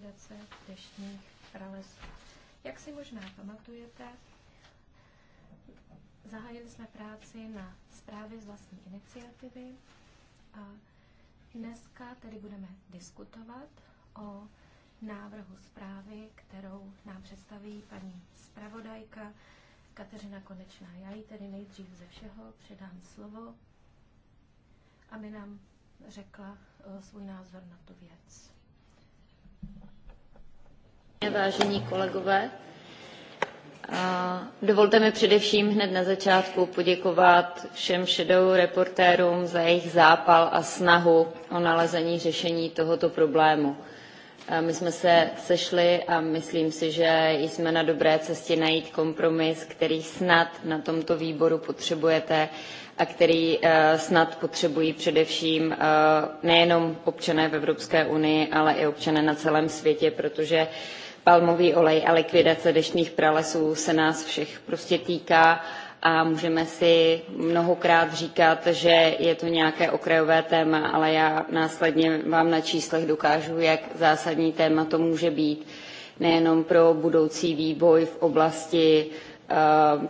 likvidace deštných pralesů. Jak si možná pamatujete, zahájili jsme práci na zprávě z vlastní iniciativy a dneska tedy budeme diskutovat o návrhu zprávy, kterou nám představí paní zpravodajka Kateřina Konečná. Já jí tedy nejdřív ze všeho předám slovo, aby nám řekla eh, svůj názor na tu věc. Vážení kolegové, dovolte mi především hned na začátku poděkovat všem shadow reportérům za jejich zápal a snahu o nalezení řešení tohoto problému. My jsme se sešli a myslím si, že jsme na dobré cestě najít kompromis, který snad na tomto výboru potřebujete a který e, snad potřebují především e, nejenom občané v Evropské unii, ale i občané na celém světě, protože palmový olej a likvidace deštných pralesů se nás všech prostě týká a můžeme si mnohokrát říkat, že je to nějaké okrajové téma, ale já následně vám na číslech dokážu, jak zásadní téma to může být nejenom pro budoucí vývoj v oblasti eh,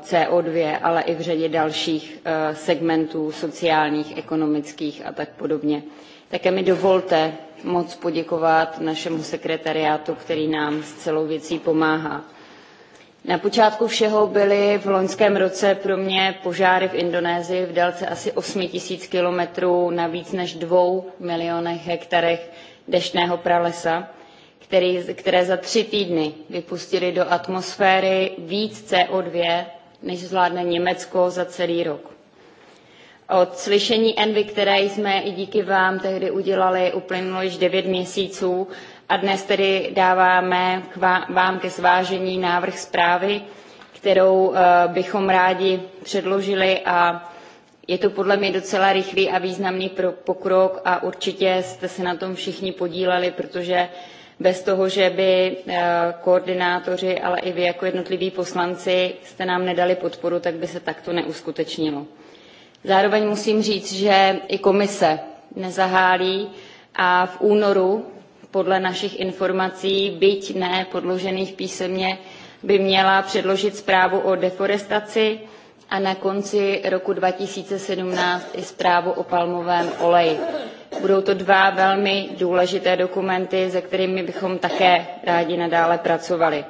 CO2, ale i v řadě dalších eh, segmentů sociálních, ekonomických a tak podobně. Také mi dovolte moc poděkovat našemu sekretariátu, který nám s celou věcí pomáhá. Na počátku všeho byly v loňském roce pro mě požáry v Indonésii v délce asi 8 tisíc kilometrů na víc než dvou milionech hektarech deštného pralesa, který, které za tři týdny vypustily do atmosféry víc CO2, než zvládne Německo za celý rok. Od slyšení Envy, které jsme i díky vám tehdy udělali, uplynulo již devět měsíců a dnes tedy dáváme vám ke zvážení návrh zprávy, kterou eh, bychom rádi předložili a je to podle mě docela rychlý a významný pokrok a určitě jste se na tom všichni podíleli, protože bez toho, že by eh, koordinátoři, ale i vy jako jednotliví poslanci jste nám nedali podporu, tak by se takto neuskutečnilo. Zároveň musím říct, že i komise nezahálí a v únoru podle našich informací, byť ne podložených písemně, by měla předložit zprávu o deforestaci a na konci roku 2017 i zprávu o palmovém oleji. Budou to dva velmi důležité dokumenty, se kterými bychom také rádi nadále pracovali.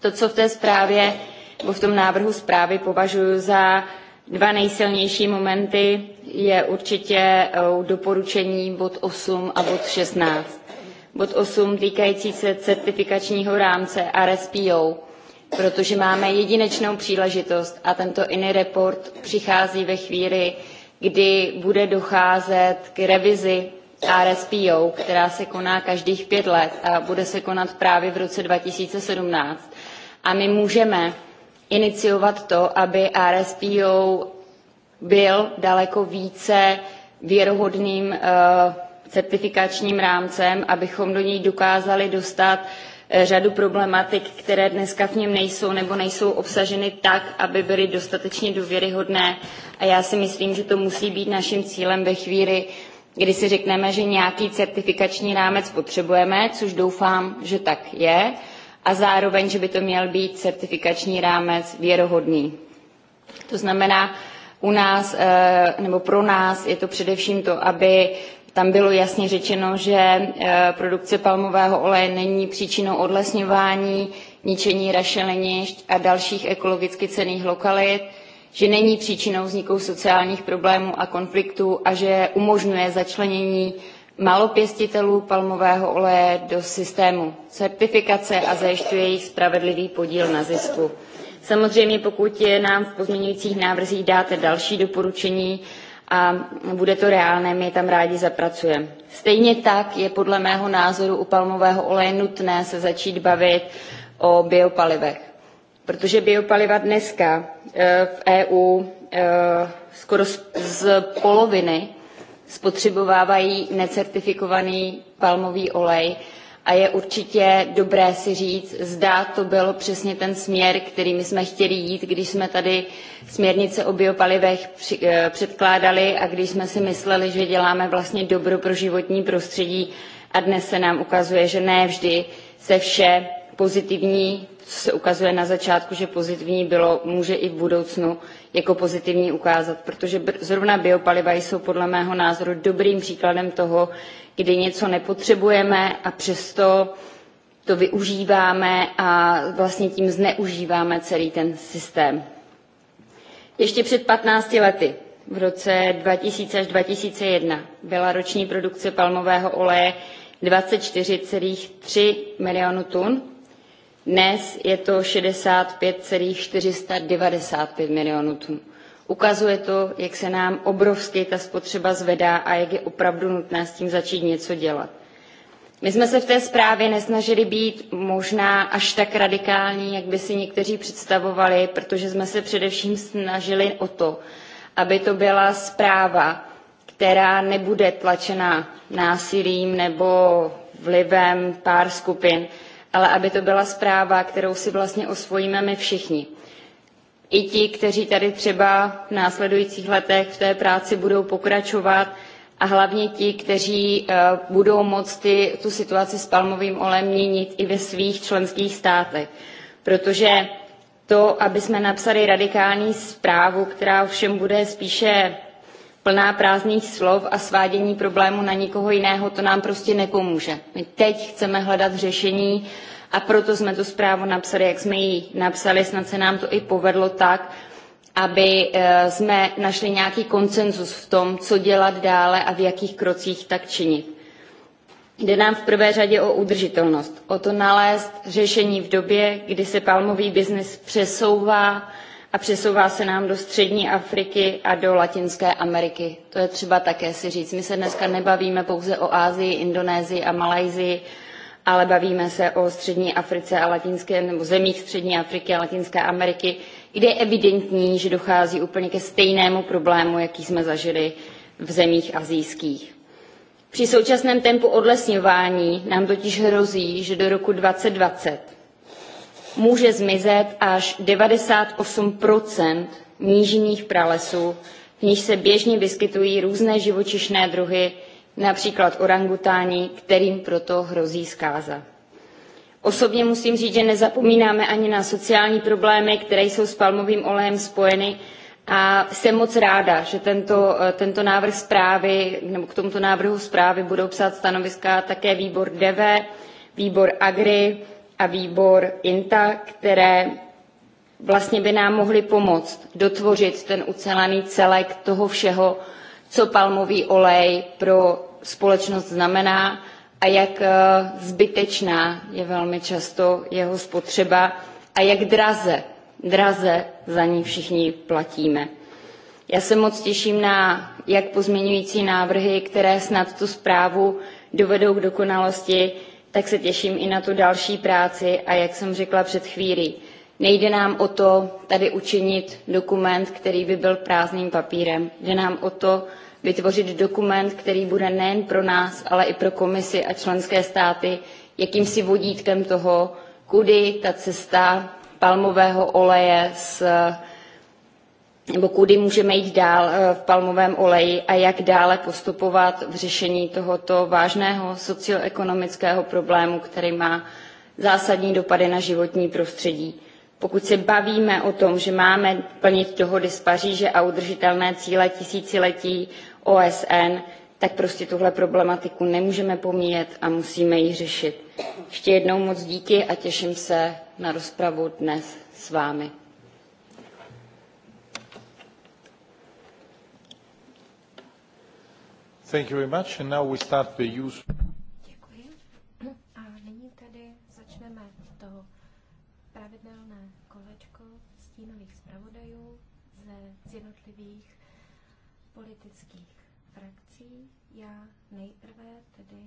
To, co v té zprávě nebo v tom návrhu zprávy považuji za Dva nejsilnější momenty je určitě eh, doporučení bod 8 a bod 16. Bod 8 týkající se certifikačního rámce RSPO, protože máme jedinečnou příležitost a tento INI report přichází ve chvíli, kdy bude docházet k revizi RSPO, která se koná každých pět let a bude se konat právě v roce 2017. A my můžeme iniciovat to, aby RSPO byl daleko více věrohodným eh, certifikačním rámcem, abychom do něj dokázali dostat eh, řadu problematik, které dneska v něm nejsou nebo nejsou obsaženy tak, aby byly dostatečně důvěryhodné. A já si myslím, že to musí být naším cílem ve chvíli, kdy si řekneme, že nějaký certifikační rámec potřebujeme, což doufám, že tak je, a zároveň, že by to měl být certifikační rámec věrohodný. To znamená, u nás, eh, nebo pro nás je to především to, aby tam bylo jasně řečeno, že eh, produkce palmového oleje není příčinou odlesňování, ničení rašelinišť a dalších ekologicky cených lokalit, že není příčinou vzniku sociálních problémů a konfliktů a že umožňuje začlenění málo pěstitelů palmového oleje do systému certifikace a zajišťuje jejich spravedlivý podíl na zisku. Samozřejmě pokud nám v pozměňujících návrzích dáte další doporučení a bude to reálné, my je tam rádi zapracujeme. Stejně tak je podle mého názoru u palmového oleje nutné se začít bavit o biopalivech, protože biopaliva dneska eh, v EU eh, skoro z poloviny spotřebovávají necertifikovaný palmový olej a je určitě dobré si říct, zda to byl přesně ten směr, kterým jsme chtěli jít, když jsme tady směrnice o biopalivech eh, předkládali a když jsme si mysleli, že děláme vlastně dobro pro životní prostředí a dnes se nám ukazuje, že ne vždy se vše pozitivní, co se ukazuje na začátku, že pozitivní bylo, může i v budoucnu jako pozitivní ukázat, protože zrovna biopaliva jsou podle mého názoru dobrým příkladem toho, kdy něco nepotřebujeme a přesto to využíváme a vlastně tím zneužíváme celý ten systém. Ještě před 15 lety, v roce 2000 až 2001, byla roční produkce palmového oleje 24,3 milionu tun dnes je to 65,495 milionů tun. Ukazuje to, jak se nám obrovsky ta spotřeba zvedá a jak je opravdu nutné s tím začít něco dělat. My jsme se v té zprávě nesnažili být možná až tak radikální, jak by si někteří představovali, protože jsme se především snažili o to, aby to byla zpráva, která nebude tlačena násilím nebo vlivem pár skupin, ale aby to byla zpráva, kterou si vlastně osvojíme my všichni. I ti, kteří tady třeba v následujících letech v té práci budou pokračovat a hlavně ti, kteří eh, budou moct ty, tu situaci s palmovým olem měnit i ve svých členských státech. Protože to, aby jsme napsali radikální zprávu, která ovšem bude spíše plná prázdných slov a svádění problému na někoho jiného, to nám prostě nepomůže. My teď chceme hledat řešení a proto jsme tu zprávu napsali, jak jsme ji napsali, snad se nám to i povedlo tak, aby eh, jsme našli nějaký konsenzus v tom, co dělat dále a v jakých krocích tak činit. Jde nám v prvé řadě o udržitelnost, o to nalézt řešení v době, kdy se palmový biznis přesouvá a přesouvá se nám do střední Afriky a do Latinské Ameriky. To je třeba také si říct. My se dneska nebavíme pouze o Asii, Indonésii a Malajsii, ale bavíme se o střední Africe a latinské, nebo zemích střední Afriky a Latinské Ameriky, kde je evidentní, že dochází úplně ke stejnému problému, jaký jsme zažili v zemích azijských. Při současném tempu odlesňování nám totiž hrozí, že do roku 2020 může zmizet až 98 nížinných pralesů, v níž se běžně vyskytují různé živočišné druhy, například orangutáni, kterým proto hrozí zkáza. Osobně musím říct, že nezapomínáme ani na sociální problémy, které jsou s palmovým olejem spojeny a jsem moc ráda, že tento, eh, tento návrh zprávy, nebo k tomuto návrhu zprávy budou psát stanoviska také výbor DV, výbor AGRI, a výbor INTA, které vlastně by nám mohly pomoct dotvořit ten ucelený celek toho všeho, co palmový olej pro společnost znamená a jak eh, zbytečná je velmi často jeho spotřeba a jak draze, draze za ní všichni platíme. Já se moc těším na jak pozměňující návrhy, které snad tu zprávu dovedou k dokonalosti, tak se těším i na tu další práci a jak jsem řekla před chvílí, nejde nám o to tady učinit dokument, který by byl prázdným papírem. Jde nám o to vytvořit dokument, který bude nejen pro nás, ale i pro komisi a členské státy jakýmsi vodítkem toho, kudy ta cesta palmového oleje z nebo kudy můžeme jít dál eh, v palmovém oleji a jak dále postupovat v řešení tohoto vážného socioekonomického problému, který má zásadní dopady na životní prostředí. Pokud se bavíme o tom, že máme plnit dohody z Paříže a udržitelné cíle tisíciletí OSN, tak prostě tuhle problematiku nemůžeme pomíjet a musíme ji řešit. Ještě jednou moc díky a těším se na rozpravu dnes s vámi. Thank you very much. And now we start the use... Děkuji. A nyní tedy začneme to pravidelné kolečko stínových zpravodajů z jednotlivých politických frakcí. Já nejprve tedy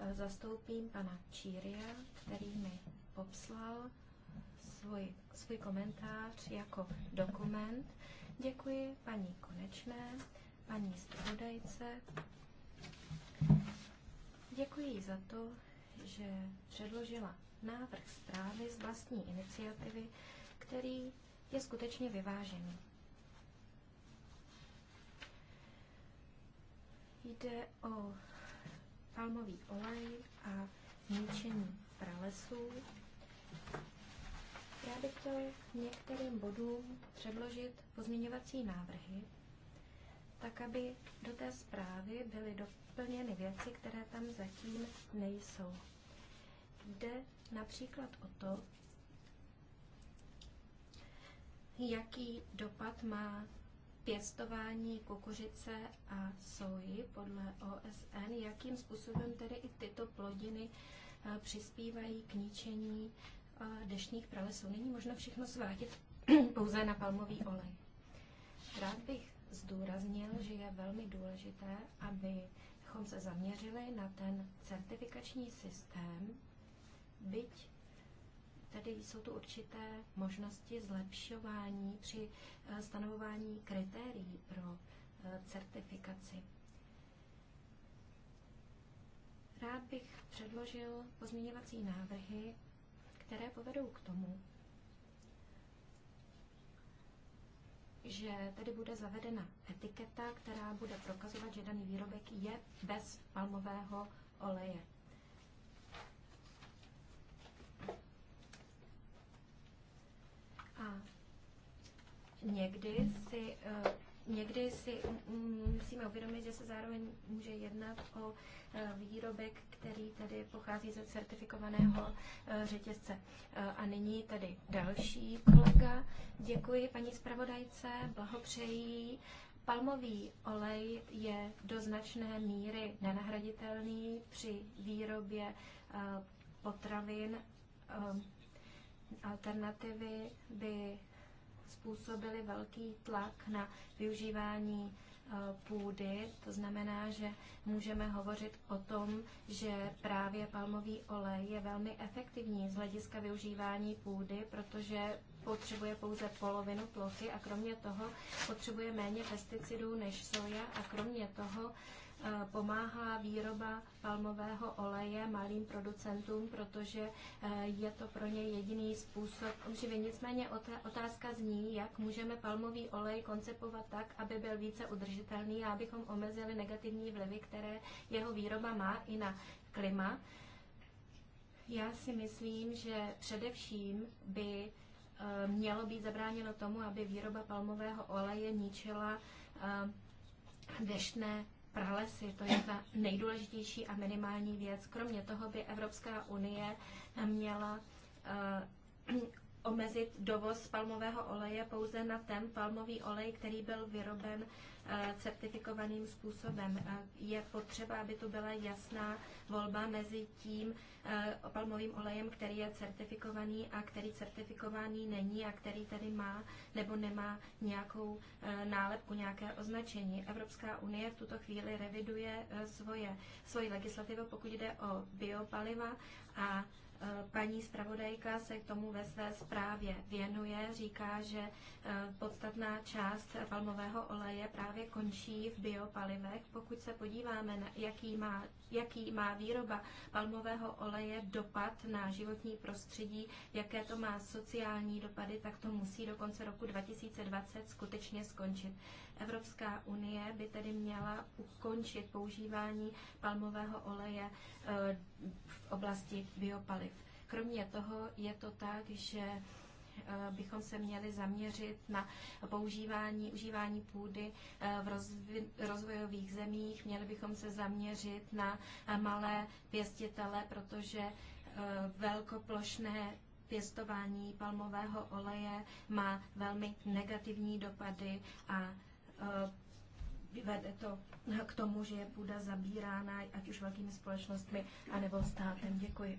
eh, zastoupím pana Číria, který mi popslal svůj, svůj komentář jako dokument. Děkuji paní Konečné paní zpravodajce. Děkuji za to, že předložila návrh zprávy z vlastní iniciativy, který je skutečně vyvážený. Jde o palmový olej a ničení pralesů. Já bych chtěl k některým bodům předložit pozměňovací návrhy, tak aby do té zprávy byly doplněny věci, které tam zatím nejsou. Jde například o to, jaký dopad má pěstování kukuřice a soji podle OSN, jakým způsobem tedy i tyto plodiny eh, přispívají k ničení eh, deštních pralesů. Není možno všechno zvrátit pouze na palmový olej. Rád bych zdůraznil, že je velmi důležité, abychom se zaměřili na ten certifikační systém, byť tady jsou tu určité možnosti zlepšování při eh, stanovování kritérií pro eh, certifikaci. Rád bych předložil pozměňovací návrhy, které povedou k tomu, že tady bude zavedena etiketa, která bude prokazovat, že daný výrobek je bez palmového oleje. A někdy si eh, někdy si musíme uvědomit, že se zároveň může jednat o e, výrobek, který tady pochází ze certifikovaného e, řetězce. E, a nyní tady další kolega. Děkuji paní zpravodajce, blahopřeji. Palmový olej je do značné míry nenahraditelný při výrobě potravin. Alternativy by způsobily velký tlak na využívání eh, půdy. To znamená, že můžeme hovořit o tom, že právě palmový olej je velmi efektivní z hlediska využívání půdy, protože potřebuje pouze polovinu plochy a kromě toho potřebuje méně pesticidů než soja a kromě toho Eh, pomáhá výroba palmového oleje malým producentům, protože eh, je to pro ně jediný způsob živy. Nicméně otázka zní, jak můžeme palmový olej koncipovat tak, aby byl více udržitelný a abychom omezili negativní vlivy, které jeho výroba má i na klima. Já si myslím, že především by eh, mělo být zabráněno tomu, aby výroba palmového oleje ničila deštné pralesy. To je ta nejdůležitější a minimální věc. Kromě toho by Evropská unie měla eh, omezit dovoz palmového oleje pouze na ten palmový olej, který byl vyroben Eh, certifikovaným způsobem. Eh, je potřeba, aby tu byla jasná volba mezi tím eh, palmovým olejem, který je certifikovaný a který certifikovaný není a který tedy má nebo nemá nějakou nálepku, nějaké označení. Evropská unie v tuto chvíli reviduje svoje, svoji legislativu, pokud jde o biopaliva a Eh, paní zpravodajka se k tomu ve své zprávě věnuje. Říká, že eh, podstatná část palmového oleje právě končí v biopalivech. Pokud se podíváme, jaký má jaký má výroba palmového oleje dopad na životní prostředí, jaké to má sociální dopady, tak to musí do konce roku 2020 skutečně skončit. Evropská unie by tedy měla ukončit používání palmového oleje eh, v oblasti biopaliv. Kromě toho je to tak, že Eh, bychom se měli zaměřit na používání, užívání půdy eh, v rozvojových zemích. Měli bychom se zaměřit na eh, malé pěstitele, protože velkoplošné pěstování palmového oleje má velmi negativní dopady a vede to k tomu, že je půda zabírána ať už velkými společnostmi anebo státem. Děkuji.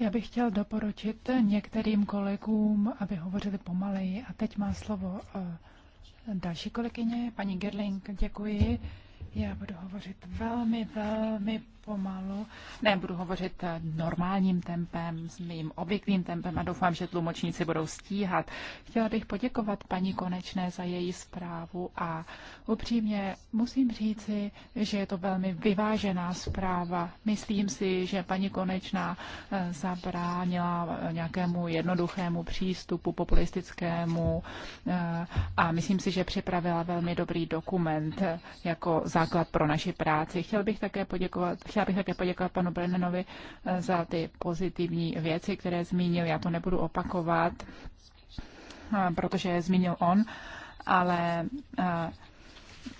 Já bych chtěl doporučit některým kolegům, aby hovořili pomaleji. A teď má slovo eh, další kolegyně, paní Gerling. Děkuji. Já budu hovořit velmi, velmi pomalu. Ne, budu hovořit normálním tempem, s mým obvyklým tempem a doufám, že tlumočníci budou stíhat. Chtěla bych poděkovat paní Konečné za její zprávu a upřímně musím říci, že je to velmi vyvážená zpráva. Myslím si, že paní Konečná eh, zabránila nějakému jednoduchému přístupu populistickému eh, a myslím si, že připravila velmi dobrý dokument eh, jako za základ pro naši práci. Chtěl bych také poděkovat, chtěla bych také poděkovat panu Brennanovi eh, za ty pozitivní věci, které zmínil. Já to nebudu opakovat, eh, protože je zmínil on, ale eh,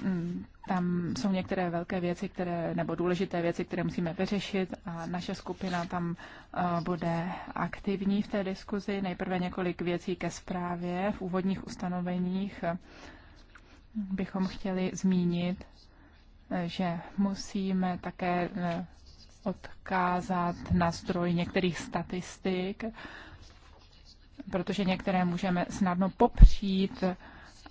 mm, tam jsou některé velké věci, které, nebo důležité věci, které musíme vyřešit a naše skupina tam bude aktivní v té diskuzi. Nejprve několik věcí ke zprávě. V úvodních ustanoveních bychom chtěli zmínit, že musíme také eh, odkázat na zdroj některých statistik, protože některé můžeme snadno popřít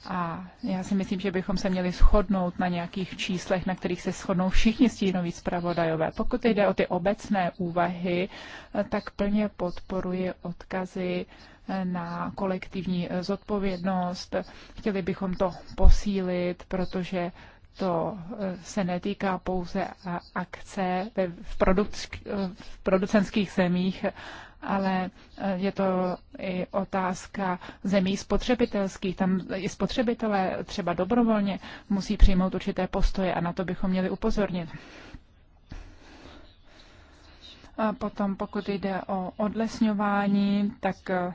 a já si myslím, že bychom se měli shodnout na nějakých číslech, na kterých se shodnou všichni stínoví zpravodajové. Pokud jde o ty obecné úvahy, eh, tak plně podporuji odkazy eh, na kolektivní zodpovědnost. Chtěli bychom to posílit, protože to eh, se netýká pouze akce v, produk- v producenských zemích, ale eh, je to i otázka zemí spotřebitelských. Tam i spotřebitelé třeba dobrovolně musí přijmout určité postoje a na to bychom měli upozornit. A potom pokud jde o odlesňování, tak eh,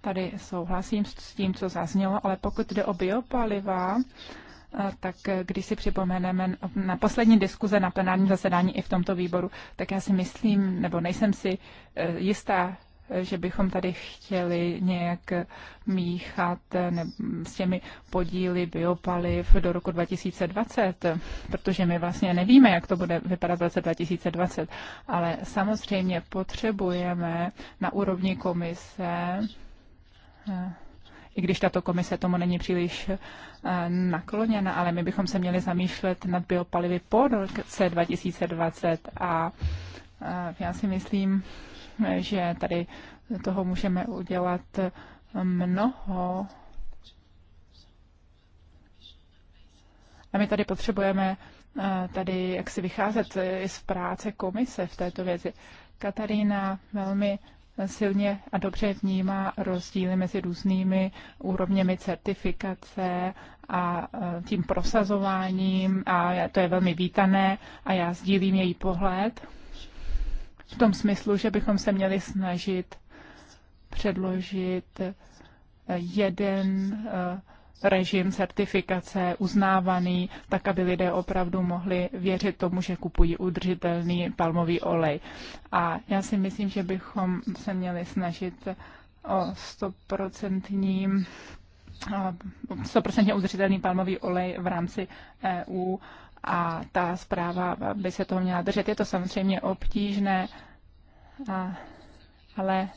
tady souhlasím s tím, co zaznělo, ale pokud jde o biopaliva, tak eh, když si připomeneme na poslední diskuze na plenárním zasedání i v tomto výboru, tak já si myslím, nebo nejsem si eh, jistá, eh, že bychom tady chtěli nějak míchat s těmi podíly biopaliv do roku 2020, protože my vlastně nevíme, jak to bude vypadat v roce 2020, ale samozřejmě potřebujeme na úrovni komise i když tato komise tomu není příliš eh, nakloněna, ale my bychom se měli zamýšlet nad biopalivy po roce 2020 a eh, já si myslím, že tady toho můžeme udělat eh, mnoho. A my tady potřebujeme tady, jak si vycházet z práce komise v této věci. Katarína velmi silně a dobře vnímá rozdíly mezi různými úrovněmi certifikace a e, tím prosazováním a to je velmi vítané a já sdílím její pohled v tom smyslu, že bychom se měli snažit předložit e, jeden e, režim certifikace uznávaný, tak aby lidé opravdu mohli věřit tomu, že kupují udržitelný palmový olej. A já si myslím, že bychom se měli snažit o stoprocentním 100% udržitelný palmový olej v rámci EU a ta zpráva by se toho měla držet. Je to samozřejmě obtížné, ale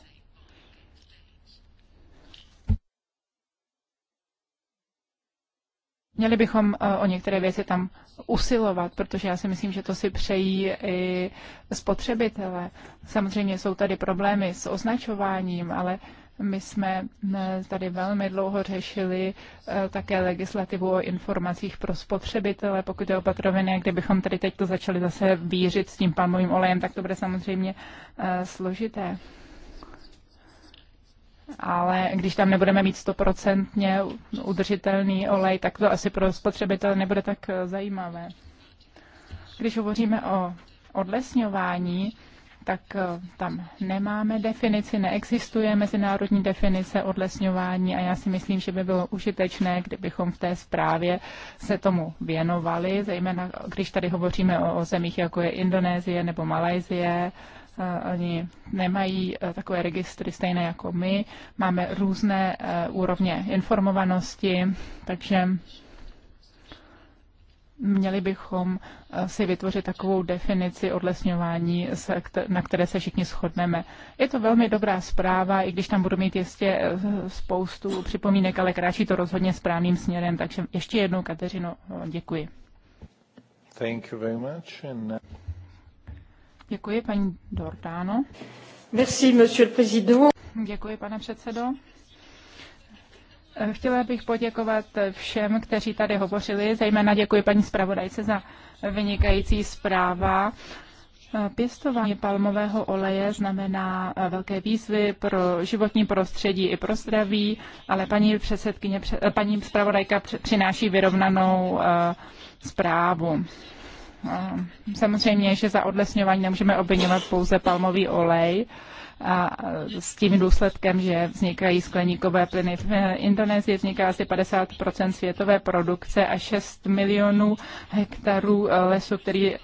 Měli bychom eh, o některé věci tam usilovat, protože já si myslím, že to si přejí i spotřebitele. Samozřejmě jsou tady problémy s označováním, ale my jsme eh, tady velmi dlouho řešili eh, také legislativu o informacích pro spotřebitele, pokud je o patroviny, kdybychom tady teď to začali zase vířit s tím palmovým olejem, tak to bude samozřejmě složité ale když tam nebudeme mít stoprocentně udržitelný olej, tak to asi pro spotřebitele nebude tak eh, zajímavé. Když hovoříme o odlesňování, tak eh, tam nemáme definici, neexistuje mezinárodní definice odlesňování a já si myslím, že by bylo užitečné, kdybychom v té zprávě se tomu věnovali, zejména když tady hovoříme o, o zemích, jako je Indonésie nebo Malajzie, Eh, oni nemají eh, takové registry stejné jako my. Máme různé eh, úrovně informovanosti, takže měli bychom si vytvořit takovou definici odlesňování, na které se všichni shodneme. Je to velmi dobrá zpráva, i když tam budu mít ještě spoustu připomínek, ale kráčí to rozhodně správným směrem. Takže ještě jednou, Kateřino, děkuji. Thank you very much. And... Děkuji, paní Dordáno. Merci, monsieur le président. Děkuji, pane předsedo. Chtěla bych poděkovat všem, kteří tady hovořili, zejména děkuji paní zpravodajce za vynikající zpráva. Pěstování palmového oleje znamená velké výzvy pro životní prostředí i pro zdraví, ale paní předsedkyně, paní zpravodajka přináší vyrovnanou eh, zprávu. Samozřejmě, že za odlesňování nemůžeme obvinovat pouze palmový olej, a s tím důsledkem, že vznikají skleníkové plyny. V Indonésii vzniká asi 50 světové produkce a 6 milionů hektarů lesu, který eh,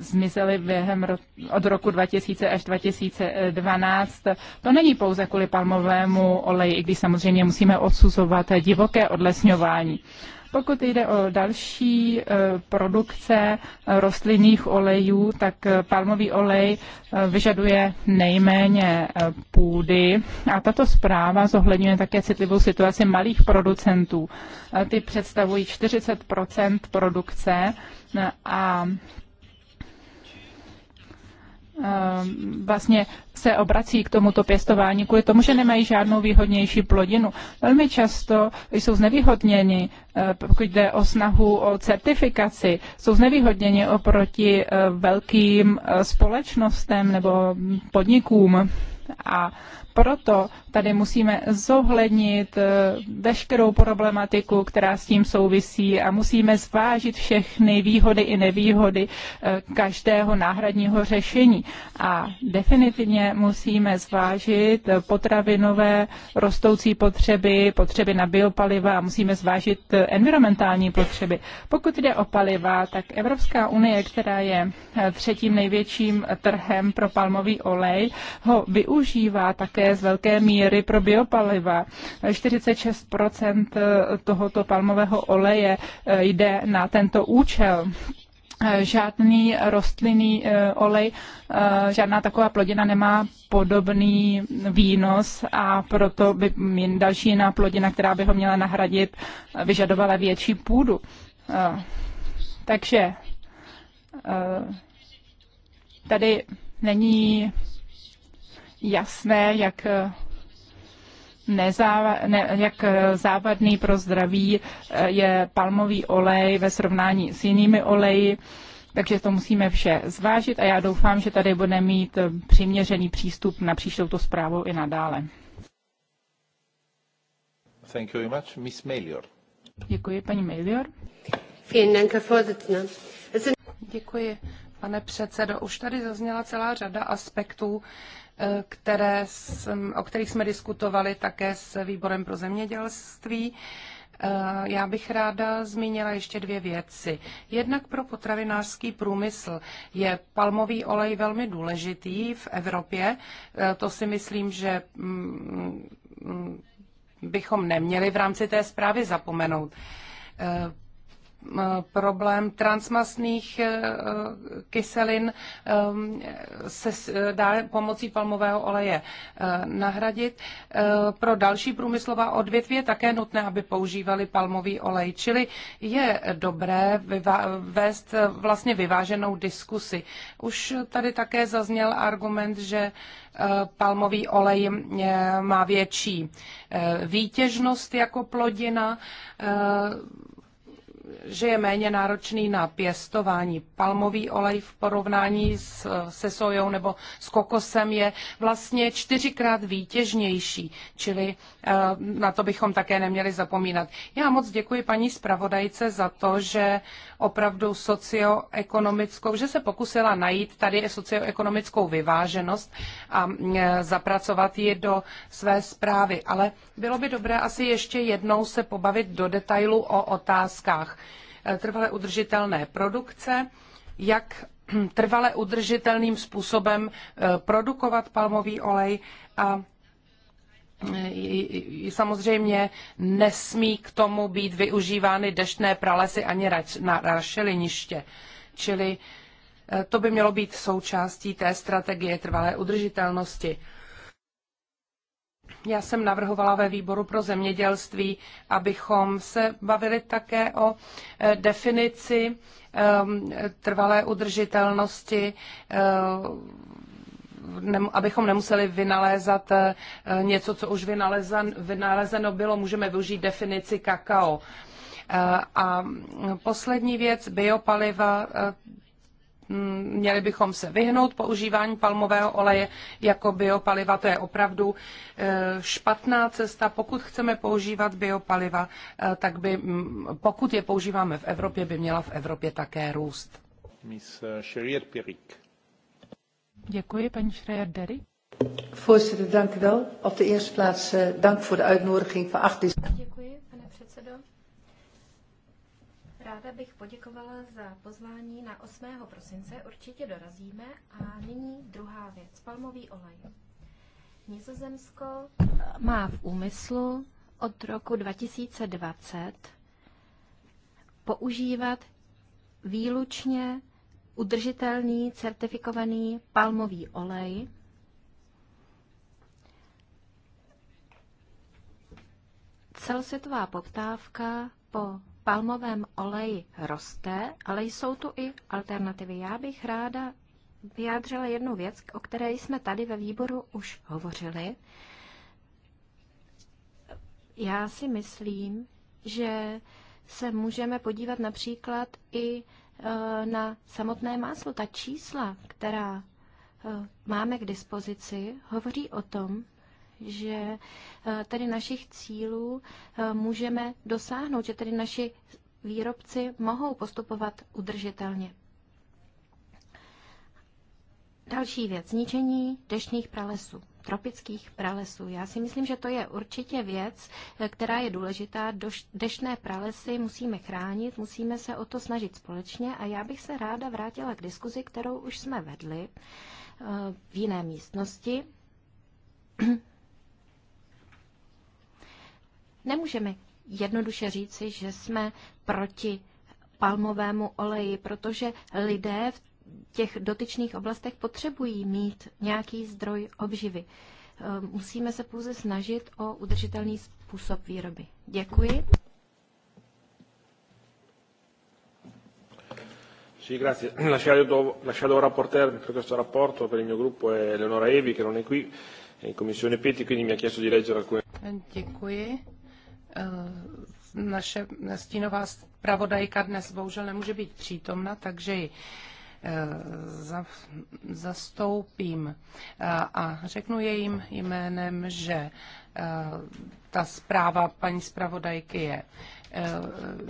zmizely během ro- od roku 2000 až 2012. To není pouze kvůli palmovému oleji, i když samozřejmě musíme odsuzovat divoké odlesňování. Pokud jde o další eh, produkce eh, rostlinných olejů, tak eh, palmový olej vyžaduje nejméně půdy a tato zpráva zohledňuje také citlivou situaci malých producentů. Ty představují 40 produkce a Ehm, vlastně se obrací k tomuto pěstování kvůli tomu, že nemají žádnou výhodnější plodinu. Velmi často jsou znevýhodněni, eh, pokud jde o snahu o certifikaci, jsou znevýhodněni oproti eh, velkým eh, společnostem nebo podnikům. A proto tady musíme zohlednit eh, veškerou problematiku, která s tím souvisí a musíme zvážit všechny výhody i nevýhody eh, každého náhradního řešení. A definitivně musíme zvážit eh, potravinové rostoucí potřeby, potřeby na biopaliva a musíme zvážit environmentální potřeby. Pokud jde o paliva, tak Evropská unie, která je třetím největším trhem pro palmový olej, ho využívá také je z velké míry pro biopaliva. 46 tohoto palmového oleje eh, jde na tento účel eh, žádný rostlinný eh, olej, žádná taková plodina nemá podobný výnos a proto by další jiná plodina, která by ho měla nahradit, vyžadovala větší půdu. Takže tady není jasné, jak Nezáva, ne, jak závadný pro zdraví eh, je palmový olej ve srovnání s jinými oleji, takže to musíme vše zvážit a já doufám, že tady bude mít eh, přiměřený přístup na příštou to zprávu i nadále. Thank you very much. Miss Melior. Děkuji, paní Melior. Děkuji, pane předsedo. Už tady zazněla celá řada aspektů, Eh, které o kterých jsme diskutovali také s výborem pro zemědělství. Eh, já bych ráda zmínila ještě dvě věci. Jednak pro potravinářský průmysl je palmový olej velmi důležitý v Evropě. Eh, to si myslím, že mm, mm, bychom neměli v rámci té zprávy zapomenout. Eh, problém transmasných eh, kyselin ehm, se eh, dá pomocí palmového oleje nahradit. Pro další průmyslová odvětví je také nutné, aby používali palmový olej, čili je dobré vést vlastně vyváženou diskusi. Už tady také zazněl argument, že palmový olej má větší výtěžnost jako plodina, že je méně náročný na pěstování. Palmový olej v porovnání s, se sojou nebo s kokosem je vlastně čtyřikrát výtěžnější, čili eh, na to bychom také neměli zapomínat. Já moc děkuji paní zpravodajce za to, že opravdu socioekonomickou, že se pokusila najít tady socioekonomickou vyváženost a zapracovat ji do své zprávy. Ale bylo by dobré asi ještě jednou se pobavit do detailu o otázkách e, trvale udržitelné produkce, jak hm, trvale udržitelným způsobem e, produkovat palmový olej a Eh, samozřejmě nesmí k tomu být využívány deštné pralesy ani rašeliniště. Čili eh, to by mělo být součástí té strategie trvalé udržitelnosti. Já jsem navrhovala ve výboru pro zemědělství, abychom se bavili také o eh, definici ehm, trvalé udržitelnosti ehm, abychom nemuseli vynalézat eh, něco, co už vynalezeno bylo, můžeme využít definici kakao. Eh, a poslední věc, biopaliva, eh, měli bychom se vyhnout používání palmového oleje jako biopaliva. To je opravdu špatná cesta. Pokud chceme používat biopaliva, tak by, pokud je používáme v Evropě, by měla v Evropě také růst. Miss Cherier Pirik. Děkuji, paní Schreier Derry. Voorzitter, dank u wel. Op de eerste plaats uh, dank voor de uitnodiging van 8 Děkuji, pane předsedo. Ráda bych poděkovala za pozvání na 8. prosince, určitě dorazíme. A nyní druhá věc, palmový olej. Nizozemsko eh, má v úmyslu od roku 2020 používat výlučně udržitelný certifikovaný palmový olej. Celosvětová poptávka po palmovém oleji roste, ale jsou tu i alternativy. Já bych ráda vyjádřila jednu věc, o které jsme tady ve výboru už hovořili. Já si myslím, že se můžeme podívat například i Eh, na samotné máslo. Ta čísla, která eh, máme k dispozici, hovoří o tom, že eh, tedy našich cílů můžeme dosáhnout, že tedy naši výrobci mohou postupovat udržitelně. Další věc, zničení deštných pralesů tropických pralesů. Já si myslím, že to je určitě věc, která je důležitá. Dešné pralesy musíme chránit, musíme se o to snažit společně a já bych se ráda vrátila k diskuzi, kterou už jsme vedli eh, v jiné místnosti. Nemůžeme jednoduše říci, že jsme proti palmovému oleji, protože lidé v těch dotyčných oblastech potřebují mít nějaký zdroj obživy. Eh, musíme se pouze snažit o udržitelný způsob výroby. Děkuji. Sì, grazie. Lasciare shadow, la shadow rapporteur per questo rapporto per il mio gruppo è Eleonora Evi che non è qui, è in commissione Peti, quindi mi ha chiesto di leggere alcune. Eh, děkuji. Eh, naše stínová zpravodajka dnes bohužel nemůže být přítomna, takže ji Eh, zastoupím eh, a řeknu jejím jménem, že eh, ta zpráva paní zpravodajky je eh,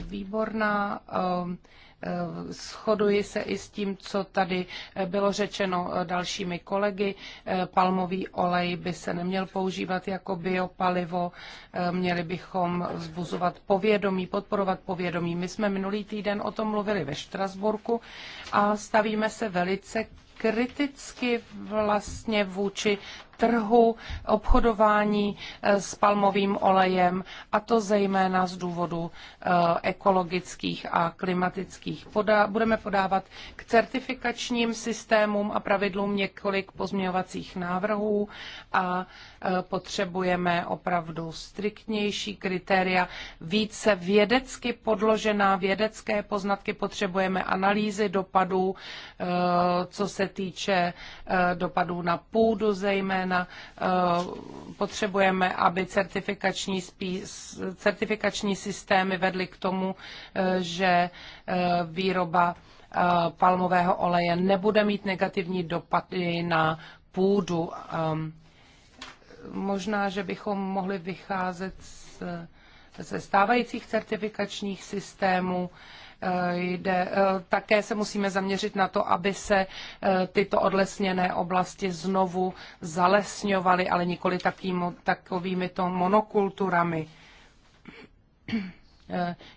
výborná. Eh, eh, shoduji se i s tím, co tady bylo řečeno dalšími kolegy. Palmový olej by se neměl používat jako biopalivo. Měli bychom vzbuzovat povědomí, podporovat povědomí. My jsme minulý týden o tom mluvili ve Štrasburku a stavíme se velice kriticky vlastně vůči trhu, obchodování eh, s palmovým olejem, a to zejména z důvodu eh, ekologických a klimatických. budeme podávat k certifikačním systémům a pravidlům několik pozměňovacích návrhů a eh, potřebujeme opravdu striktnější kritéria, více vědecky podložená vědecké poznatky, potřebujeme analýzy dopadů, co se týče dopadů na půdu zejména, zejména eh, potřebujeme, aby certifikační, certifikační systémy vedly k tomu, eh, že eh, výroba palmového oleje nebude mít negativní dopady na půdu. Ehm, možná, že bychom mohli vycházet z, ze stávajících certifikačních systémů, Eh, jde. Eh, také se musíme zaměřit na to, aby se eh, tyto odlesněné oblasti znovu zalesňovaly, ale nikoli takovými to monokulturami.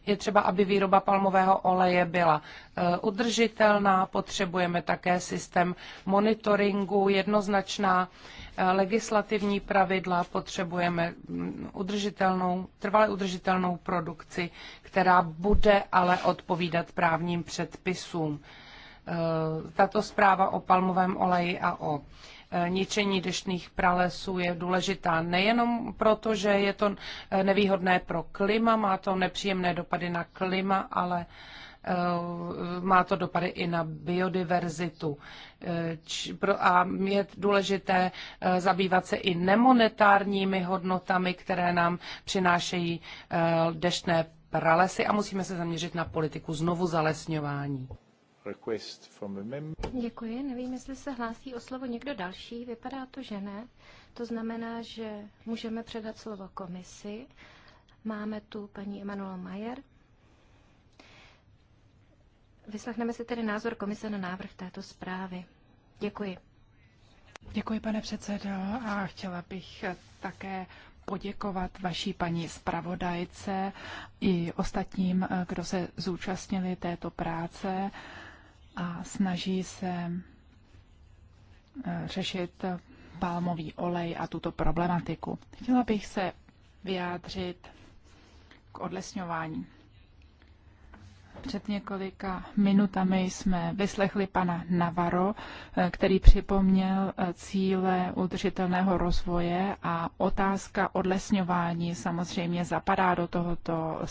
Je třeba, aby výroba palmového oleje byla udržitelná, potřebujeme také systém monitoringu, jednoznačná legislativní pravidla, potřebujeme udržitelnou, trvale udržitelnou produkci, která bude ale odpovídat právním předpisům. E, tato zpráva o palmovém oleji a o e, ničení deštných pralesů je důležitá nejenom proto, že je to e, nevýhodné pro klima, má to nepříjemné dopady na klima, ale má to dopady i na biodiverzitu. A je důležité eh, zabývat se i nemonetárními hodnotami, které nám přinášejí eh, deštné pralesy a musíme se zaměřit na politiku znovu zalesňování. Děkuji. Nevím, jestli se hlásí o slovo někdo další. Vypadá to, že ne. To znamená, že můžeme předat slovo komisi. Máme tu paní Emanuel Majer, Vyslechneme si tedy názor komise na návrh této zprávy. Děkuji. Děkuji, pane předsedo, a chtěla bych také poděkovat vaší paní zpravodajce i ostatním, eh, kdo se zúčastnili této práce a snaží se eh, řešit palmový olej a tuto problematiku. Chtěla bych se vyjádřit k odlesňování. Před několika minutami jsme vyslechli pana Navaro, eh, který připomněl eh, cíle udržitelného rozvoje a otázka odlesňování samozřejmě zapadá do tohoto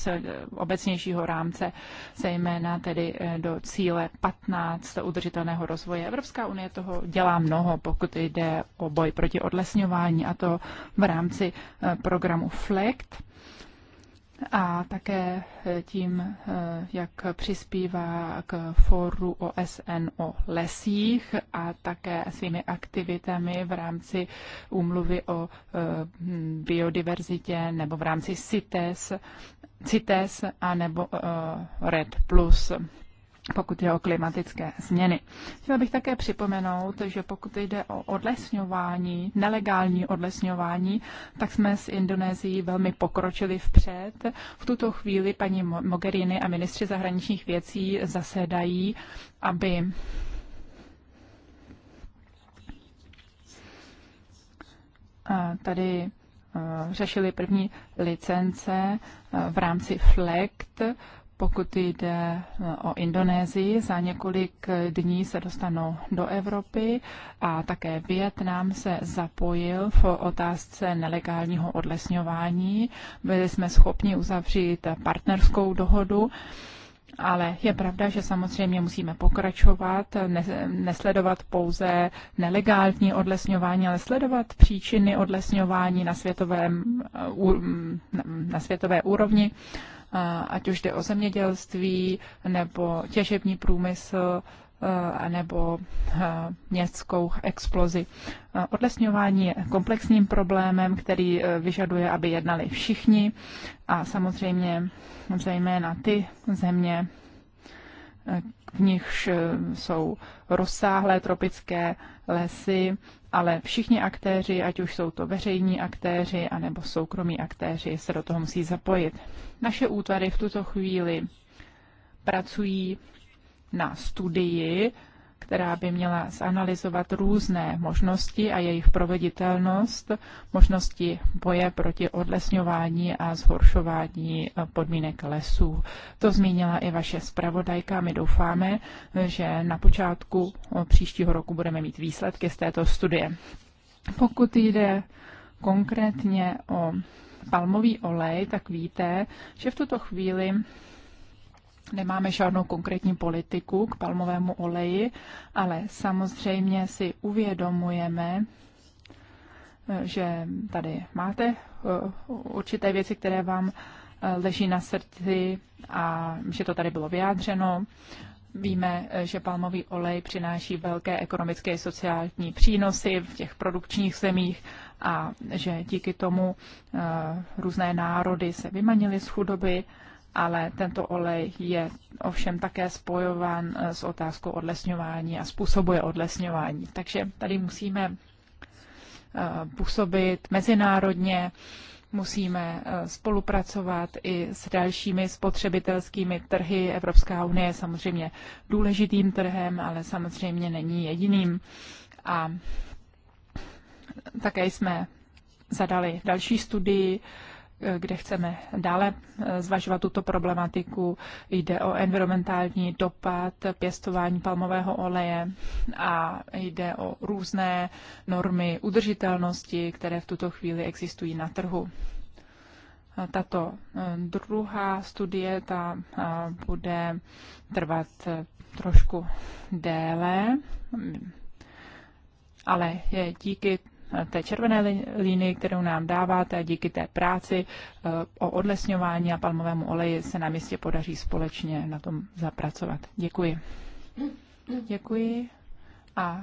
obecnějšího rámce, zejména tedy eh, do cíle 15 udržitelného rozvoje. Evropská unie toho dělá mnoho, pokud jde o boj proti odlesňování a to v rámci programu FLECT a také eh, tím, eh, jak přispívá k fóru OSN o lesích a také svými aktivitami v rámci úmluvy o eh, biodiverzitě nebo v rámci CITES, CITES a nebo RED+. Plus pokud jde o klimatické změny. Chtěla bych také připomenout, že pokud jde o odlesňování, nelegální odlesňování, tak jsme s Indonésií velmi pokročili vpřed. V tuto chvíli paní Mogherini a ministři zahraničních věcí zasedají, aby tady řešili první licence v rámci FLECT, pokud jde eh, o Indonésii, za několik eh, dní se dostanou do Evropy a také Vietnam se zapojil v otázce nelegálního odlesňování. Byli jsme schopni uzavřít partnerskou dohodu. Ale je pravda, že samozřejmě musíme pokračovat, nesledovat pouze nelegální odlesňování, ale sledovat příčiny odlesňování na, světovém, eh, na světové úrovni ať už jde o zemědělství nebo těžební průmysl nebo městskou explozi. Odlesňování je komplexním problémem, který e, vyžaduje, aby jednali všichni a samozřejmě zejména ty země, v nichž eh, jsou rozsáhlé tropické lesy, ale všichni aktéři, ať už jsou to veřejní aktéři anebo soukromí aktéři, se do toho musí zapojit. Naše útvary v tuto chvíli pracují na studii která by měla zanalizovat různé možnosti a jejich proveditelnost, možnosti boje proti odlesňování a zhoršování eh, podmínek lesů. To zmínila i vaše zpravodajka. My doufáme, že na počátku eh, příštího roku budeme mít výsledky z této studie. Pokud jde konkrétně o palmový olej, tak víte, že v tuto chvíli Nemáme žádnou konkrétní politiku k palmovému oleji, ale samozřejmě si uvědomujeme, že tady máte eh, určité věci, které vám eh, leží na srdci a že to tady bylo vyjádřeno. Víme, eh, že palmový olej přináší velké ekonomické a sociální přínosy v těch produkčních zemích a že díky tomu různé národy se vymanily z chudoby ale tento olej je ovšem také spojován eh, s otázkou odlesňování a způsobuje odlesňování. Takže tady musíme eh, působit mezinárodně, musíme eh, spolupracovat i s dalšími spotřebitelskými trhy. Evropská unie je samozřejmě důležitým trhem, ale samozřejmě není jediným. A také jsme zadali další studii, kde chceme dále eh, zvažovat tuto problematiku. Jde o environmentální dopad pěstování palmového oleje a jde o různé normy udržitelnosti, které v tuto chvíli existují na trhu. Tato eh, druhá studie ta eh, bude trvat trošku déle, ale díky té červené línii, kterou nám dáváte a díky té práci e, o odlesňování a palmovému oleji se nám jistě podaří společně na tom zapracovat. Děkuji. Děkuji a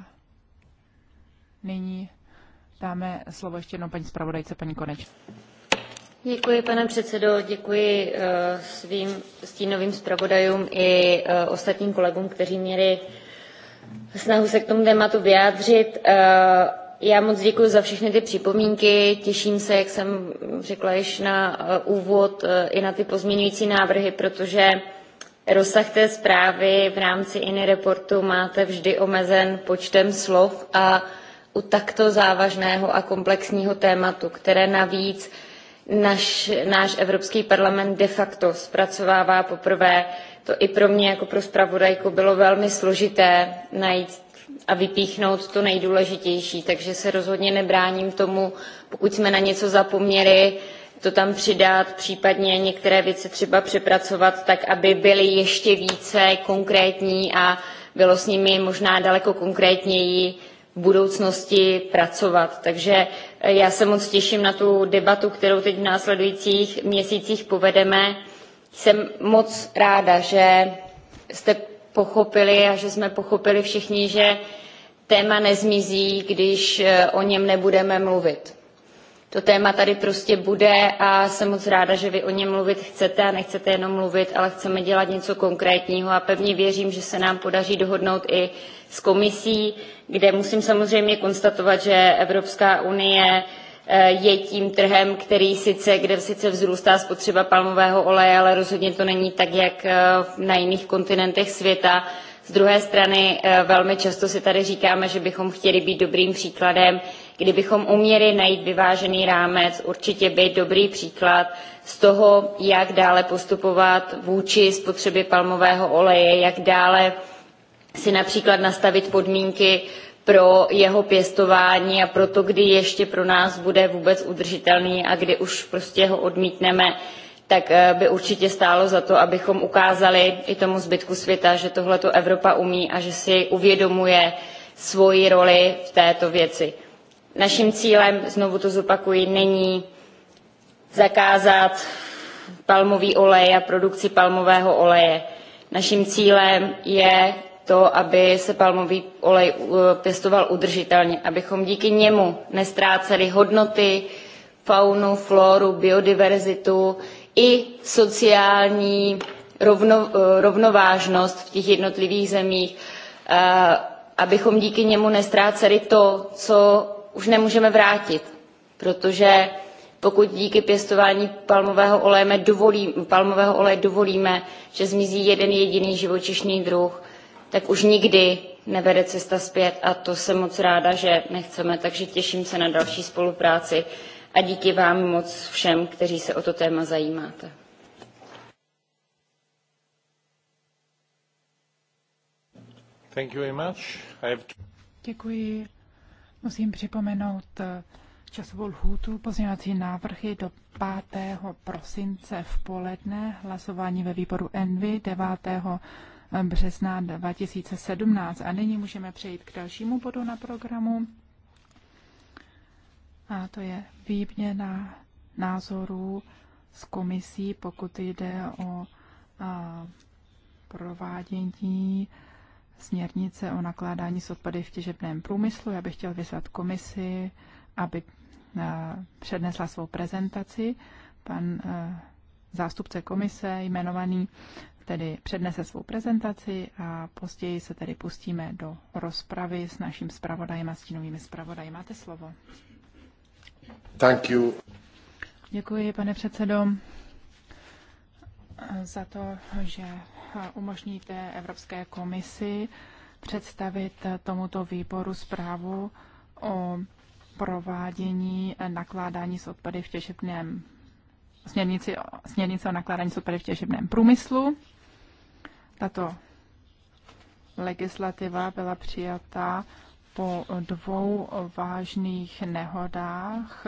nyní dáme slovo ještě jednou paní zpravodajce, paní Konečné. Děkuji, pane předsedo, děkuji e, svým stínovým zpravodajům i e, ostatním kolegům, kteří měli snahu se k tomu tématu vyjádřit. Já moc děkuji za všechny ty připomínky. Těším se, jak jsem řekla již na eh, úvod, eh, i na ty pozměňující návrhy, protože rozsah té zprávy v rámci iny reportu máte vždy omezen počtem slov a u takto závažného a komplexního tématu, které navíc naš, náš Evropský parlament de facto zpracovává poprvé, to i pro mě jako pro zpravodajku bylo velmi složité najít a vypíchnout to nejdůležitější. Takže se rozhodně nebráním tomu, pokud jsme na něco zapomněli, to tam přidat, případně některé věci třeba přepracovat tak, aby byly ještě více konkrétní a bylo s nimi možná daleko konkrétněji v budoucnosti pracovat. Takže eh, já se moc těším na tu debatu, kterou teď v následujících měsících povedeme. Jsem moc ráda, že jste pochopili a že jsme pochopili všichni, že téma nezmizí, když eh, o něm nebudeme mluvit. To téma tady prostě bude a jsem moc ráda, že vy o něm mluvit chcete a nechcete jenom mluvit, ale chceme dělat něco konkrétního a pevně věřím, že se nám podaří dohodnout i s komisí, kde musím samozřejmě konstatovat, že Evropská unie E, je tím trhem, který sice, kde sice vzrůstá spotřeba palmového oleje, ale rozhodně to není tak, jak e, na jiných kontinentech světa. Z druhé strany e, velmi často si tady říkáme, že bychom chtěli být dobrým příkladem, kdybychom uměli najít vyvážený rámec, určitě by dobrý příklad z toho, jak dále postupovat vůči spotřebě palmového oleje, jak dále si například nastavit podmínky pro jeho pěstování a pro to, kdy ještě pro nás bude vůbec udržitelný a kdy už prostě ho odmítneme, tak eh, by určitě stálo za to, abychom ukázali i tomu zbytku světa, že tohle to Evropa umí a že si uvědomuje svoji roli v této věci. Naším cílem, znovu to zopakuji, není zakázat palmový olej a produkci palmového oleje. Naším cílem je to, aby se palmový olej uh, pěstoval udržitelně, abychom díky němu nestráceli hodnoty, faunu, floru, biodiverzitu i sociální rovno, uh, rovnovážnost v těch jednotlivých zemích, uh, abychom díky němu nestráceli to, co už nemůžeme vrátit. Protože pokud díky pěstování palmového oleje dovolíme, palmového oleje dovolíme že zmizí jeden jediný živočišný druh, tak už nikdy nevede cesta zpět a to jsem moc ráda, že nechceme, takže těším se na další spolupráci a díky vám moc všem, kteří se o to téma zajímáte. Thank you very much. I have... Děkuji. Musím připomenout eh, časovou lhůtu. Pozměňovací návrhy do 5. prosince v poledne, hlasování ve výboru ENVY 9 března 2017. A nyní můžeme přejít k dalšímu bodu na programu. A to je výměna názorů s komisí, pokud jde o provádění směrnice o nakládání s odpady v těžebném průmyslu. Já bych chtěl vyzvat komisi, aby přednesla svou prezentaci. Pan zástupce komise, jmenovaný tedy přednese svou prezentaci a později se tedy pustíme do rozpravy s naším zpravodajem a stínovými zpravodaji. Máte slovo. Thank you. Děkuji, pane předsedo, za to, že umožníte Evropské komisi představit tomuto výboru zprávu o provádění nakládání s odpady v těžebném směrnici, směrnice o nakládání s odpady v těžebném průmyslu. Tato legislativa byla přijatá po dvou vážných nehodách.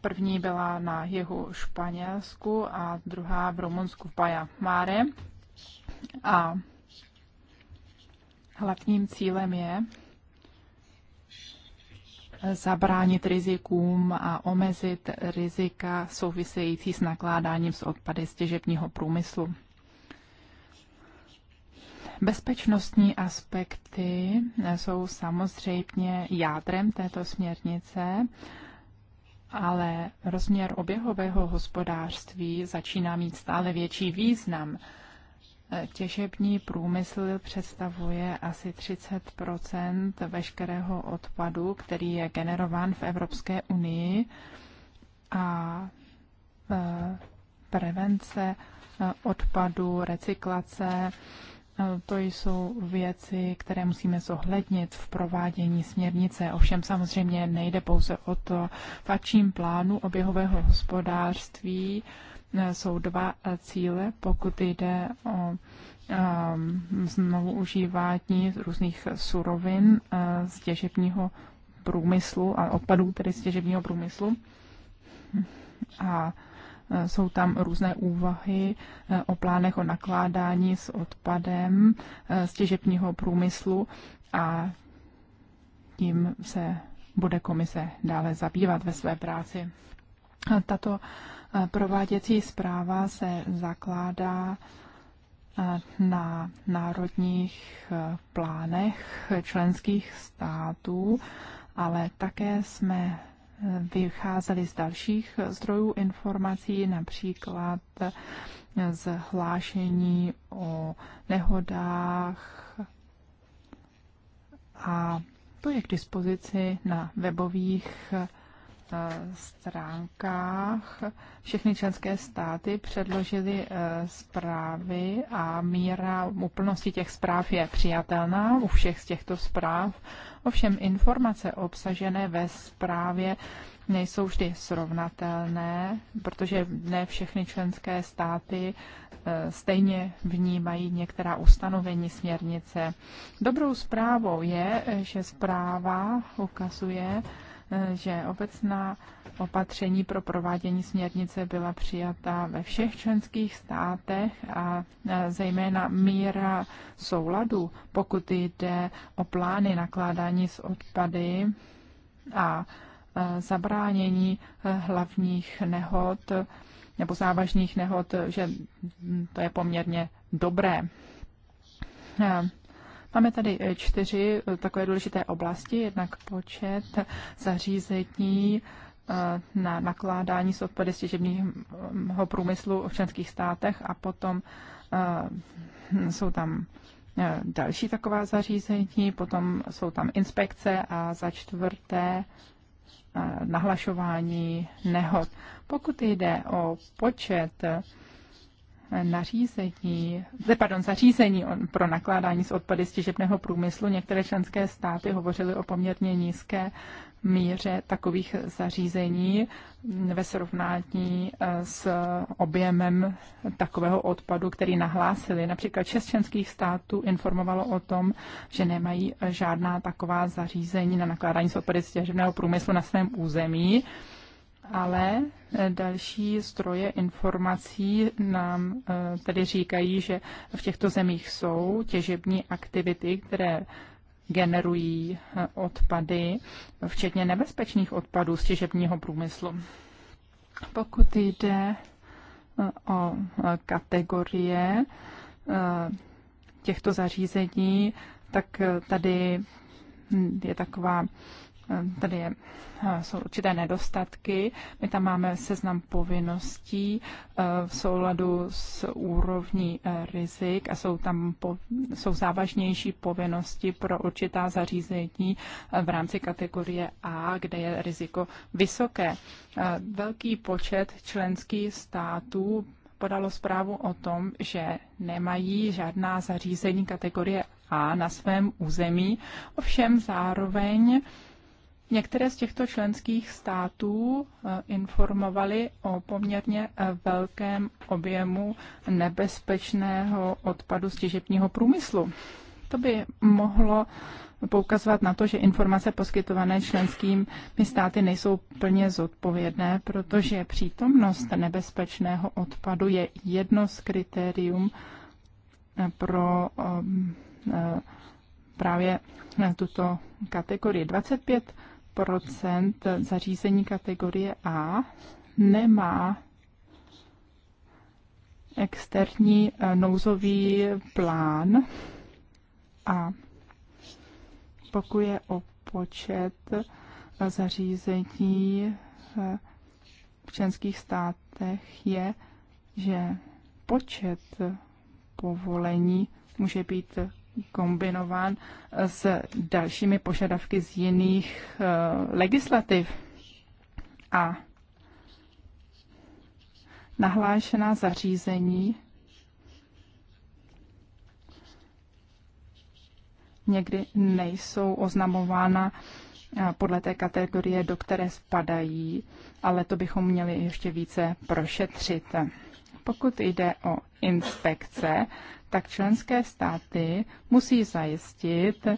První byla na jihu Španělsku a druhá v Rumunsku v Baja Mare. A hlavním cílem je zabránit rizikům a omezit rizika související s nakládáním s odpady z těžebního průmyslu. Bezpečnostní aspekty jsou samozřejmě jádrem této směrnice, ale rozměr oběhového hospodářství začíná mít stále větší význam. Těžební průmysl představuje asi 30 veškerého odpadu, který je generován v Evropské unii a e, prevence e, odpadu, recyklace to jsou věci, které musíme zohlednit v provádění směrnice. Ovšem samozřejmě nejde pouze o to. V akčním plánu oběhového hospodářství eh, jsou dva eh, cíle, pokud jde o ehm, znovu užívání různých surovin eh, z těžebního průmyslu a odpadů tedy z těžebního průmyslu. A Eh, jsou tam různé úvahy eh, o plánech o nakládání s odpadem eh, z těžebního průmyslu a tím se bude komise dále zabývat ve své práci. Tato prováděcí zpráva se zakládá na národních plánech členských států, ale také jsme vycházeli z dalších zdrojů informací, například z hlášení o nehodách a to je k dispozici na webových stránkách všechny členské státy předložily eh, zprávy a míra úplnosti těch zpráv je přijatelná u všech z těchto zpráv. Ovšem informace obsažené ve zprávě nejsou vždy srovnatelné, protože ne všechny členské státy eh, stejně vnímají některá ustanovení směrnice. Dobrou zprávou je, že zpráva ukazuje, že obecná opatření pro provádění směrnice byla přijata ve všech členských státech a zejména míra souladu, pokud jde o plány nakládání s odpady a zabránění hlavních nehod nebo závažných nehod, že to je poměrně dobré. Máme tady eh, čtyři eh, takové důležité oblasti, jednak počet zařízení, eh, na nakládání s odpady stěžebního průmyslu v členských státech a potom jsou tam další taková zařízení, potom jsou tam inspekce a za čtvrté nahlašování nehod. Pokud jde o počet nařízení, eh, pardon, zařízení pro nakládání s odpady z těžebného průmyslu. Některé členské státy hovořily o poměrně nízké míře takových zařízení ve srovnání eh, s objemem takového odpadu, který nahlásili. Například šest členských států informovalo o tom, že nemají žádná taková zařízení na nakládání s odpady z těžebného průmyslu na svém území ale eh, další zdroje informací nám eh, tedy říkají, že v těchto zemích jsou těžební aktivity, které generují eh, odpady, včetně nebezpečných odpadů z těžebního průmyslu. Pokud jde o kategorie těchto zařízení, tak tady je taková Eh, tady je, eh, jsou určité nedostatky. My tam máme seznam povinností eh, v souladu s úrovní rizik a jsou tam po, jsou závažnější povinnosti pro určitá zařízení v rámci kategorie A, kde je riziko vysoké. Velký počet členských států podalo zprávu o tom, že nemají žádná zařízení kategorie A na svém území, ovšem zároveň Některé z těchto členských států eh, informovaly o poměrně eh, velkém objemu nebezpečného odpadu z těžebního průmyslu. To by mohlo poukazovat na to, že informace poskytované členskými státy nejsou plně zodpovědné, protože přítomnost nebezpečného odpadu je jedno z kritérium eh, pro právě tuto kategorii. 25 procent zařízení kategorie A nemá externí eh, nouzový plán a pokud je o počet eh, zařízení eh, v členských státech je, že počet povolení může být kombinován s dalšími požadavky z jiných eh, legislativ. A nahlášená zařízení někdy nejsou oznamována eh, podle té kategorie, do které spadají, ale to bychom měli ještě více prošetřit. Pokud jde o inspekce, tak členské státy musí zajistit, eh,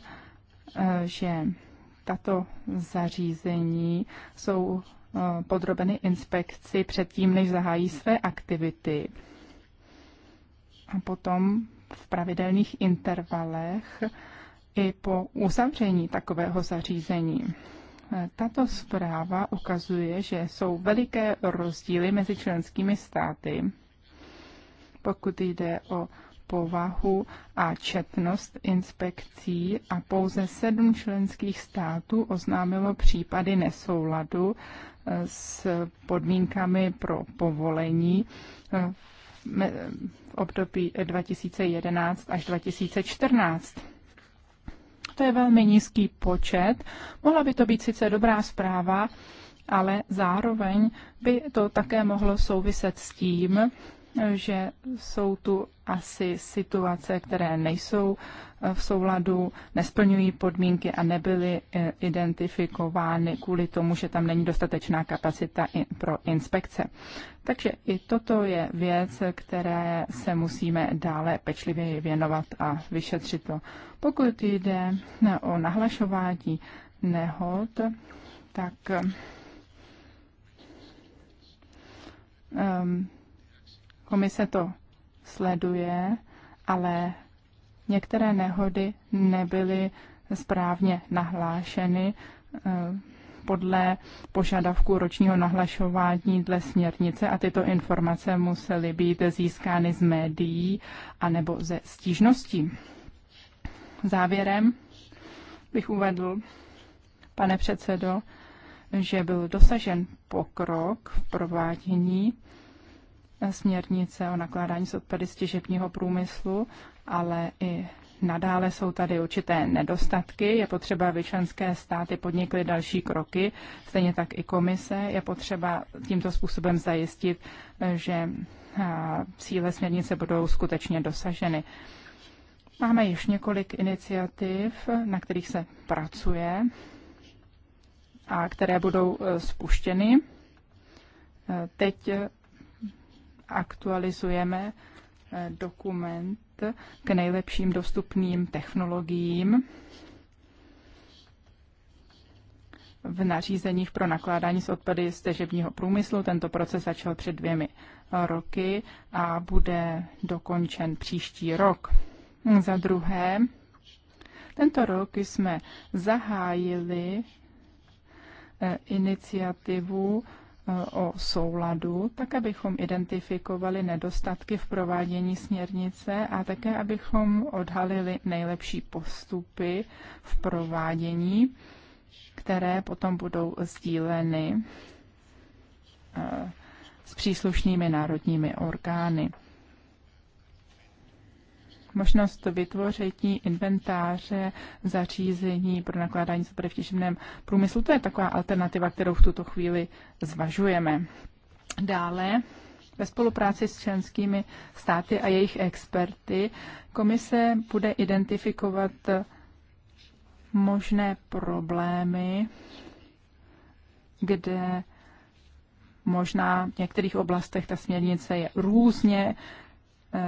že tato zařízení jsou eh, podrobeny inspekci předtím, než zahájí své aktivity. A potom v pravidelných intervalech i po uzavření takového zařízení. Eh, tato zpráva ukazuje, že jsou veliké rozdíly mezi členskými státy pokud jde o povahu a četnost inspekcí a pouze sedm členských států oznámilo případy nesouladu eh, s podmínkami pro povolení eh, v období 2011 až 2014. To je velmi nízký počet. Mohla by to být sice dobrá zpráva, ale zároveň by to také mohlo souviset s tím, že jsou tu asi situace, které nejsou eh, v souladu, nesplňují podmínky a nebyly eh, identifikovány kvůli tomu, že tam není dostatečná kapacita pro inspekce. Takže i toto je věc, které se musíme dále pečlivěji věnovat a vyšetřit to. Pokud jde eh, o nahlašování nehod, tak um, Komise to sleduje, ale některé nehody nebyly správně nahlášeny eh, podle požadavku ročního nahlašování dle směrnice a tyto informace musely být získány z médií anebo ze stížností. Závěrem bych uvedl, pane předsedo, že byl dosažen pokrok v provádění směrnice o nakládání s odpady z těžebního průmyslu, ale i nadále jsou tady určité nedostatky. Je potřeba, aby členské státy podnikly další kroky, stejně tak i komise. Je potřeba tímto způsobem zajistit, že cíle směrnice budou skutečně dosaženy. Máme již několik iniciativ, na kterých se pracuje a které budou e, spuštěny. E, teď aktualizujeme eh, dokument k nejlepším dostupným technologiím v nařízeních pro nakládání s odpady z těžebního průmyslu. Tento proces začal před dvěmi roky a bude dokončen příští rok. Za druhé, tento rok jsme zahájili eh, iniciativu o souladu, tak abychom identifikovali nedostatky v provádění směrnice a také abychom odhalili nejlepší postupy v provádění, které potom budou sdíleny eh, s příslušnými národními orgány možnost vytvoření inventáře zařízení pro nakládání s v těžebném průmyslu. To je taková alternativa, kterou v tuto chvíli zvažujeme. Dále ve spolupráci s členskými státy a jejich experty komise bude identifikovat možné problémy, kde možná v některých oblastech ta směrnice je různě eh,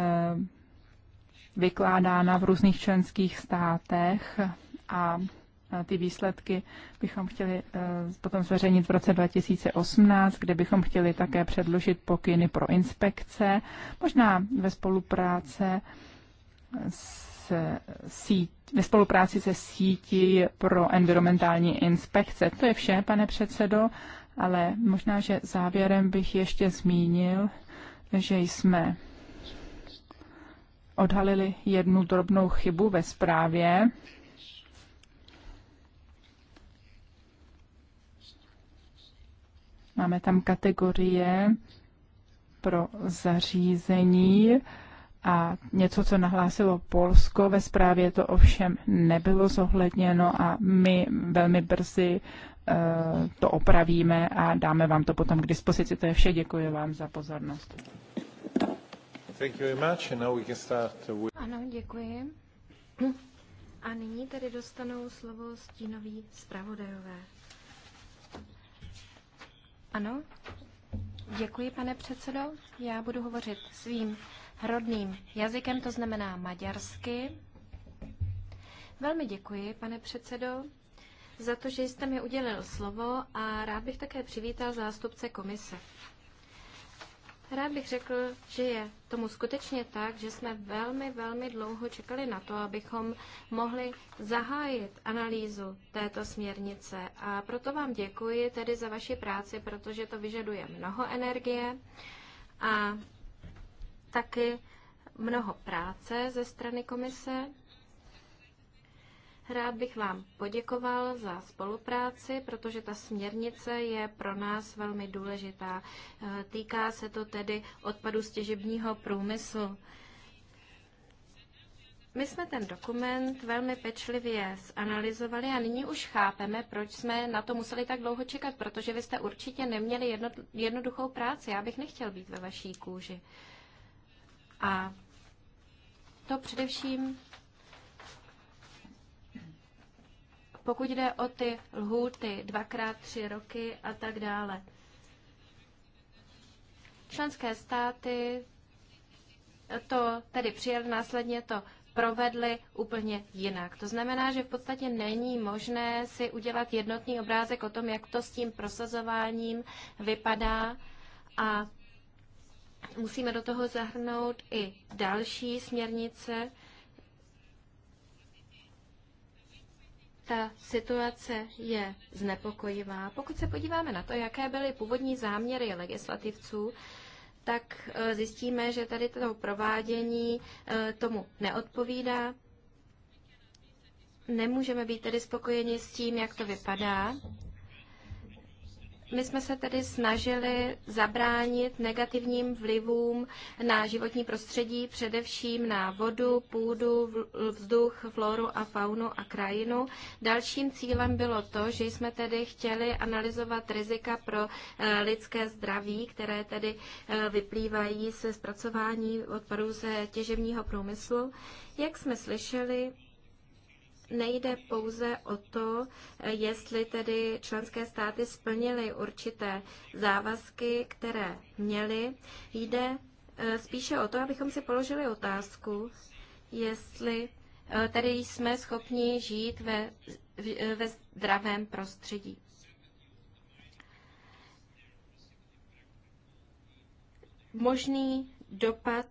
vykládána v různých členských státech a ty výsledky bychom chtěli e, potom zveřejnit v roce 2018, kde bychom chtěli také předložit pokyny pro inspekce, možná ve spolupráce s sít, ve spolupráci se sítí pro environmentální inspekce. To je vše, pane předsedo, ale možná, že závěrem bych ještě zmínil, že jsme odhalili jednu drobnou chybu ve zprávě. Máme tam kategorie pro zařízení a něco, co nahlásilo Polsko. Ve zprávě to ovšem nebylo zohledněno a my velmi brzy eh, to opravíme a dáme vám to potom k dispozici. To je vše. Děkuji vám za pozornost. Thank you very much. And now we can start with... Ano, děkuji. A nyní tady dostanou slovo stínoví zpravodajové. Ano, děkuji, pane předsedo. Já budu hovořit svým rodným jazykem, to znamená maďarsky. Velmi děkuji, pane předsedo, za to, že jste mi udělil slovo a rád bych také přivítal zástupce komise. Rád bych řekl, že je tomu skutečně tak, že jsme velmi, velmi dlouho čekali na to, abychom mohli zahájit analýzu této směrnice. A proto vám děkuji tedy za vaši práci, protože to vyžaduje mnoho energie a taky mnoho práce ze strany komise. Rád bych vám poděkoval za spolupráci, protože ta směrnice je pro nás velmi důležitá. E, týká se to tedy odpadu stěžebního průmyslu. My jsme ten dokument velmi pečlivě zanalizovali a nyní už chápeme, proč jsme na to museli tak dlouho čekat, protože vy jste určitě neměli jedno, jednoduchou práci. Já bych nechtěl být ve vaší kůži. A to především Pokud jde o ty lhůty, dvakrát tři roky a tak dále. Členské státy to tedy přijali, následně to provedli úplně jinak. To znamená, že v podstatě není možné si udělat jednotný obrázek o tom, jak to s tím prosazováním vypadá a musíme do toho zahrnout i další směrnice, ta situace je znepokojivá. Pokud se podíváme na to, jaké byly původní záměry legislativců, tak e, zjistíme, že tady to provádění e, tomu neodpovídá. Nemůžeme být tedy spokojeni s tím, jak to vypadá. My jsme se tedy snažili zabránit negativním vlivům na životní prostředí, především na vodu, půdu, vzduch, floru a faunu a krajinu. Dalším cílem bylo to, že jsme tedy chtěli analyzovat rizika pro eh, lidské zdraví, které tedy eh, vyplývají se zpracování odpadů ze těžebního průmyslu. Jak jsme slyšeli, nejde pouze o to, jestli tedy členské státy splnily určité závazky, které měly. Jde eh, spíše o to, abychom si položili otázku, jestli eh, tedy jsme schopni žít ve, eh, ve zdravém prostředí. Možný dopad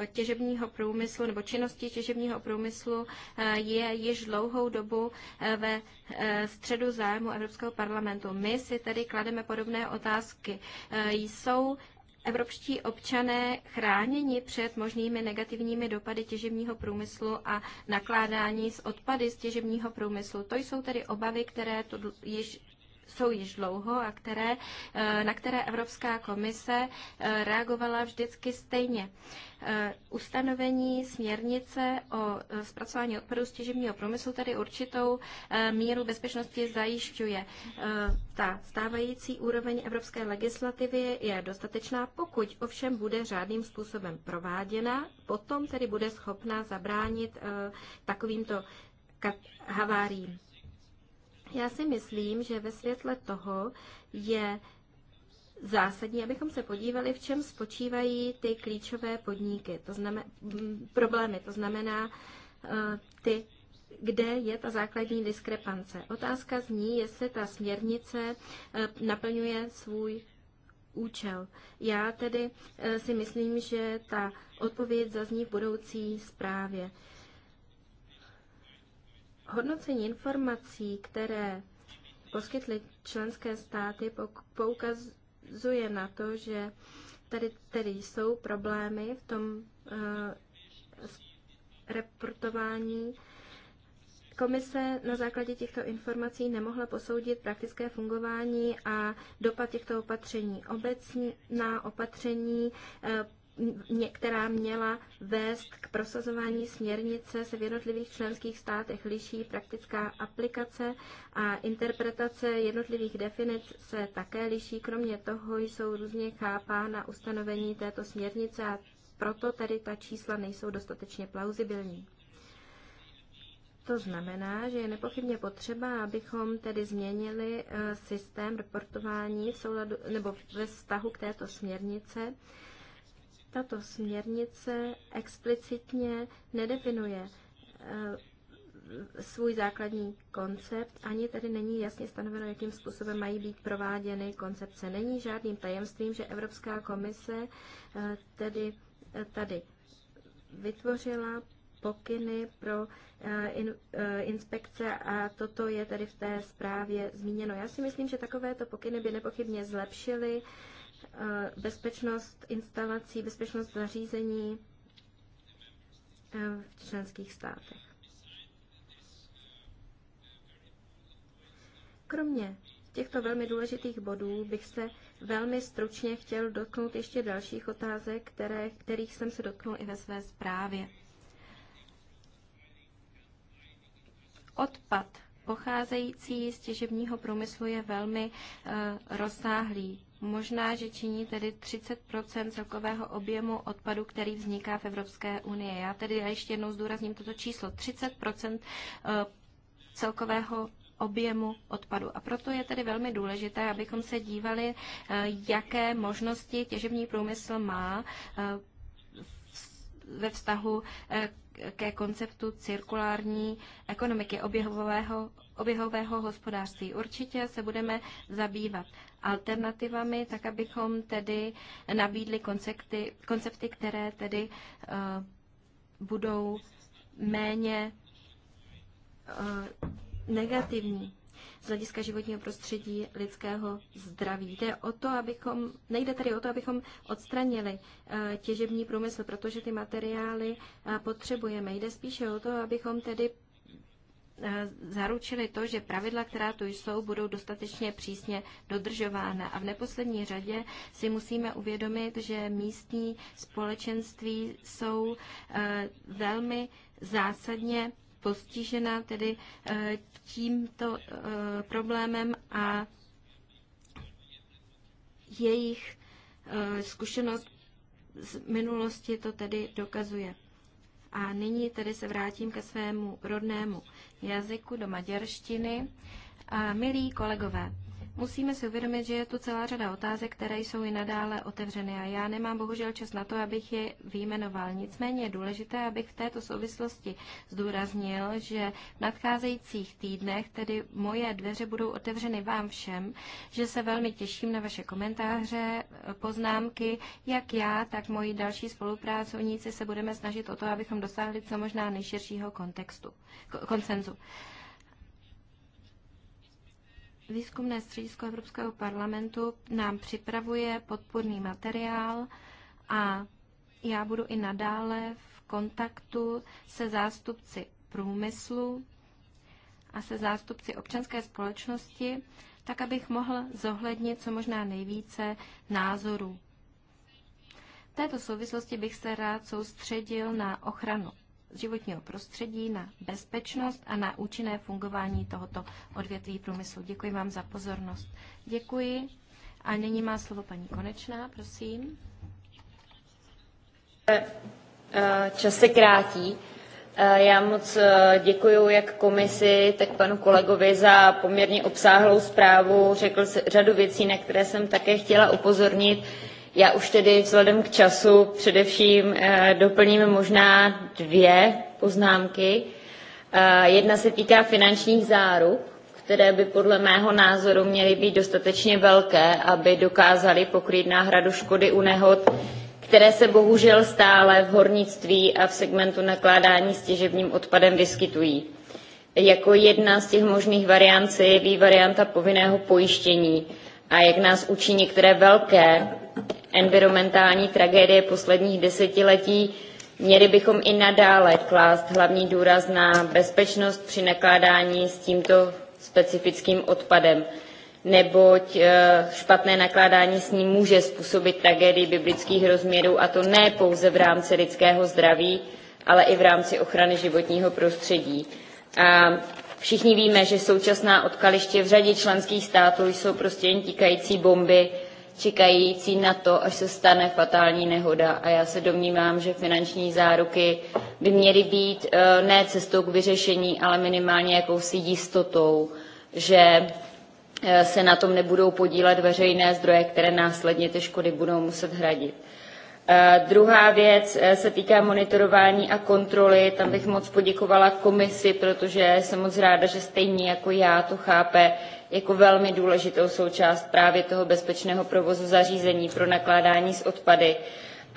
eh, těžebního průmyslu nebo činnosti těžebního průmyslu eh, je již dlouhou dobu eh, ve středu zájmu Evropského parlamentu. My si tedy klademe podobné otázky. Jsou evropští občané chráněni před možnými negativními dopady těžebního průmyslu a nakládání s odpady z těžebního průmyslu. To jsou tedy obavy, které tu již jsou již dlouho a které, eh, na které Evropská komise eh, reagovala vždycky stejně. Eh, ustanovení směrnice o zpracování odpadů z těžebního průmyslu tady určitou míru bezpečnosti zajišťuje. Ta stávající úroveň evropské legislativy je dostatečná, pokud ovšem bude řádným způsobem prováděna, potom tedy bude schopná zabránit takovýmto haváriím. Já si myslím, že ve světle toho je zásadní, abychom se podívali, v čem spočívají ty klíčové podniky, to znamená, problémy, to znamená eh, ty, kde je ta základní diskrepance. Otázka zní, jestli ta směrnice eh, naplňuje svůj účel. Já tedy eh, si myslím, že ta odpověď zazní v budoucí zprávě. Hodnocení informací, které poskytly členské státy, poukazuje na to, že tady, tady jsou problémy v tom uh, reportování. Komise na základě těchto informací nemohla posoudit praktické fungování a dopad těchto opatření. Obecná opatření uh, Některá měla vést k prosazování směrnice se v jednotlivých členských státech liší, praktická aplikace a interpretace jednotlivých definic se také liší. Kromě toho jsou různě chápána ustanovení této směrnice a proto tady ta čísla nejsou dostatečně plauzibilní. To znamená, že je nepochybně potřeba, abychom tedy změnili eh, systém reportování v souladu, nebo ve vztahu k této směrnice. Tato směrnice explicitně nedefinuje eh, svůj základní koncept, ani tedy není jasně stanoveno, jakým způsobem mají být prováděny koncepce. Není žádným tajemstvím, že Evropská komise eh, tedy eh, tady vytvořila pokyny pro inspekce a toto je tedy v té zprávě zmíněno. Já si myslím, že takovéto pokyny by nepochybně zlepšily Eh, bezpečnost instalací, bezpečnost zařízení eh, v členských státech. Kromě těchto velmi důležitých bodů bych se velmi stručně chtěl dotknout ještě dalších otázek, které, kterých jsem se dotknul i ve své zprávě. Odpad pocházející z těžebního průmyslu je velmi uh, rozsáhlý. Možná, že činí tedy 30 celkového objemu odpadu, který vzniká v Evropské unii. Já tedy já ještě jednou zdůrazním toto číslo. 30 eh, celkového objemu odpadu. A proto je tedy velmi důležité, abychom se dívali, eh, jaké možnosti těžební průmysl má eh, ve vztahu ke konceptu cirkulární ekonomiky oběhového, oběhového hospodářství. Určitě se budeme zabývat alternativami, tak abychom tedy nabídli koncepty, koncepty které tedy uh, budou méně uh, negativní z hlediska životního prostředí, lidského zdraví. Jde o to, abychom, nejde tady o to, abychom odstranili eh, těžební průmysl, protože ty materiály potřebujeme. Jde spíše o to, abychom tedy Eh, zaručili to, že pravidla, která tu jsou, budou dostatečně přísně dodržována. A v neposlední řadě si musíme uvědomit, že místní společenství jsou eh, velmi zásadně postižena tedy eh, tímto problémem a jejich zkušenost z minulosti to tedy dokazuje. A nyní tedy se vrátím ke svému rodnému jazyku do maďarštiny. A milí kolegové, Musíme si uvědomit, že je tu celá řada otázek, které jsou i nadále otevřeny a já nemám bohužel čas na to, abych je vyjmenoval. Nicméně je důležité, abych v této souvislosti zdůraznil, že v nadcházejících týdnech tedy moje dveře budou otevřeny vám všem, že se velmi těším na vaše komentáře, poznámky, jak já, tak moji další spolupracovníci se budeme snažit o to, abychom dosáhli co možná nejširšího kontextu, konsenzu. Výzkumné středisko Evropského parlamentu nám připravuje podporný materiál a já budu i nadále v kontaktu se zástupci průmyslu a se zástupci občanské společnosti, tak abych mohl zohlednit co možná nejvíce názorů. V této souvislosti bych se rád soustředil na ochranu životního prostředí, na bezpečnost a na účinné fungování tohoto odvětví průmyslu. Děkuji vám za pozornost. Děkuji. A nyní má slovo paní Konečná, prosím. Eh, eh, čas se krátí. Eh, já moc děkuji jak komisi, tak panu kolegovi za poměrně obsáhlou zprávu. Řekl řadu věcí, na které jsem také chtěla upozornit. Já už tedy vzhledem k času především eh, doplním možná dvě poznámky. Eh, jedna se týká finančních záruk, které by podle mého názoru měly být dostatečně velké, aby dokázaly pokrýt náhradu škody u nehod, které se bohužel stále v hornictví a v segmentu nakládání s těžebním odpadem vyskytují. Jako jedna z těch možných variant se jeví varianta povinného pojištění. A jak nás učí některé velké environmentální tragédie posledních desetiletí, měli bychom i nadále klást hlavní důraz na bezpečnost při nakládání s tímto specifickým odpadem, neboť eh, špatné nakládání s ním může způsobit tragédii biblických rozměrů, a to ne pouze v rámci lidského zdraví, ale i v rámci ochrany životního prostředí. A všichni víme, že současná odkaliště v řadě členských států jsou prostě jen tikající bomby, čekající na to, až se stane fatální nehoda. A já se domnívám, že finanční záruky by měly být eh, ne cestou k vyřešení, ale minimálně jakousi jistotou, že eh, se na tom nebudou podílet veřejné zdroje, které následně ty škody budou muset hradit. Eh, druhá věc se týká monitorování a kontroly. Tam bych moc poděkovala komisi, protože jsem moc ráda, že stejně jako já to chápe jako velmi důležitou součást právě toho bezpečného provozu zařízení pro nakládání s odpady.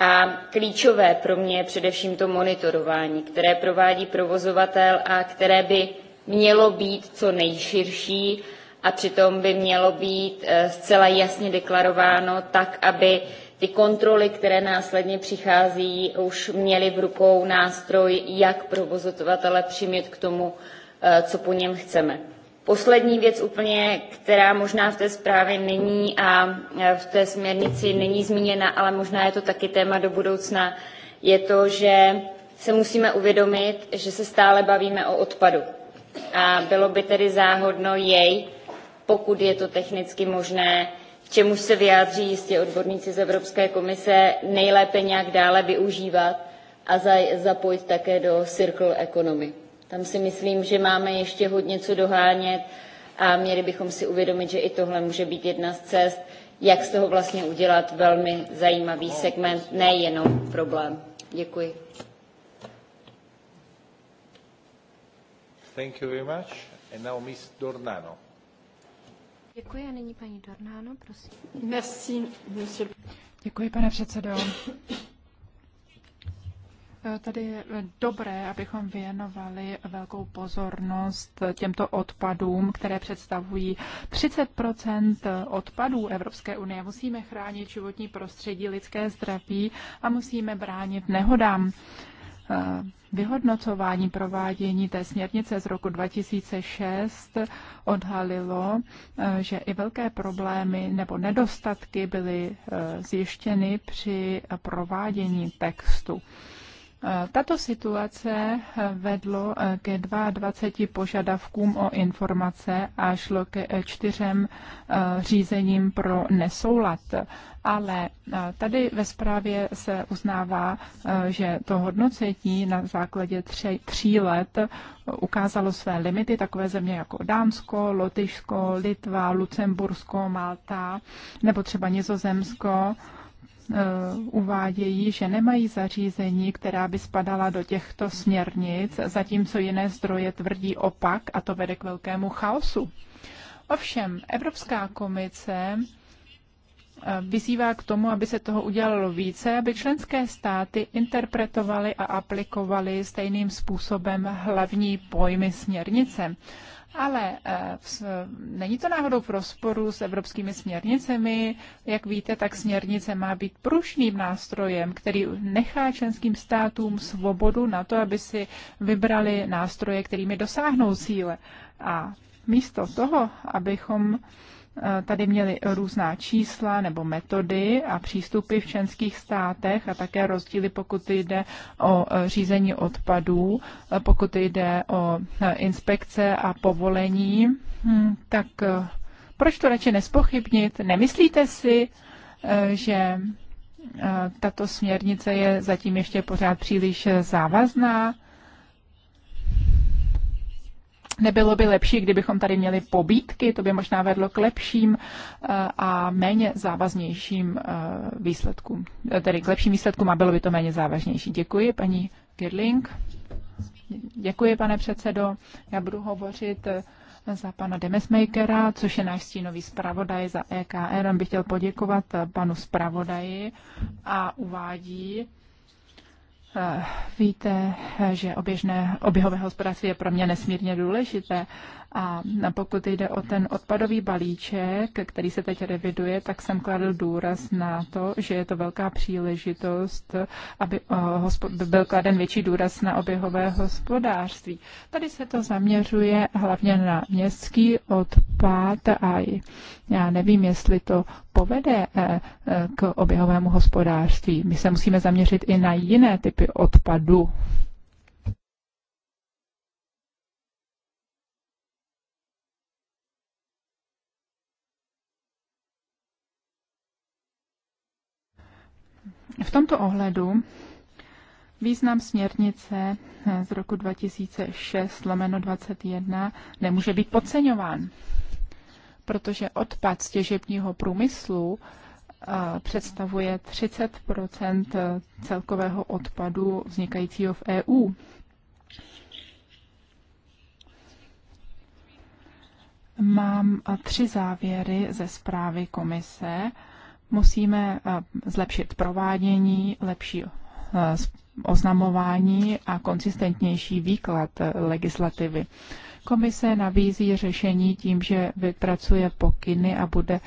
A klíčové pro mě je především to monitorování, které provádí provozovatel a které by mělo být co nejširší a přitom by mělo být eh, zcela jasně deklarováno tak, aby ty kontroly, které následně přichází, už měly v rukou nástroj, jak provozovatele přimět k tomu, eh, co po něm chceme. Poslední věc úplně, která možná v té zprávě není a v té směrnici není zmíněna, ale možná je to taky téma do budoucna, je to, že se musíme uvědomit, že se stále bavíme o odpadu. A bylo by tedy záhodno jej, pokud je to technicky možné, k čemuž se vyjádří jistě odborníci z Evropské komise, nejlépe nějak dále využívat a zapojit také do circle economy. Tam si myslím, že máme ještě hodně co dohánět a měli bychom si uvědomit, že i tohle může být jedna z cest, jak z toho vlastně udělat velmi zajímavý no. segment, nejenom problém. Děkuji. Thank you very much. And now Miss Dornano. Děkuji a nyní paní Dornáno, prosím. Merci, monsieur. Děkuji, pane předsedo tady je dobré, abychom věnovali velkou pozornost těmto odpadům, které představují 30 odpadů Evropské unie. Musíme chránit životní prostředí, lidské zdraví a musíme bránit nehodám. Eh, vyhodnocování provádění té směrnice z roku 2006 odhalilo, eh, že i velké problémy nebo nedostatky byly eh, zjištěny při provádění textu. Tato situace eh, vedlo eh, ke 22 požadavkům o informace a šlo ke eh, čtyřem řízením pro nesoulad. Ale tady ve zprávě se uznává, že to hodnocení na základě tří let ukázalo své limity. Takové země jako Dámsko, Lotyšsko, Litva, Lucembursko, Malta nebo třeba Nizozemsko Eh, uvádějí, že nemají zařízení, která by spadala do těchto směrnic, zatímco jiné zdroje tvrdí opak a to vede k velkému chaosu. Ovšem, Evropská komise eh, vyzývá k tomu, aby se toho udělalo více, aby členské státy interpretovaly a aplikovaly stejným způsobem hlavní pojmy směrnice. Ale eh, není to náhodou v rozporu s evropskými směrnicemi? Jak víte, tak směrnice má být prušným nástrojem, který nechá členským státům svobodu na to, aby si vybrali nástroje, kterými dosáhnou cíle. A místo toho, abychom Eh, tady měli různá čísla nebo metody a přístupy v členských státech a také rozdíly, pokud jde o eh, řízení odpadů, eh, pokud jde o inspekce a povolení, hmm, tak proč to radši nespochybnit? Nemyslíte si, že tato směrnice je zatím ještě pořád příliš závazná? Nebylo by lepší, kdybychom tady měli pobítky, to by možná vedlo k lepším eh, a méně závaznějším eh, výsledkům, eh, tedy k lepším výsledkům a bylo by to méně závažnější. Děkuji, paní Girling. Děkuji, pane předsedo. Já budu hovořit za pana Demesmakera, což je náš stínový zpravodaj za EKR. On bych chtěl poděkovat panu zpravodaji a uvádí, Eh, víte, že oběžné, oběhové hospodářství je pro mě nesmírně důležité a pokud jde o ten odpadový balíček, který se teď reviduje, tak jsem kladl důraz na to, že je to velká příležitost, aby eh, byl kladen větší důraz na oběhové hospodářství. Tady se to zaměřuje hlavně na městský odpad a já nevím, jestli to povede eh, eh, k oběhovému hospodářství. My se musíme zaměřit i na jiné typy odpadu. V tomto ohledu význam směrnice z roku 2006 lomeno 21 nemůže být podceňován, protože odpad z těžebního průmyslu eh, představuje 30 celkového odpadu vznikajícího v EU. Mám eh, tři závěry ze zprávy komise Musíme eh, zlepšit provádění, lepší eh, oznamování a konsistentnější výklad eh, legislativy. Komise nabízí řešení tím, že vypracuje pokyny a bude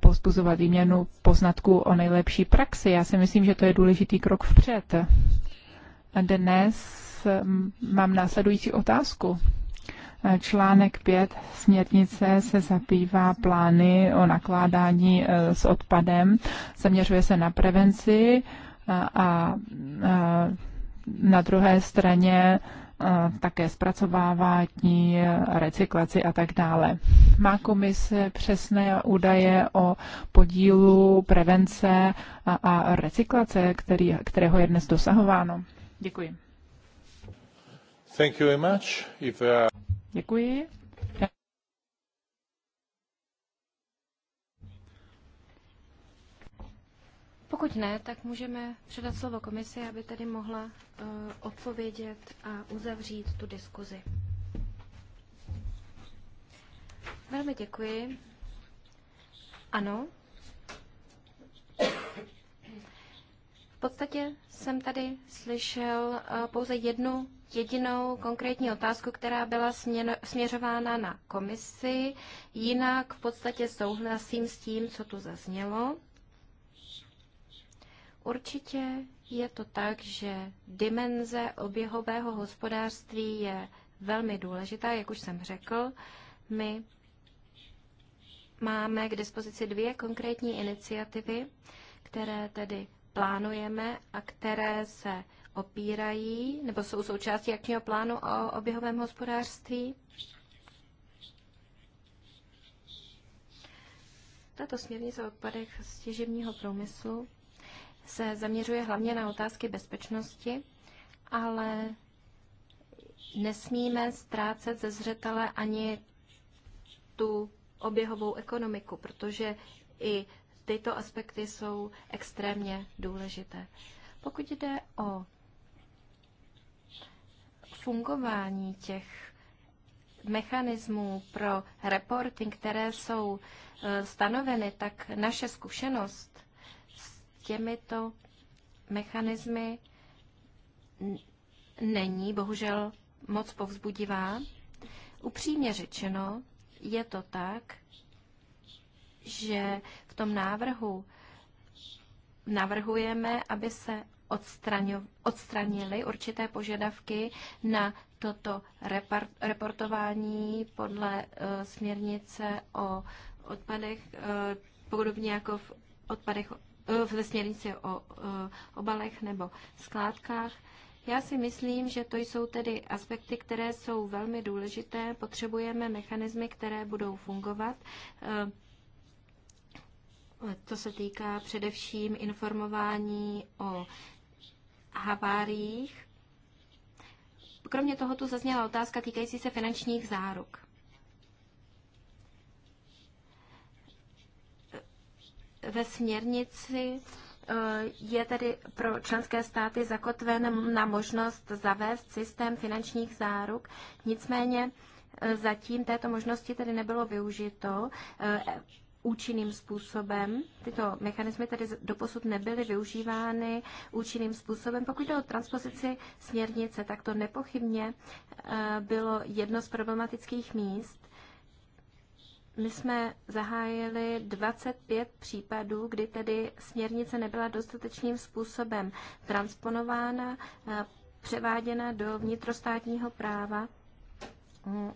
pozbuzovat výměnu poznatků o nejlepší praxi. Já si myslím, že to je důležitý krok vpřed. Dnes mm, mám následující otázku. Článek 5 směrnice se zabývá plány o nakládání e, s odpadem, zaměřuje se na prevenci e, a e, na druhé straně také zpracovávání, recyklaci a tak dále. Má komise přesné údaje o podílu prevence a, recyklace, který, kterého je dnes dosahováno? Děkuji. Thank you very much. If, uh... Děkuji. Pokud ne, tak můžeme předat slovo komisi, aby tady mohla uh, odpovědět a uzavřít tu diskuzi. Velmi děkuji. Ano. V podstatě jsem tady slyšel uh, pouze jednu jedinou konkrétní otázku, která byla směřována na komisi. Jinak v podstatě souhlasím s tím, co tu zaznělo. Určitě je to tak, že dimenze oběhového hospodářství je velmi důležitá, jak už jsem řekl. My máme k dispozici dvě konkrétní iniciativy, které tedy plánujeme a které se opírají nebo jsou součástí akčního plánu o oběhovém hospodářství. Tato směrnice o odpadech z těživního průmyslu se zaměřuje hlavně na otázky bezpečnosti, ale nesmíme ztrácet ze zřetele ani tu oběhovou ekonomiku, protože i tyto aspekty jsou extrémně důležité. Pokud jde o fungování těch mechanismů pro reporting, které jsou e, stanoveny, tak naše zkušenost s těmito mechanismy není bohužel moc povzbudivá. Upřímně řečeno, je to tak, že v tom návrhu navrhujeme, aby se odstranili určité požadavky na toto reportování podle eh, směrnice o odpadech, eh, podobně jako v odpadech eh, ve směrnici o obalech nebo skládkách. Já si myslím, že to jsou tedy aspekty, které jsou velmi důležité. Potřebujeme mechanismy, které budou fungovat. To se týká především informování o haváriích. Kromě toho tu zazněla otázka týkající se finančních záruk. Ve směrnici eh, je tedy pro členské státy zakotven na možnost zavést systém finančních záruk. Nicméně eh, zatím této možnosti tedy nebylo využito. Eh, účinným způsobem. Tyto mechanismy tedy doposud nebyly využívány účinným způsobem. Pokud jde o transpozici směrnice, tak to nepochybně eh, bylo jedno z problematických míst. My jsme zahájili 25 případů, kdy tedy směrnice nebyla dostatečným způsobem transponována, eh, převáděna do vnitrostátního práva. Mm.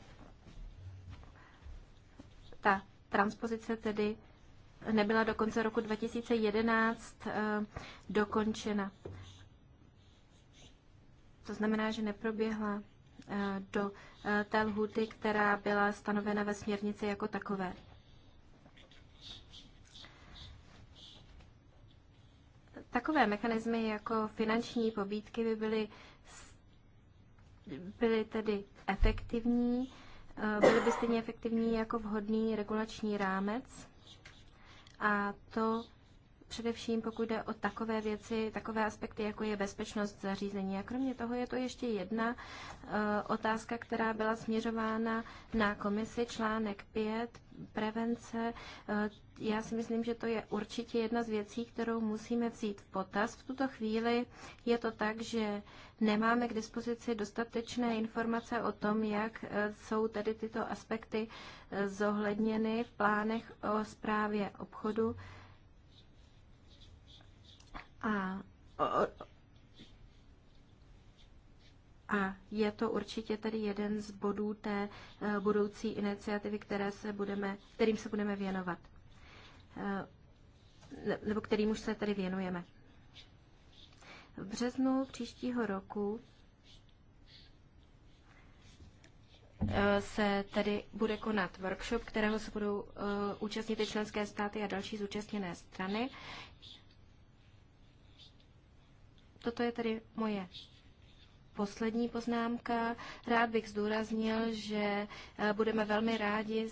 Ta transpozice tedy nebyla do konce roku 2011 eh, dokončena. To znamená, že neproběhla eh, do eh, té lhuty, která byla stanovena ve směrnici jako takové. Takové mechanismy jako finanční pobídky by byly, byly tedy efektivní, Eh, byly by stejně efektivní jako vhodný regulační rámec a to Především pokud jde o takové věci, takové aspekty, jako je bezpečnost zařízení. A kromě toho je to ještě jedna uh, otázka, která byla směřována na komisi článek 5, prevence. Uh, já si myslím, že to je určitě jedna z věcí, kterou musíme vzít v potaz. V tuto chvíli je to tak, že nemáme k dispozici dostatečné informace o tom, jak eh, jsou tedy tyto aspekty zohledněny v plánech o zprávě obchodu a, a je to určitě tedy jeden z bodů té e, budoucí iniciativy, které se budeme, kterým se budeme věnovat. E, nebo kterým už se tedy věnujeme. V březnu příštího roku e, se tedy bude konat workshop, kterého se budou účastnit i členské státy a další zúčastněné strany. Toto je tedy moje poslední poznámka. Rád bych zdůraznil, že eh, budeme velmi rádi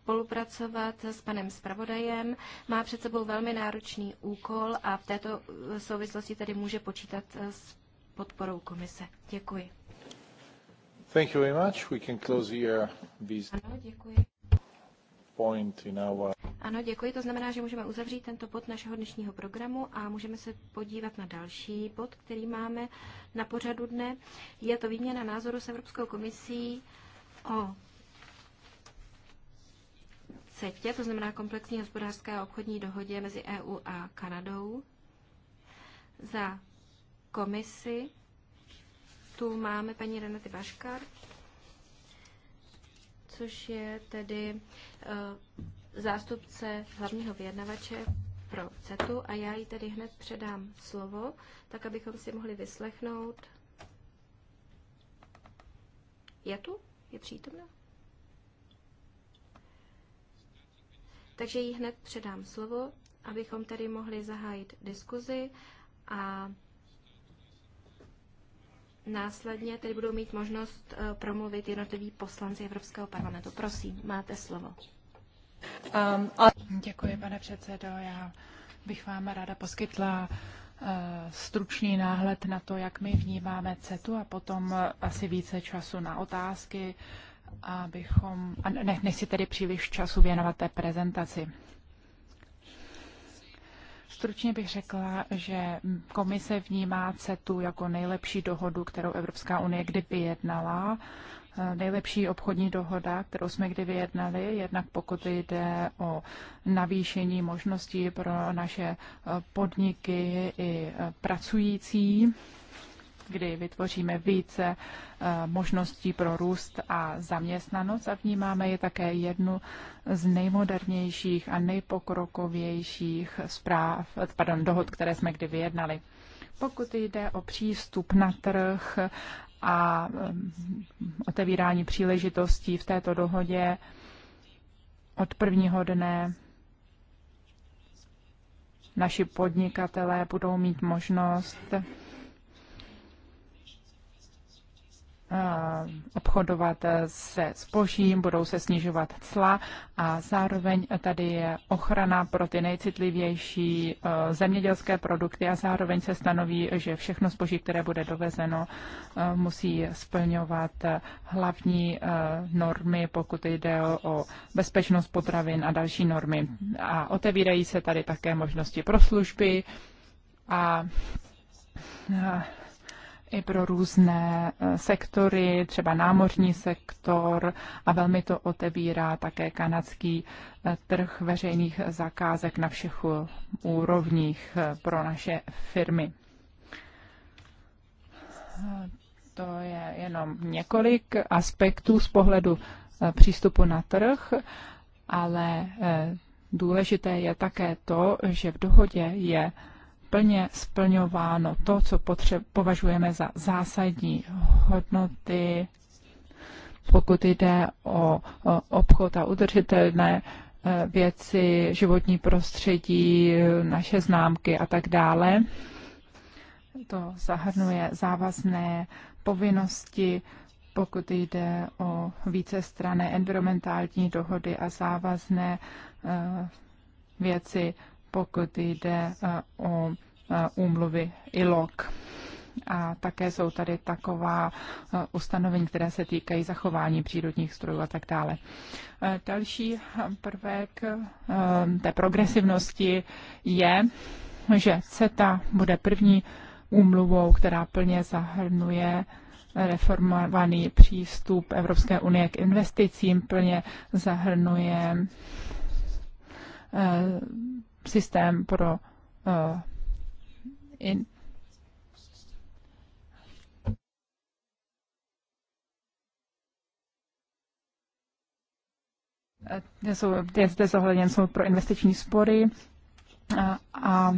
spolupracovat s panem zpravodajem. Má před sebou velmi náročný úkol a v této eh, souvislosti tedy může počítat eh, s podporou komise. Děkuji. Thank you very much. We can close here Ano, děkuji point in our... Ano, děkuji. To znamená, že můžeme uzavřít tento bod našeho dnešního programu a můžeme se podívat na další bod, který máme na pořadu dne. Je to výměna názoru s Evropskou komisí o CETě, to znamená komplexní hospodářské a obchodní dohodě mezi EU a Kanadou. Za komisi tu máme paní Renate Baškar což je tedy eh, zástupce hlavního vyjednavače pro CETu a já jí tedy hned předám slovo, tak abychom si mohli vyslechnout. Je tu? Je přítomna? Takže jí hned předám slovo, abychom tedy mohli zahájit diskuzi a následně tedy budou mít možnost eh, promluvit jednotliví poslanci Evropského parlamentu. Prosím, máte slovo. Um, a... Děkuji, pane předsedo. Já bych vám ráda poskytla eh, stručný náhled na to, jak my vnímáme CETu a potom eh, asi více času na otázky, abychom, a nechci tedy příliš času věnovat té prezentaci. Stručně bych řekla, že komise vnímá CETu jako nejlepší dohodu, kterou Evropská unie kdy vyjednala. Eh, nejlepší obchodní dohoda, kterou jsme kdy vyjednali, jednak pokud jde o navýšení možností pro naše eh, podniky i eh, pracující kdy vytvoříme více eh, možností pro růst a zaměstnanost a vnímáme je také jednu z nejmodernějších a nejpokrokovějších zpráv, pardon, dohod, které jsme kdy vyjednali. Pokud jde o přístup na trh a eh, otevírání příležitostí v této dohodě od prvního dne naši podnikatelé budou mít možnost Eh, obchodovat eh, se spožím, budou se snižovat cla a zároveň tady je ochrana pro ty nejcitlivější eh, zemědělské produkty a zároveň se stanoví, že všechno spoží, které bude dovezeno, musí splňovat hlavní normy, pokud jde o bezpečnost potravin a další normy. A otevírají se tady také možnosti pro služby a i pro různé eh, sektory, třeba námořní sektor a velmi to otevírá také kanadský eh, trh veřejných zakázek na všech eh, úrovních pro naše firmy. To je jenom několik aspektů z pohledu přístupu na trh, ale důležité je také to, že v dohodě je plně splňováno to, co potře- považujeme za zásadní hodnoty, pokud jde o, o obchod a udržitelné e, věci, životní prostředí, naše známky a tak dále. To zahrnuje závazné povinnosti, pokud jde o více strany, environmentální dohody a závazné e, věci pokud jde eh, o eh, úmluvy ILOK. A také jsou tady taková eh, ustanovení, které se týkají zachování přírodních strojů a tak dále. Další prvek té progresivnosti je, že CETA bude první úmluvou, která plně zahrnuje reformovaný přístup Evropské unie k investicím, plně zahrnuje systém pro uh, in, jsou, je zde zohledněn soud pro investiční spory a, a,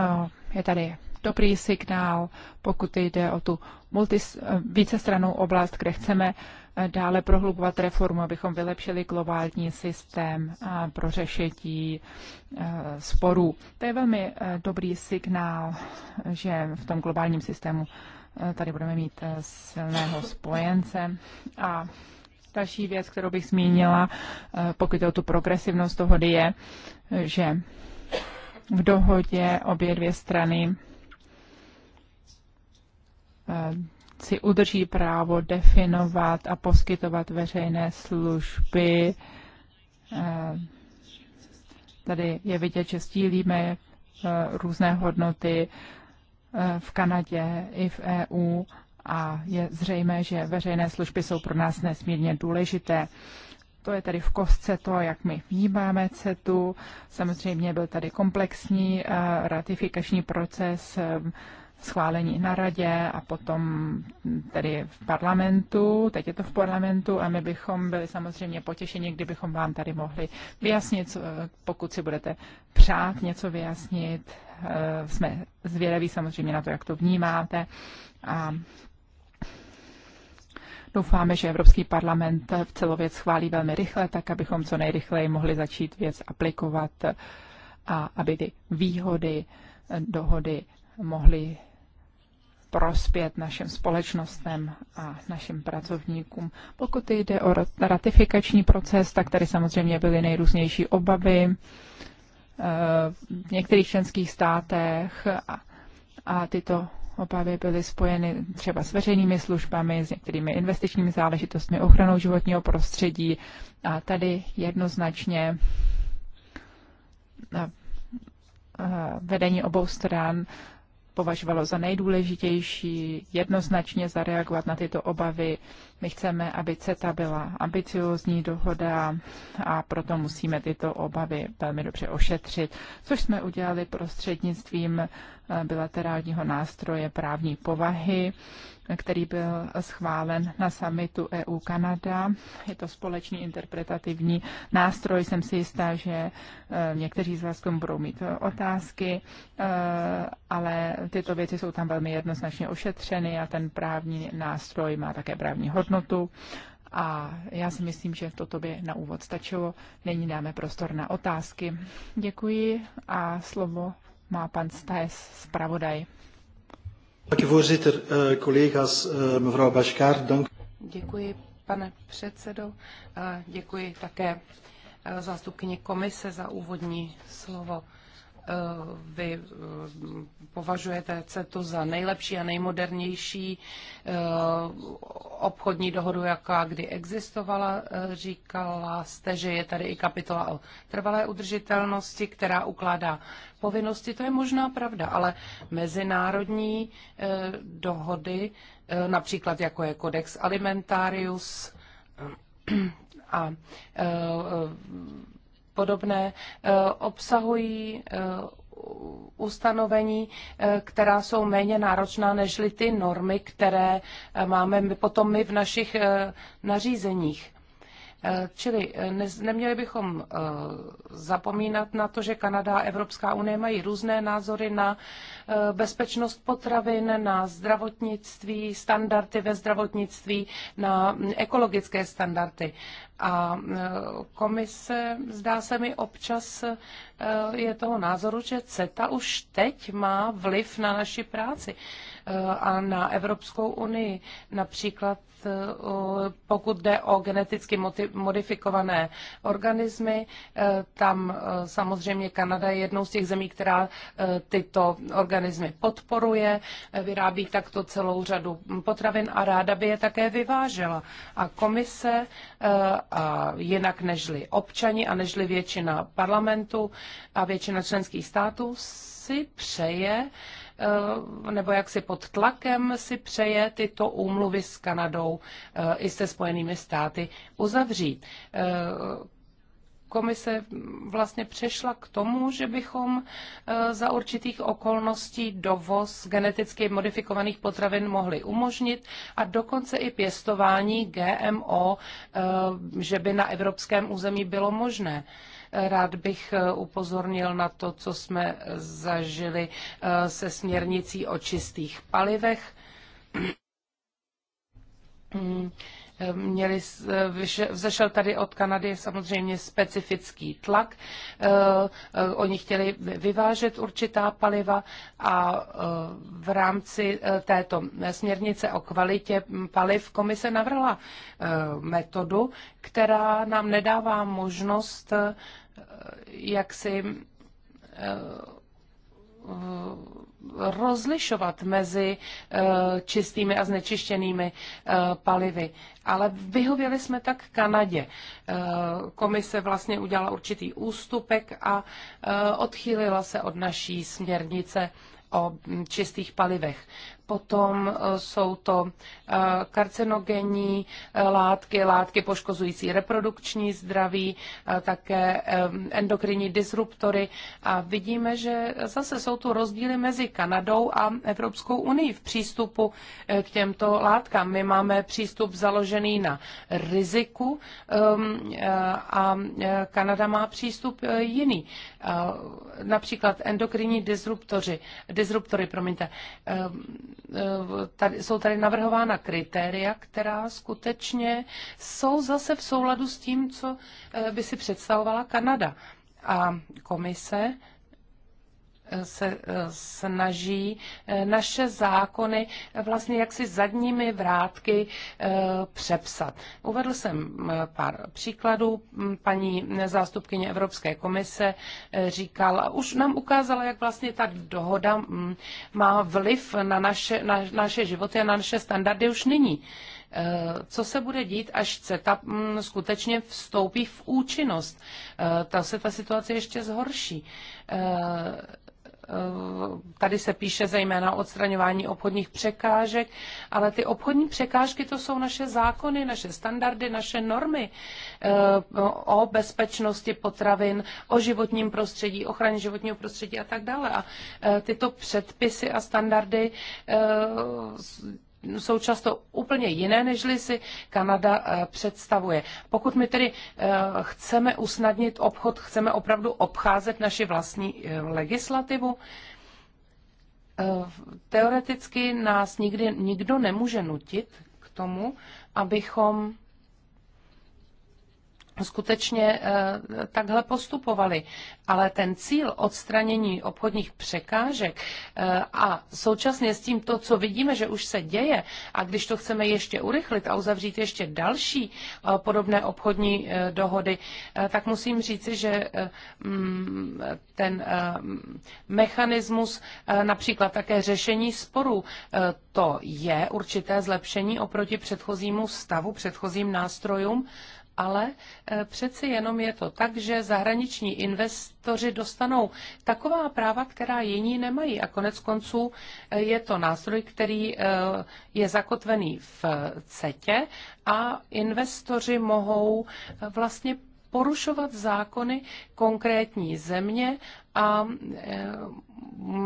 a eh, je tady dobrý signál, pokud jde o tu multi, eh, vícestranou oblast, kde chceme eh, dále prohlubovat reformu, abychom vylepšili globální systém eh, pro řešení sporů. To je velmi dobrý signál, že v tom globálním systému tady budeme mít silného spojence. A další věc, kterou bych zmínila, pokud je o tu progresivnost dohody, je, že v dohodě obě dvě strany Eh, si udrží právo definovat a poskytovat veřejné služby. Eh, tady je vidět, že stílíme eh, různé hodnoty v Kanadě i v EU a je zřejmé, že veřejné služby jsou pro nás nesmírně důležité. To je tedy v kostce to, jak my vnímáme CETu. Samozřejmě byl tady komplexní ratifikační proces schválení na radě a potom tedy v parlamentu. Teď je to v parlamentu a my bychom byli samozřejmě potěšeni, kdybychom vám tady mohli vyjasnit, pokud si budete přát něco vyjasnit. Eh, jsme zvědaví samozřejmě na to, jak to vnímáte. A Doufáme, že Evropský parlament v věc schválí velmi rychle, tak abychom co nejrychleji mohli začít věc aplikovat a aby ty výhody dohody mohli prospět našim společnostem a našim pracovníkům. Pokud jde o ratifikační proces, tak tady samozřejmě byly nejrůznější obavy eh, v některých členských státech a, tyto obavy byly spojeny třeba s veřejnými službami, s některými investičními záležitostmi, ochranou životního prostředí. A tady jednoznačně eh, eh, vedení obou stran považovalo za nejdůležitější jednoznačně zareagovat na tyto obavy my chceme, aby CETA byla ambiciozní dohoda a proto musíme tyto obavy velmi dobře ošetřit, což jsme udělali prostřednictvím eh, bilaterálního nástroje právní povahy, který byl schválen na summitu EU-Kanada. Je to společný interpretativní nástroj. Jsem si jistá, že eh, někteří z vás tomu budou mít eh, otázky, ale tyto věci jsou tam velmi jednoznačně ošetřeny a ten právní nástroj má také právní hodnotu hodnotu. A já si myslím, že toto by na úvod stačilo. Nyní dáme prostor na otázky. Děkuji a slovo má pan Stes, zpravodaj. Eh, eh, děkuji, pane předsedo. Eh, děkuji také zástupkyni komise za úvodní slovo vy eh, považujete CETu za nejlepší a nejmodernější eh, obchodní dohodu, jaká kdy existovala. Eh, říkala jste, že je tady i kapitola o trvalé udržitelnosti, která ukládá povinnosti. To je možná pravda, ale mezinárodní dohody, například jako je Codex Alimentarius a podobné eh, obsahují eh, ustanovení, eh, která jsou méně náročná než ty normy, které máme my potom my v našich nařízeních. Čili neměli bychom zapomínat na to, že Kanada a Evropská unie mají různé názory na bezpečnost potravin, na zdravotnictví, standardy ve zdravotnictví, na mm, ekologické standardy. A e, komise, zdá se mi, občas e, je toho názoru, že CETA už teď má vliv na naši práci e, a na Evropskou unii. Například pokud jde o geneticky modifikované organismy, tam samozřejmě Kanada je jednou z těch zemí, která tyto organismy podporuje, vyrábí takto celou řadu potravin a ráda by je také vyvážela. A komise jinak nežli občani a nežli většina parlamentu a většina členských států si přeje, eh, nebo jak si pod tlakem si přeje tyto úmluvy s Kanadou eh, i se Spojenými státy uzavřít. Eh, komise vlastně přešla k tomu, že bychom e, za určitých okolností dovoz geneticky modifikovaných potravin mohli umožnit a dokonce i pěstování GMO, e, že by na evropském území bylo možné. E, rád bych upozornil na to, co jsme zažili se směrnicí o čistých palivech mm. Měli, vzešel tady od Kanady samozřejmě specifický tlak. Eh, eh, oni chtěli vyvážet určitá paliva a eh, v rámci této směrnice o kvalitě paliv komise navrhla metodu, která nám nedává možnost jak si Eh, rozlišovat mezi eh, čistými a znečištěnými eh, palivy. Ale vyhověli jsme tak Kanadě. Komise vlastně udělala určitý ústupek a odchýlila se od naší směrnice o mm, čistých palivech potom e, jsou to e, karcinogenní e, látky, látky poškozující reprodukční zdraví, také endokrinní disruptory a vidíme, že zase jsou tu rozdíly mezi Kanadou a Evropskou unii v přístupu k těmto látkám. My máme přístup založený na riziku um, a Kanada má přístup jiný. Například endokrinní disruptory, disruptory promiňte, tady, jsou tady navrhována kritéria, která skutečně jsou zase v souladu s tím, co eh, by si představovala Kanada. A komise se eh, snaží eh, naše zákony vlastně jaksi zadními vrátky eh, přepsat. Uvedl jsem pár příkladů. Paní zástupkyně Evropské komise říkala, už nám ukázala, jak vlastně ta dohoda mm, má vliv na naše, na naše životy a na naše standardy už nyní co se bude dít, až CETA mm, skutečně vstoupí v účinnost. Ta se ta situace ještě zhorší tady se píše zejména odstraňování obchodních překážek, ale ty obchodní překážky to jsou naše zákony, naše standardy, naše normy eh, o bezpečnosti potravin, o životním prostředí, ochraně životního prostředí a tak dále. A eh, tyto předpisy a standardy eh, jsou často úplně jiné, než si Kanada eh, představuje. Pokud my tedy eh, chceme usnadnit obchod, chceme opravdu obcházet naši vlastní eh, legislativu, teoreticky nás nikdy nikdo nemůže nutit k tomu, abychom skutečně eh, takhle postupovali. Ale ten cíl odstranění obchodních překážek eh, a současně s tím to, co vidíme, že už se děje, a když to chceme ještě urychlit a uzavřít ještě další eh, podobné obchodní dohody, tak musím říci, že mm, ten mechanismus například také řešení sporů, to je určité zlepšení oproti předchozímu stavu, předchozím nástrojům, ale eh, přeci jenom je to tak, že zahraniční investoři dostanou taková práva, která jiní nemají. A konec konců eh, je to nástroj, který eh, je zakotvený v CETě a investoři mohou vlastně porušovat zákony konkrétní země a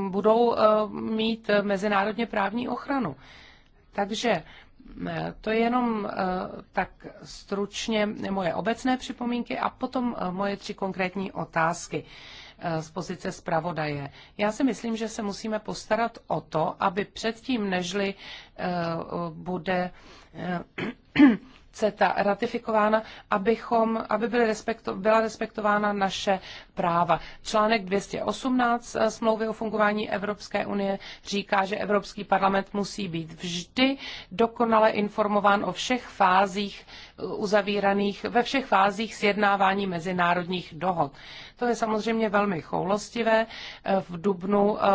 budou mít mezinárodně právní ochranu. Takže Eh, to je jenom eh, tak stručně moje obecné připomínky a potom eh, moje tři konkrétní otázky z pozice zpravodaje. Já si myslím, že se musíme postarat o to, aby předtím, nežli bude CETA ratifikována, abychom, aby byly respekto, byla respektována naše práva. Článek 218 eh, smlouvy o fungování Evropské unie říká, že Evropský parlament musí být vždy dokonale informován o všech fázích uzavíraných ve všech fázích sjednávání mezinárodních dohod. To je samozřejmě velmi choulostivé. V Dubnu eh,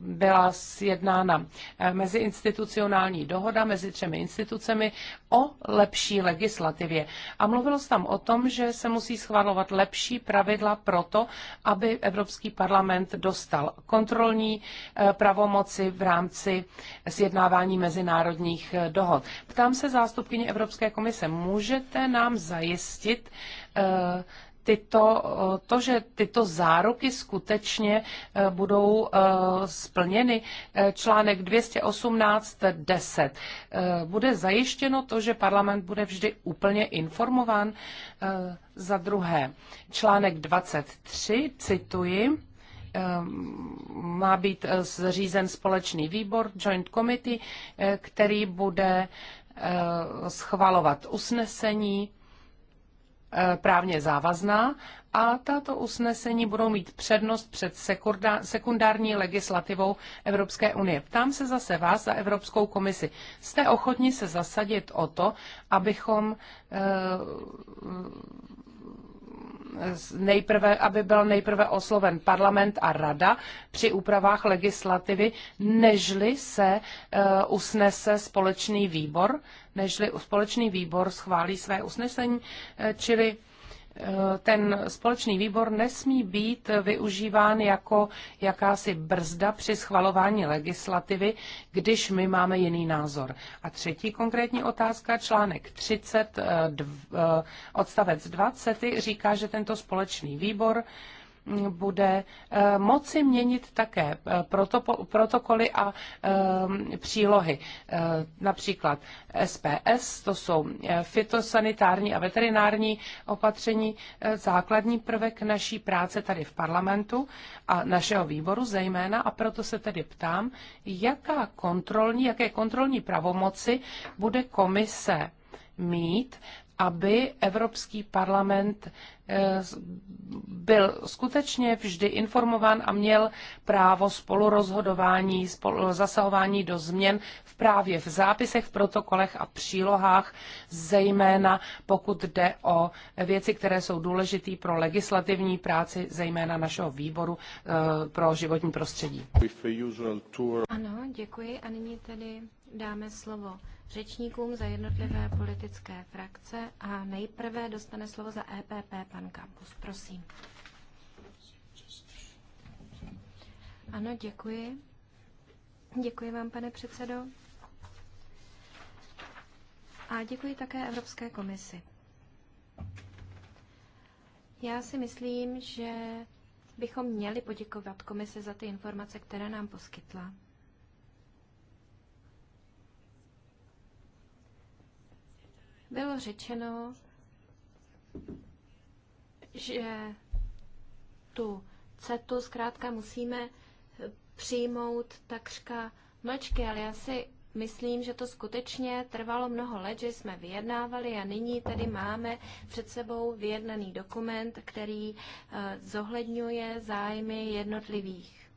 byla sjednána eh, meziinstitucionální dohoda mezi třemi institucemi o lepší legislativě. A mluvilo se tam o tom, že se musí schvalovat lepší pravidla proto, aby Evropský parlament dostal kontrolní eh, pravomoci v rámci sjednávání mezinárodních dohod. Ptám se zástupkyně Evropské komise, může Můžete nám zajistit eh, tyto, eh, to, že tyto záruky skutečně eh, budou splněny. Článek 218.10. Bude zajištěno to, že parlament bude vždy úplně informován. Za druhé, článek 23, cituji, má být zřízen společný výbor, joint committee, který bude Eh, schvalovat usnesení eh, právně závazná a tato usnesení budou mít přednost před sekundární legislativou Evropské unie. Ptám se zase vás za Evropskou komisi. Jste ochotni se zasadit o to, abychom eh, nejprve, aby byl nejprve osloven parlament a rada při úpravách legislativy, nežli se eh, usnese společný výbor, nežli společný výbor schválí své usnesení, eh, čili Eh, ten společný výbor nesmí být využíván jako jakási brzda při schvalování legislativy, když my máme jiný názor. A třetí konkrétní otázka, článek 30 eh, eh, odstavec 20 říká, že tento společný výbor bude eh, moci měnit také eh, protokoly a eh, přílohy. Například SPS, to jsou fitosanitární a veterinární opatření, základní prvek naší práce tady v parlamentu a našeho výboru zejména a proto se tedy ptám, jaká kontrolní, jaké kontrolní pravomoci bude komise mít aby Evropský parlament eh, byl skutečně vždy informován a měl právo spolurozhodování, spolu, zasahování do změn v právě v zápisech, v protokolech a přílohách, zejména pokud jde o věci, které jsou důležité pro legislativní práci, zejména našeho výboru eh, pro životní prostředí. Ano, děkuji a nyní tedy dáme slovo řečníkům za jednotlivé politické frakce a nejprve dostane slovo za EPP pan Kampus. Prosím. Ano, děkuji. Děkuji vám, pane předsedo. A děkuji také Evropské komisi. Já si myslím, že bychom měli poděkovat komisi za ty informace, které nám poskytla. bylo řečeno, že tu CETu zkrátka musíme přijmout takřka mlčky, ale já si myslím, že to skutečně trvalo mnoho let, že jsme vyjednávali a nyní tedy máme před sebou vyjednaný dokument, který eh, zohledňuje zájmy jednotlivých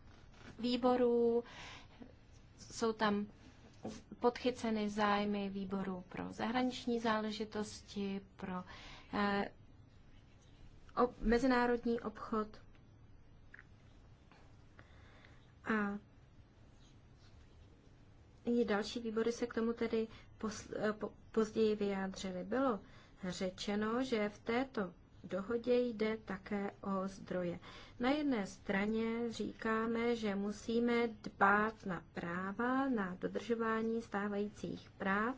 výborů. Jsou tam podchyceny zájmy výboru pro zahraniční záležitosti, pro eh, mezinárodní obchod. A i další výbory se k tomu tedy eh, později vyjádřily. Bylo řečeno, že v této dohodě jde také o zdroje. Na jedné straně říkáme, že musíme dbát na práva, na dodržování stávajících práv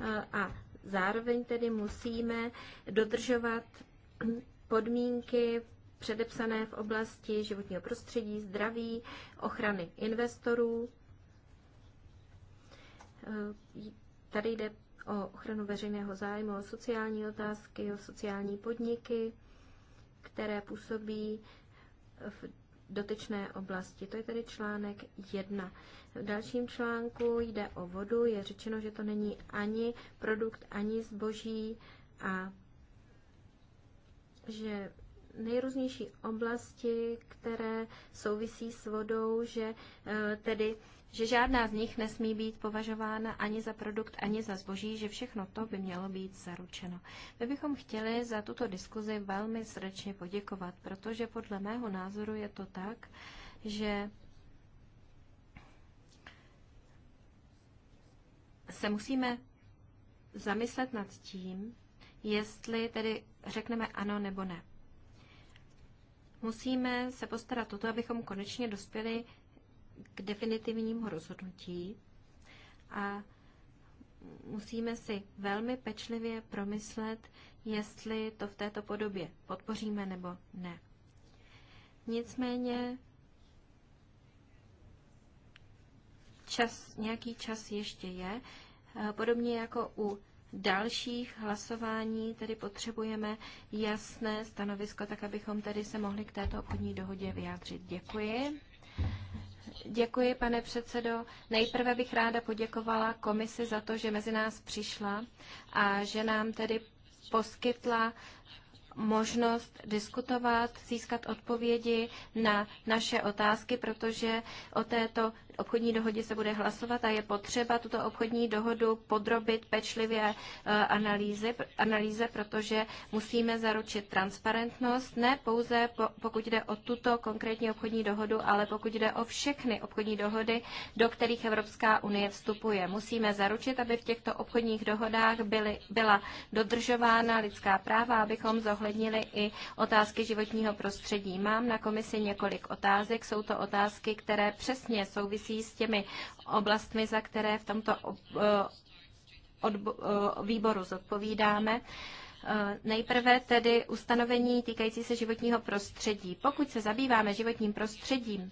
eh, a zároveň tedy musíme dodržovat podmínky předepsané v oblasti životního prostředí, zdraví, ochrany investorů. Eh, tady jde o ochranu veřejného zájmu, o sociální otázky, o sociální podniky, které působí v dotyčné oblasti. To je tedy článek 1. V dalším článku jde o vodu. Je řečeno, že to není ani produkt, ani zboží a že nejrůznější oblasti, které souvisí s vodou, že eh, tedy že žádná z nich nesmí být považována ani za produkt, ani za zboží, že všechno to by mělo být zaručeno. My bychom chtěli za tuto diskuzi velmi srdečně poděkovat, protože podle mého názoru je to tak, že se musíme zamyslet nad tím, jestli tedy řekneme ano nebo ne. Musíme se postarat o to, abychom konečně dospěli k definitivnímu rozhodnutí a musíme si velmi pečlivě promyslet, jestli to v této podobě podpoříme nebo ne. Nicméně čas, nějaký čas ještě je. Podobně jako u dalších hlasování tedy potřebujeme jasné stanovisko, tak abychom tedy se mohli k této obchodní dohodě vyjádřit. Děkuji. Děkuji, pane předsedo. Nejprve bych ráda poděkovala komisi za to, že mezi nás přišla a že nám tedy poskytla možnost diskutovat, získat odpovědi na naše otázky, protože o této obchodní dohodě se bude hlasovat a je potřeba tuto obchodní dohodu podrobit pečlivě eh, analýzy, analýze, protože musíme zaručit transparentnost, ne pouze po, pokud jde o tuto konkrétní obchodní dohodu, ale pokud jde o všechny obchodní dohody, do kterých Evropská unie vstupuje. Musíme zaručit, aby v těchto obchodních dohodách byly, byla dodržována lidská práva, abychom zohlednili i otázky životního prostředí. Mám na komisi několik otázek. Jsou to otázky, které přesně souvisí souvisí s těmi oblastmi, za které v tomto eh, eh, výboru zodpovídáme. Eh, nejprve tedy ustanovení týkající se životního prostředí. Pokud se zabýváme životním prostředím,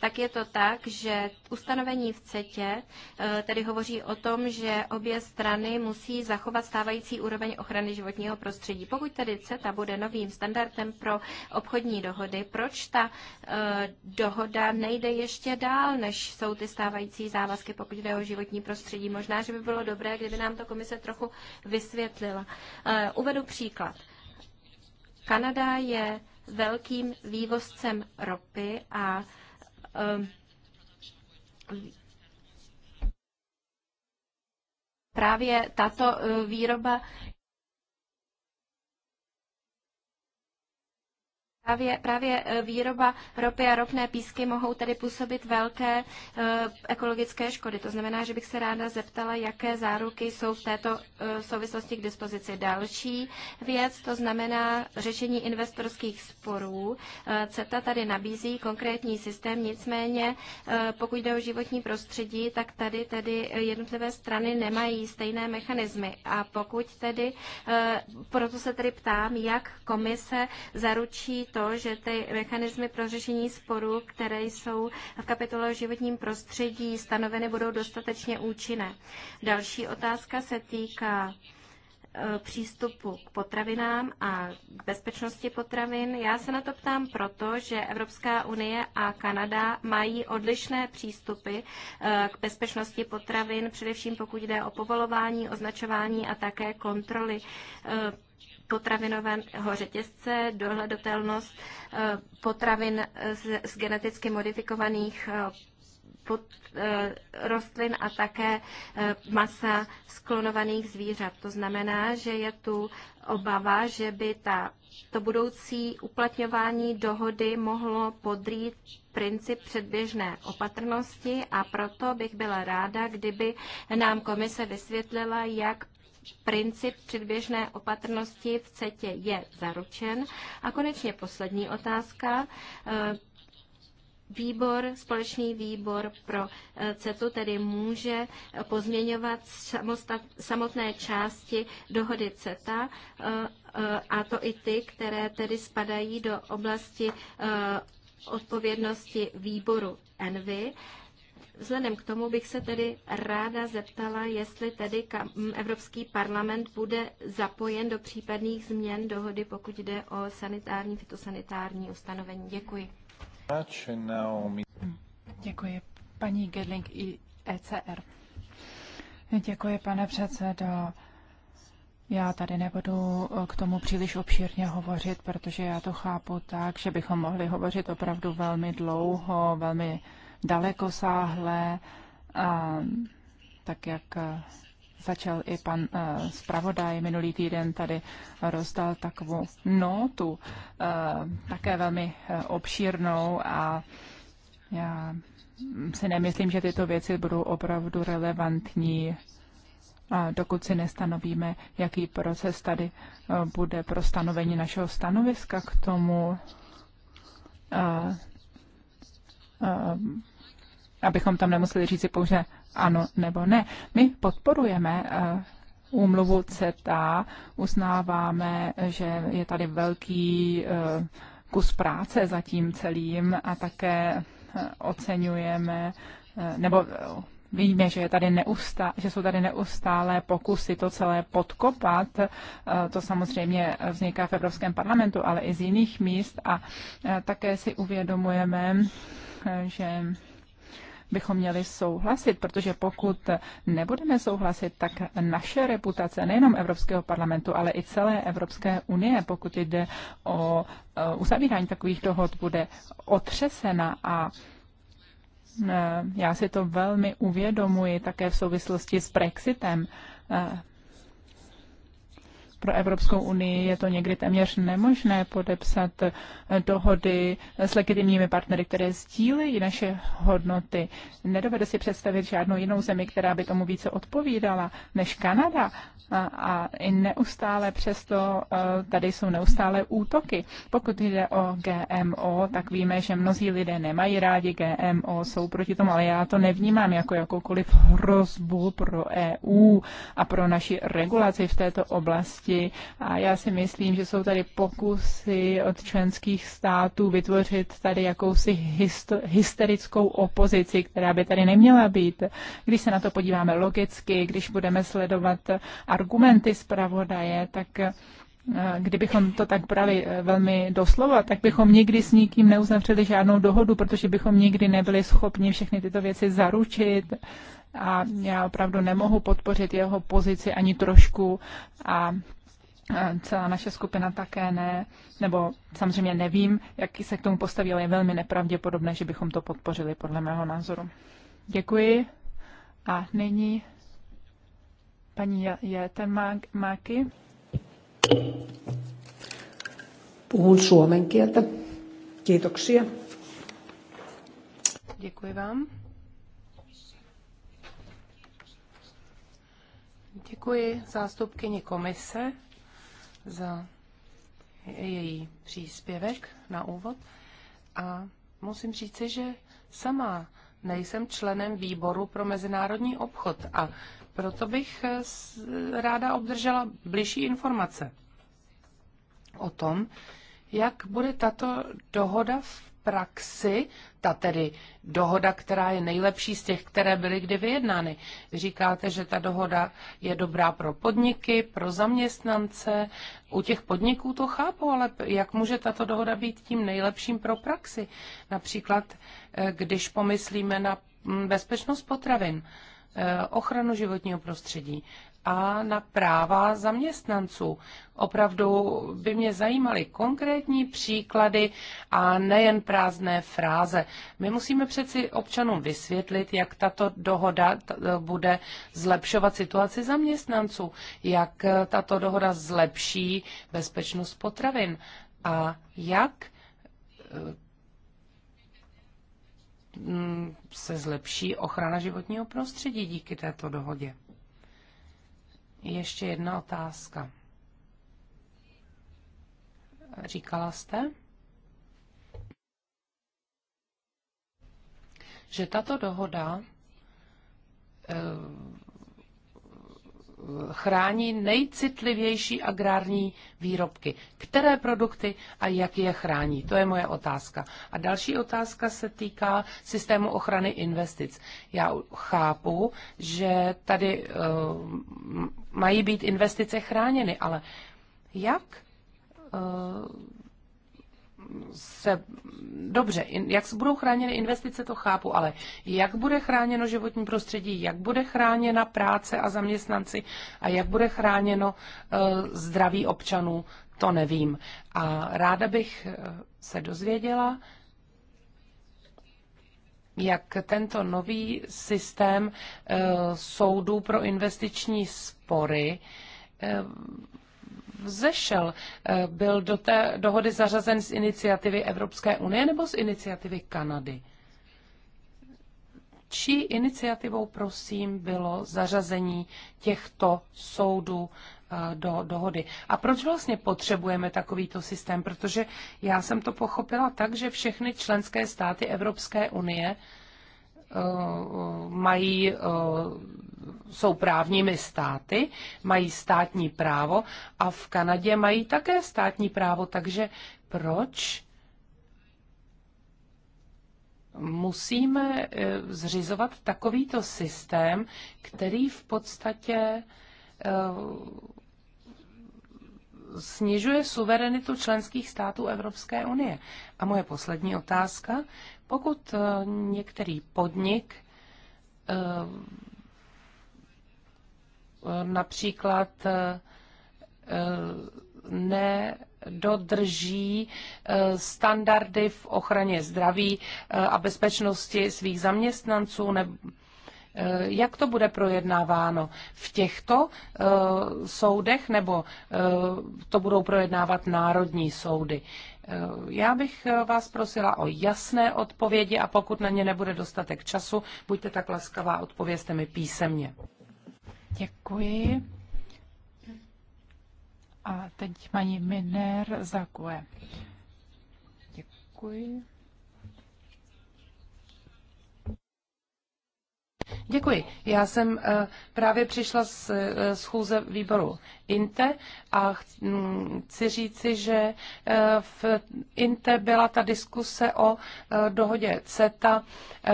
tak je to tak, že ustanovení v CETě eh, tedy hovoří o tom, že obě strany musí zachovat stávající úroveň ochrany životního prostředí. Pokud tedy CETA bude novým standardem pro obchodní dohody, proč ta eh, dohoda nejde ještě dál, než jsou ty stávající závazky, pokud jde o životní prostředí? Možná, že by bylo dobré, kdyby nám to komise trochu vysvětlila. Eh, uvedu příklad. Kanada je velkým vývozcem ropy a Ehm, právě tato eh, výroba Právě, právě e, výroba ropy a ropné písky mohou tedy působit velké e, ekologické škody. To znamená, že bych se ráda zeptala, jaké záruky jsou v této e, souvislosti k dispozici. Další věc, to znamená řešení investorských sporů. CETA tady nabízí konkrétní systém, nicméně pokud jde o životní prostředí, tak tady tedy jednotlivé strany nemají stejné mechanismy. A pokud tedy, proto se tedy ptám, jak komise zaručí to, že ty mechanismy pro řešení sporů, které jsou v kapitole o životním prostředí stanoveny, budou dostatečně účinné. Další otázka se týká e, přístupu k potravinám a k bezpečnosti potravin. Já se na to ptám proto, že Evropská unie a Kanada mají odlišné přístupy e, k bezpečnosti potravin, především pokud jde o povolování, označování a také kontroly e, potravinového řetězce, dohledatelnost eh, potravin z, z geneticky modifikovaných eh, pod, e, eh, rostlin a také e, masa sklonovaných zvířat. To znamená, že je tu obava, že by ta, to budoucí uplatňování dohody mohlo podrít princip předběžné opatrnosti a proto bych byla ráda, kdyby nám komise vysvětlila, jak princip předběžné opatrnosti v CETě je zaručen. A konečně poslední otázka. Eh, výbor, společný výbor pro eh, CETu tedy může pozměňovat samotné části dohody CETA eh, a to i ty, které tedy spadají do oblasti odpovědnosti výboru ENVY. Vzhledem k tomu bych se tedy ráda zeptala, jestli tedy mm, Evropský parlament bude zapojen do případných změn dohody, pokud jde o sanitární, fitosanitární ustanovení. Děkuji. Děkuji. Paní Gedling i ECR. Děkuji, pane předsedo. Já tady nebudu eh, k tomu příliš obšírně hovořit, protože já to chápu tak, že bychom mohli hovořit opravdu velmi dlouho, velmi dalekosáhlé, a, tak jak začal i pan zpravodaj minulý týden tady rozdal takovou notu, také velmi obšírnou a já si nemyslím, že tyto věci budou opravdu relevantní, dokud si nestanovíme, jaký proces tady bude pro stanovení našeho stanoviska k tomu. A, a, abychom tam nemuseli říci pouze ano nebo ne. My podporujeme eh, úmluvu CETA, uznáváme, že je tady velký eh, kus práce za tím celým a také eh, oceňujeme nebo Víme, že, je tady neustá, že jsou tady neustálé pokusy to celé podkopat. To samozřejmě vzniká v Evropském parlamentu, ale i z jiných míst. A také si uvědomujeme, že bychom měli souhlasit, protože pokud nebudeme souhlasit, tak naše reputace nejenom Evropského parlamentu, ale i celé Evropské unie, pokud jde o eh, uzavírání takových dohod, bude otřesena a eh, já si to velmi uvědomuji také v souvislosti s Brexitem. Eh, pro Evropskou unii je to někdy téměř nemožné podepsat eh, dohody eh, s legitimními partnery, které sdílejí naše hodnoty. Nedovede si představit žádnou jinou zemi, která by tomu více odpovídala než Kanada. A, a i neustále přesto eh, tady jsou neustále útoky. Pokud jde o GMO, tak víme, že mnozí lidé nemají rádi GMO, jsou proti tomu, ale já to nevnímám jako jakoukoliv hrozbu pro EU a pro naši regulaci v této oblasti oblasti a já si myslím, že jsou tady pokusy od členských států vytvořit tady jakousi hysterickou opozici, která by tady neměla být. Když se na to podíváme logicky, když budeme sledovat argumenty zpravodaje, tak eh, Kdybychom to tak brali eh, velmi doslova, tak bychom nikdy s nikým neuzavřeli žádnou dohodu, protože bychom nikdy nebyli schopni všechny tyto věci zaručit. A já opravdu nemohu podpořit jeho pozici ani trošku. A celá naše skupina také ne, nebo samozřejmě nevím, jaký se k tomu postaví, ale je velmi nepravděpodobné, že bychom to podpořili, podle mého názoru. Děkuji. A nyní paní Jäten Máky. Puhun suomen Kiitoksia. Děkuji vám. Děkuji zástupkyni komise za její příspěvek na úvod a musím říci, že sama nejsem členem výboru pro mezinárodní obchod a proto bych ráda obdržela bližší informace o tom, jak bude tato dohoda v praxi, ta tedy dohoda, která je nejlepší z těch, které byly kdy vyjednány. Říkáte, že ta dohoda je dobrá pro podniky, pro zaměstnance. U těch podniků to chápu, ale jak může tato dohoda být tím nejlepším pro praxi? Například, eh, když pomyslíme na mm, bezpečnost potravin, eh, ochranu životního prostředí a na práva zaměstnanců. Opravdu by mě zajímaly konkrétní příklady a nejen prázdné fráze. My musíme přeci občanům vysvětlit, jak tato dohoda e, bude zlepšovat situaci zaměstnanců, jak e, tato dohoda zlepší bezpečnost potravin a jak e, se zlepší ochrana životního prostředí díky této dohodě. Ještě jedna otázka. Říkala jste, že tato dohoda eh, chrání nejcitlivější agrární výrobky. Které produkty a jak je chrání? To je moje otázka. A další otázka se týká systému ochrany investic. Já chápu, že tady uh, mají být investice chráněny, ale jak uh, se dobře, jak se budou chráněny investice, to chápu, ale jak bude chráněno životní prostředí, jak bude chráněna práce a zaměstnanci a jak bude chráněno eh, zdraví občanů, to nevím. A ráda bych eh, se dozvěděla, jak tento nový systém eh, soudů pro investiční spory vzešel? Eh, byl do té dohody zařazen z iniciativy Evropské unie nebo z iniciativy Kanady? Čí iniciativou, prosím, bylo zařazení těchto soudů eh, do dohody. A proč vlastně potřebujeme takovýto systém? Protože já jsem to pochopila tak, že všechny členské státy Evropské unie Eh, mají, eh, jsou právními státy, mají státní právo a v Kanadě mají také státní právo, takže proč musíme eh, zřizovat takovýto systém, který v podstatě snižuje suverenitu členských států Evropské unie. A moje poslední otázka. Pokud eh, některý podnik eh, například eh, nedodrží standardy v ochraně zdraví a bezpečnosti svých zaměstnanců jak to bude projednáváno? V těchto soudech nebo to budou projednávat národní soudy? Eh, já bych eh, vás prosila o jasné odpovědi a pokud na ně nebude dostatek času, buďte tak laskavá, odpovězte mi písemně. Děkuji. A teď paní Miner za e. Děkuji. Děkuji. Já jsem eh, právě přišla z eh, schůze výboru INTE a mm, chci říci, že eh, v INTE byla ta diskuse o dohodě CETA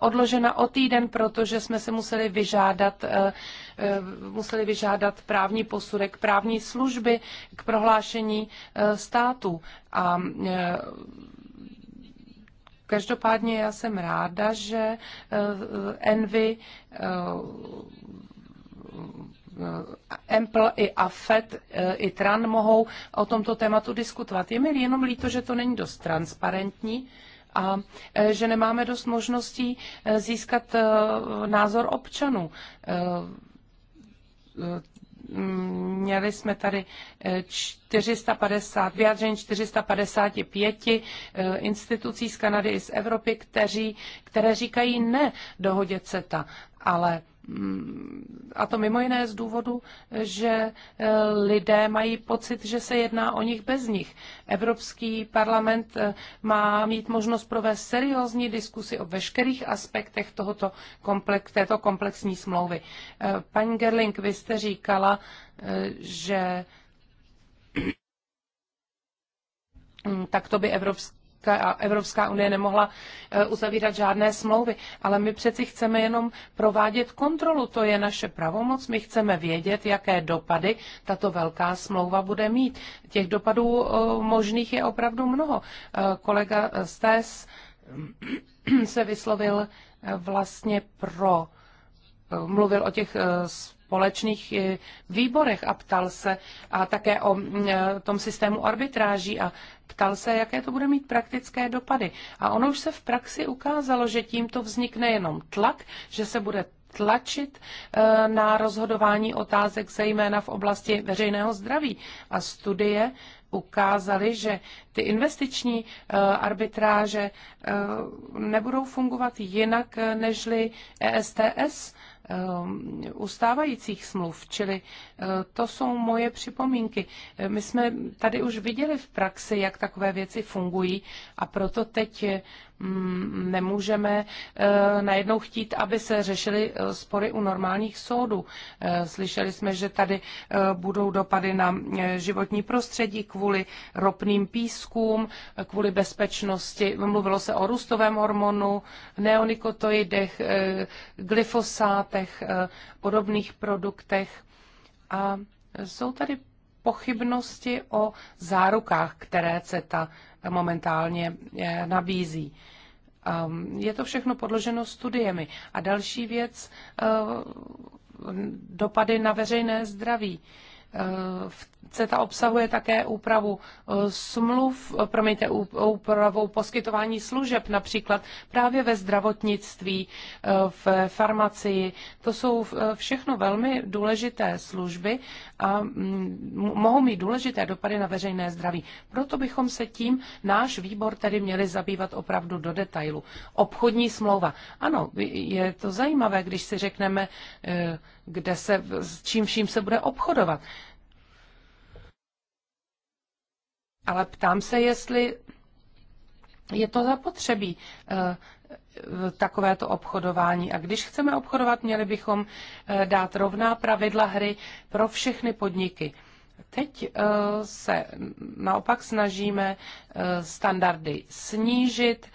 odložena o týden, protože jsme se museli vyžádat, museli vyžádat právní posudek, právní služby k prohlášení států. A Každopádně já jsem ráda, že eh, Envy Empl eh, i AFET eh, i TRAN mohou o tomto tématu diskutovat. Je mi jenom líto, že to není dost transparentní a že nemáme dost možností získat názor občanů Mm, měli jsme tady 450, eh, vyjádření 455 eh, institucí z Kanady i z Evropy, kteří, které říkají ne dohodě CETA, ale a to mimo jiné z důvodu, že eh, lidé mají pocit, že se jedná o nich bez nich. Evropský parlament eh, má mít možnost provést seriózní diskusy o veškerých aspektech tohoto komplex, této komplexní smlouvy. Eh, paní Gerling, vy jste říkala, že hmm, tak to by Evropský Evropská unie nemohla eh, uzavírat žádné smlouvy. Ale my přeci chceme jenom provádět kontrolu. To je naše pravomoc. My chceme vědět, jaké dopady tato velká smlouva bude mít. Těch dopadů eh, možných je opravdu mnoho. Eh, kolega Stes se vyslovil vlastně pro mluvil o těch eh, společných eh, výborech a ptal se a také o mm, eh, tom systému arbitráží a ptal se, jaké to bude mít praktické dopady. A ono už se v praxi ukázalo, že tímto vznikne jenom tlak, že se bude tlačit na rozhodování otázek, zejména v oblasti veřejného zdraví. A studie ukázaly, že ty investiční arbitráže nebudou fungovat jinak nežli ESTS ustávajících um, smluv, čili uh, to jsou moje připomínky. Uh, my jsme tady už viděli v praxi, jak takové věci fungují a proto teď uh, Mm, nemůžeme eh, najednou chtít, aby se řešily eh, spory u normálních soudů. Eh, slyšeli jsme, že tady budou dopady na životní prostředí kvůli ropným pískům, kvůli bezpečnosti. Mluvilo se o růstovém hormonu, neonikotoidech, glyfosátech, podobných produktech. A jsou tady pochybnosti o zárukách, které CETA momentálně eh, nabízí. Ehm, je to všechno podloženo studiemi. A další věc, eh, dopady na veřejné zdraví. Eh, v CETA obsahuje také úpravu eh, smluv, eh, promiňte, úpravu poskytování služeb, například právě ve zdravotnictví, eh, v farmacii. To jsou všechno velmi důležité služby a mm, mohou mít důležité dopady na veřejné zdraví. Proto bychom se tím náš výbor tedy měli zabývat opravdu do detailu. Obchodní smlouva. Ano, je to zajímavé, když si řekneme, kde se, s čím vším se bude obchodovat. Ale ptám se, jestli je to zapotřebí eh, takovéto obchodování. A když chceme obchodovat, měli bychom eh, dát rovná pravidla hry pro všechny podniky. Teď eh, se naopak snažíme eh, standardy snížit,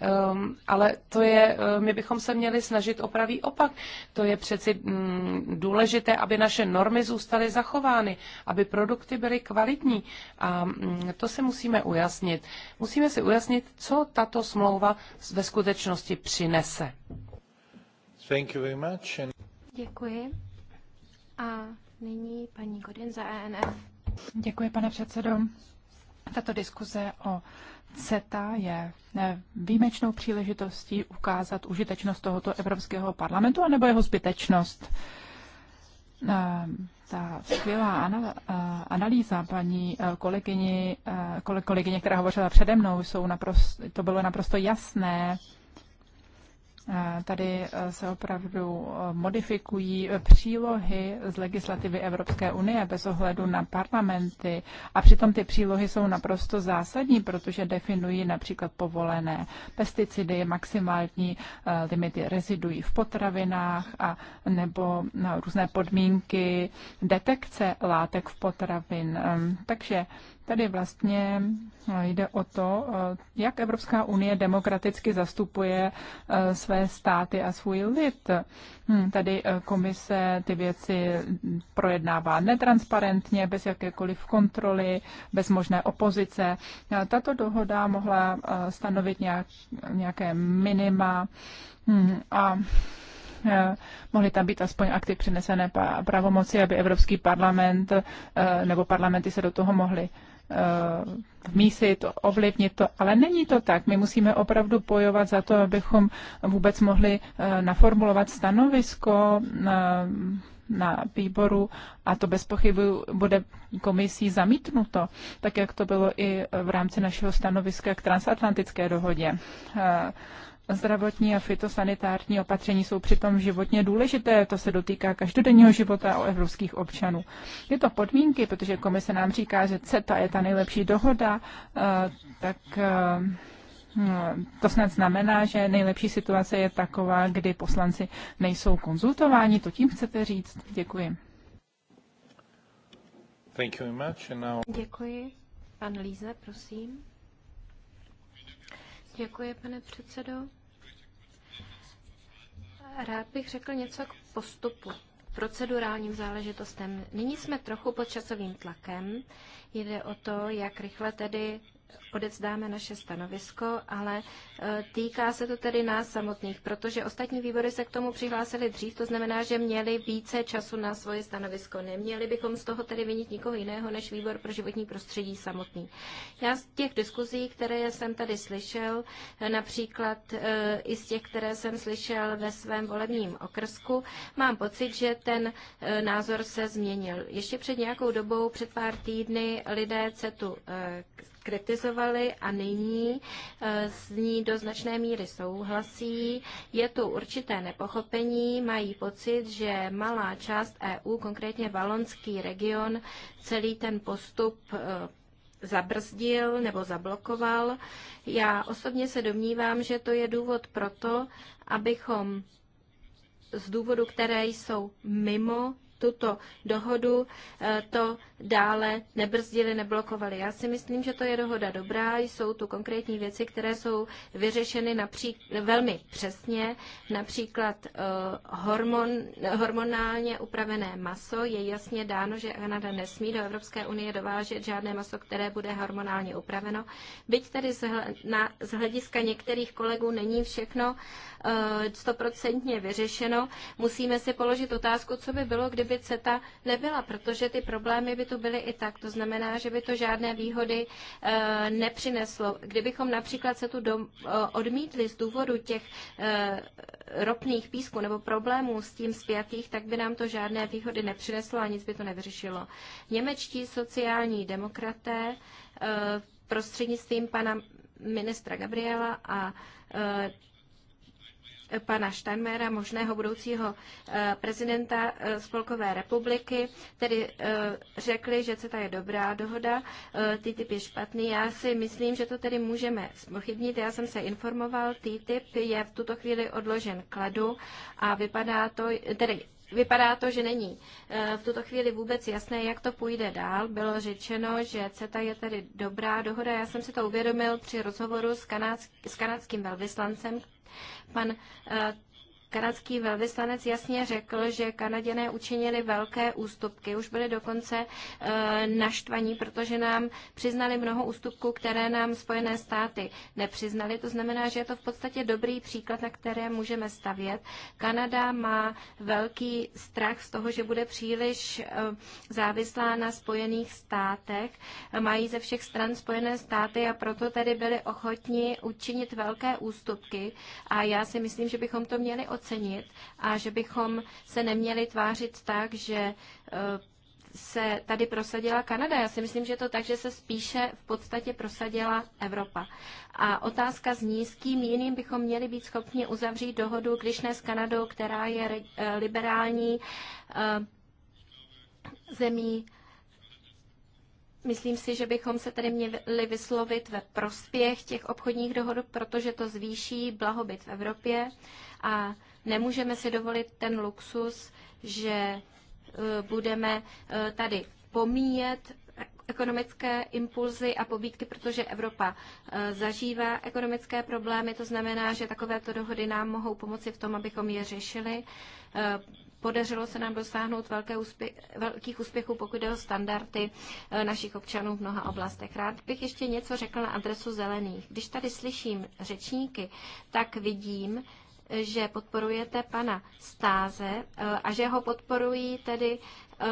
ehm, ale to je, eh, my bychom se měli snažit o pravý opak. To je přeci mm, důležité, aby naše normy zůstaly zachovány, aby produkty byly kvalitní. A mm, to se musíme ujasnit. Musíme si ujasnit, co tato smlouva ve skutečnosti přinese. Thank you very much. Děkuji. A Nyní paní Godin za ENF. Děkuji, pane předsedo. Tato diskuze o CETA je eh, výjimečnou příležitostí ukázat užitečnost tohoto Evropského parlamentu anebo jeho zbytečnost. Eh, ta skvělá eh, analýza paní kolegyni, kolegyně, která hovořila přede mnou, jsou naprosto, to bylo naprosto jasné, Eh, tady eh, se opravdu eh, modifikují přílohy z legislativy Evropské unie bez ohledu na parlamenty a přitom ty přílohy jsou naprosto zásadní, protože definují například povolené pesticidy, maximální limity rezidují v potravinách a nebo různé podmínky detekce látek v potravin. Takže Tady vlastně eh, jde o to, eh, jak Evropská unie demokraticky zastupuje eh, své státy a svůj lid. Hm, tady komise ty věci projednává netransparentně, bez jakékoliv kontroly, bez možné opozice. Tato dohoda mohla stanovit nějak, nějaké minima hm, a mohly tam být aspoň akty přenesené pravomoci, aby Evropský parlament nebo parlamenty se do toho mohly Eh, mísit, ovlivnit to, ale není to tak. My musíme opravdu bojovat za to, abychom vůbec mohli eh, naformulovat stanovisko na, eh, na výboru a to bez pochyby bude komisí zamítnuto, tak jak to bylo i v rámci našeho stanoviska k transatlantické dohodě zdravotní a fitosanitární opatření jsou přitom životně důležité. To se dotýká každodenního života o evropských občanů. Je to podmínky, protože komise nám říká, že CETA je ta nejlepší dohoda, eh, tak eh, to snad znamená, že nejlepší situace je taková, kdy poslanci nejsou konzultováni. To tím chcete říct? Děkuji. Thank you very much. And now... Děkuji. Pan Líze, prosím. Děkuji, pane předsedo. Rád bych řekl něco k postupu, procedurálním záležitostem. Nyní jsme trochu pod časovým tlakem. Jde o to, jak rychle tedy odevzdáme naše stanovisko, ale e, týká se to tedy nás samotných, protože ostatní výbory se k tomu přihlásili dřív, to znamená, že měli více času na svoje stanovisko. Neměli bychom z toho tedy vinit nikoho jiného než výbor pro životní prostředí samotný. Já z těch diskuzí, které jsem tady slyšel, e, například e, i z těch, které jsem slyšel ve svém volebním okrsku, mám pocit, že ten názor se změnil. Ještě před nějakou dobou, před pár týdny, lidé CETu kritizovali a nyní eh, s ní do značné míry souhlasí. Je tu určité nepochopení, mají pocit, že malá část EU, konkrétně valonský region, celý ten postup eh, zabrzdil nebo zablokoval. Já osobně se domnívám, že to je důvod proto, abychom z důvodu, které jsou mimo tuto dohodu, eh, to dále nebrzdili, neblokovali. Já si myslím, že to je dohoda dobrá, jsou tu konkrétní věci, které jsou vyřešeny napřík, velmi přesně, například uh, hormon, hormonálně upravené maso. Je jasně dáno, že Kanada nesmí do Evropské unie dovážet žádné maso, které bude hormonálně upraveno. Byť tady z, na, z hlediska některých kolegů není všechno eh, stoprocentně uh, vyřešeno, musíme si položit otázku, co by bylo, kdyby CETA nebyla, protože ty problémy by tu byli i tak. To znamená, že by to žádné výhody eh, nepřineslo. Kdybychom například se tu eh, odmítli z důvodu těch eh, ropných písků nebo problémů s tím zpětých, tak by nám to žádné výhody nepřineslo a nic by to nevyřešilo. Němečtí sociální demokraté prostřednictvím pana ministra Gabriela a pana Steinmera, možného budoucího eh, prezidenta eh, Spolkové republiky, tedy eh, řekli, že CETA je dobrá dohoda, TTIP je špatný. Já si myslím, že to tedy můžeme spochybnit. Já jsem se informoval, TTIP je v tuto chvíli odložen k ledu a vypadá to, tedy Vypadá to, že není v tuto chvíli vůbec jasné, jak to půjde dál. Bylo řečeno, že CETA je tedy dobrá dohoda. Já jsem si to uvědomil při rozhovoru s, kanadsk- s kanadským velvyslancem, Pan eh, kanadský velvyslanec jasně řekl, že Kanaděné učinili velké ústupky. Už byli dokonce e, naštvaní, protože nám přiznali mnoho ústupků, které nám Spojené státy nepřiznali. To znamená, že je to v podstatě dobrý příklad, na které můžeme stavět. Kanada má velký strach z toho, že bude příliš e, závislá na Spojených státech. Mají ze všech stran Spojené státy a proto tedy byli ochotni učinit velké ústupky. A já si myslím, že bychom to měli od podcenit a že bychom se neměli tvářit tak, že eh, se tady prosadila Kanada. Já si myslím, že to tak, že se spíše v podstatě prosadila Evropa. A otázka zní, s kým jiným bychom měli být schopni uzavřít dohodu, když ne s Kanadou, která je eh, liberální eh, zemí. Myslím si, že bychom se tedy měli vyslovit ve prospěch těch obchodních dohod, protože to zvýší blahobyt v Evropě a Nemůžeme si dovolit ten luxus, že e, budeme e, tady pomíjet ekonomické impulzy a pobídky, protože Evropa e, zažívá ekonomické problémy, to znamená, že takovéto dohody nám mohou pomoci v tom, abychom je řešili. Podařilo se nám dosáhnout velké úspěch, velkých úspěchů, pokud jde o standardy našich občanů v mnoha oblastech. Rád bych ještě něco řekl na adresu zelených. Když tady slyším řečníky, tak vidím, že podporujete pana Stáze eh, a že ho podporují tedy eh,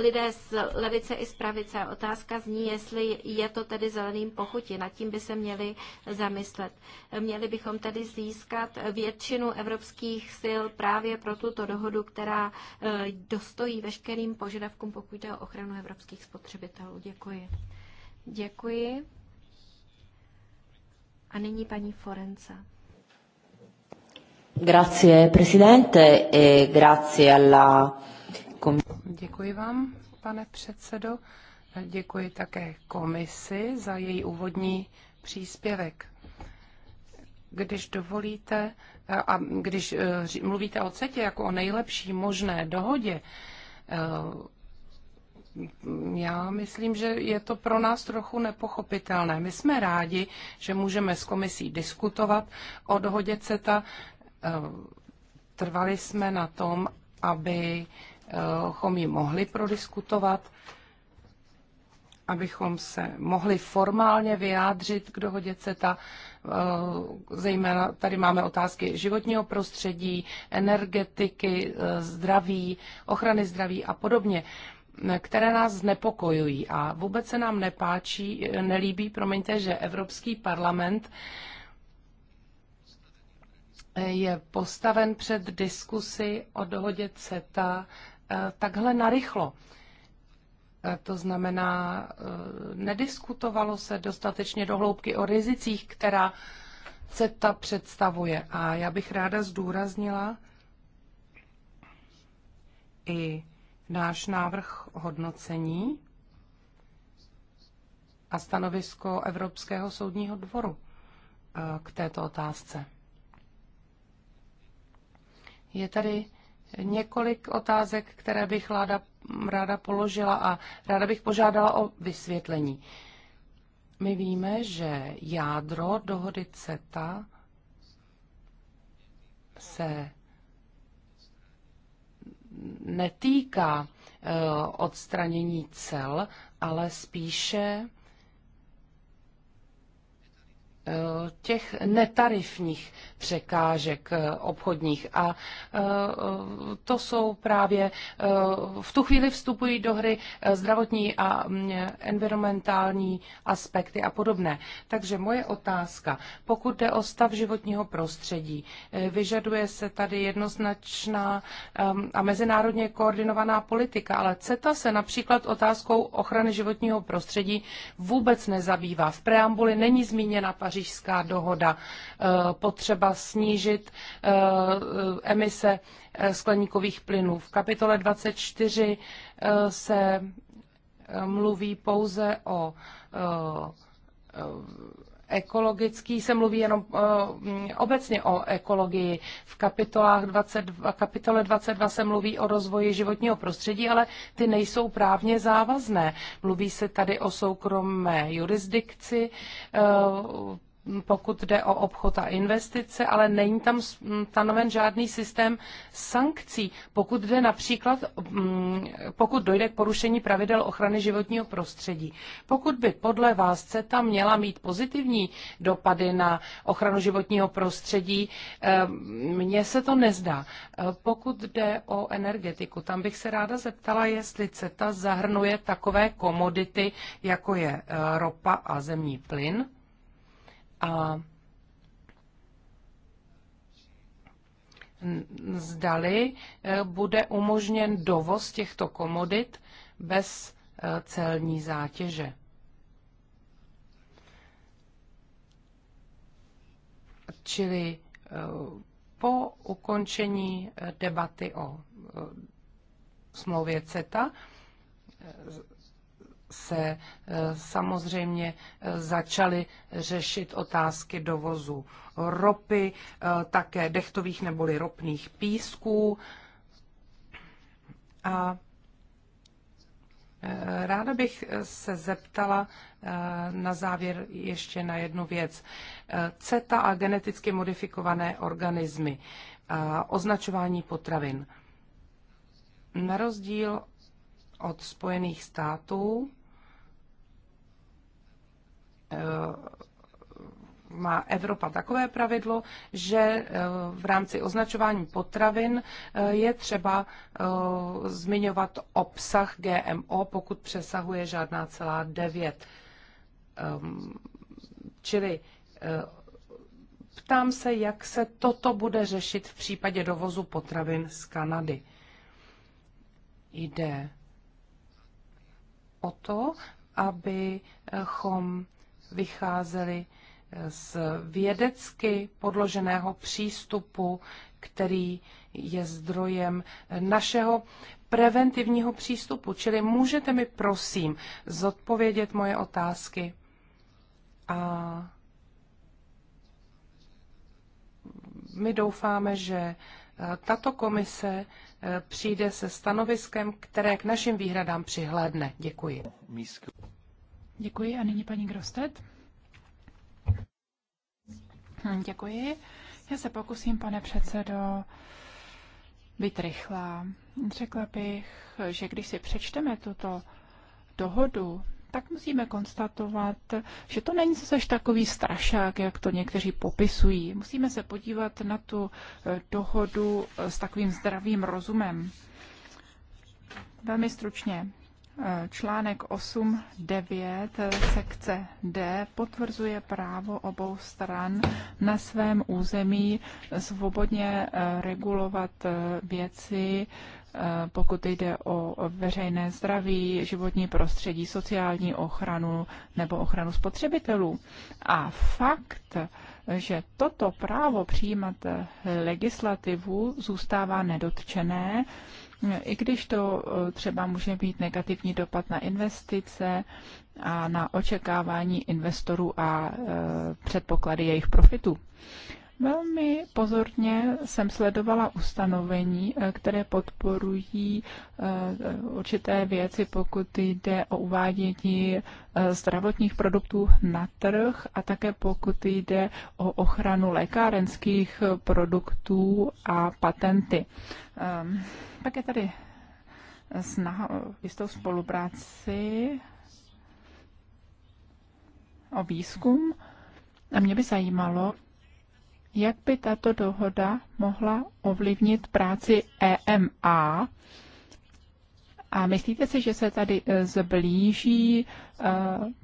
lidé z levice i z pravice. Otázka zní, jestli je to tedy zeleným pochutí. Nad tím by se měli zamyslet. Měli bychom tedy získat většinu evropských sil právě pro tuto dohodu, která eh, dostojí veškerým požadavkům, pokud jde o ochranu evropských spotřebitelů. Děkuji. Děkuji. A nyní paní Forenca. Grazie Presidente e grazie alla Děkuji vám, pane předsedo. Děkuji také komisi za její úvodní příspěvek. Když dovolíte, a když e, mluvíte o CETě jako o nejlepší možné dohodě, e, já myslím, že je to pro nás trochu nepochopitelné. My jsme rádi, že můžeme s komisí diskutovat o dohodě CETA. Eh, trvali jsme na tom, abychom eh, ji mohli prodiskutovat, abychom se mohli formálně vyjádřit k dohodě CETA. Eh, zejména tady máme otázky životního prostředí, energetiky, zdraví, ochrany zdraví a podobně které nás znepokojují a vůbec se nám nepáčí, nelíbí, promiňte, že Evropský parlament je postaven před diskusy o dohodě CETA eh, takhle narychlo. Eh, to znamená, eh, nediskutovalo se dostatečně dohloubky o rizicích, která CETA představuje. A já bych ráda zdůraznila i náš návrh hodnocení a stanovisko Evropského soudního dvoru k této otázce. Je tady několik otázek, které bych ráda, ráda položila a ráda bych požádala o vysvětlení. My víme, že jádro dohody CETA se netýká eh, odstranění cel, ale spíše Eh, těch netarifních překážek eh, obchodních. A eh, to jsou právě, v tu chvíli vstupují do hry zdravotní a mm, environmentální aspekty a podobné. Takže moje otázka, pokud jde o stav životního prostředí, vyžaduje se tady jednoznačná a mezinárodně koordinovaná politika, ale CETA se například otázkou ochrany životního prostředí vůbec nezabývá. V preambuli není zmíněna Paříž pařížská dohoda, eh, potřeba snížit eh, emise eh, skleníkových plynů. V kapitole 24 se mluví pouze o ekologický, se mluví jenom uh, obecně o ekologii. V kapitolách 22, kapitole 22 se mluví o rozvoji životního prostředí, ale ty nejsou právně závazné. Mluví se tady o soukromé jurisdikci, uh, pokud jde o obchod a investice, ale není tam stanoven žádný systém sankcí. Pokud jde například, pokud dojde k porušení pravidel ochrany životního prostředí. Pokud by podle vás CETA měla mít pozitivní dopady na ochranu životního prostředí, mně se to nezdá. E, pokud jde o energetiku, tam bych se ráda zeptala, jestli CETA zahrnuje takové komodity, jako je e, ropa a zemní plyn a zdali eh, bude umožněn dovoz těchto komodit bez eh, celní zátěže. Čili eh, po ukončení debaty o smlouvě CETA se eh, samozřejmě eh, začaly řešit otázky dovozu ropy, eh, také dechtových neboli ropných písků. A Ráda bych se zeptala na závěr ještě na jednu věc. CETA a geneticky modifikované organismy, označování potravin. Na rozdíl od Spojených států Eh, má Evropa takové pravidlo, že eh, v rámci označování potravin eh, je třeba zmiňovat obsah GMO, pokud přesahuje žádná celá 9. Ehm, čili ptám se, jak se toto bude řešit v případě dovozu potravin z Kanady. Jde o to, abychom vycházeli eh, z vědecky podloženého přístupu, který je zdrojem eh, našeho preventivního přístupu. Čili můžete mi prosím zodpovědět moje otázky a my doufáme, že eh, tato komise přijde se stanoviskem, které k našim výhradám přihlédne. Děkuji. Děkuji a nyní paní Grostet. Děkuji. Já se pokusím, pane předsedo, být rychlá. Řekla bych, že když si přečteme tuto dohodu, tak musíme konstatovat, že to není zase takový strašák, jak to někteří popisují. Musíme se podívat na tu eh, dohodu eh, s takovým zdravým rozumem. Velmi stručně. Článek 8.9 sekce D potvrzuje právo obou stran na svém území svobodně eh, regulovat eh, věci, eh, pokud jde o veřejné zdraví, životní prostředí, sociální ochranu nebo ochranu spotřebitelů. A fakt, že toto právo přijímat legislativu zůstává nedotčené, i když to e, třeba může být negativní dopad na investice a na očekávání investorů a e, předpoklady jejich profitu. Velmi pozorně jsem sledovala ustanovení, eh, které podporují eh, určité věci, pokud jde o uvádění eh, zdravotních produktů na trh a také pokud jde o ochranu lékárenských produktů a patenty. Ehm, pak je tady snaha o jistou spolupráci o výzkum. A mě by zajímalo, jak by tato dohoda mohla ovlivnit práci EMA. A myslíte si, že se tady e, zblíží e,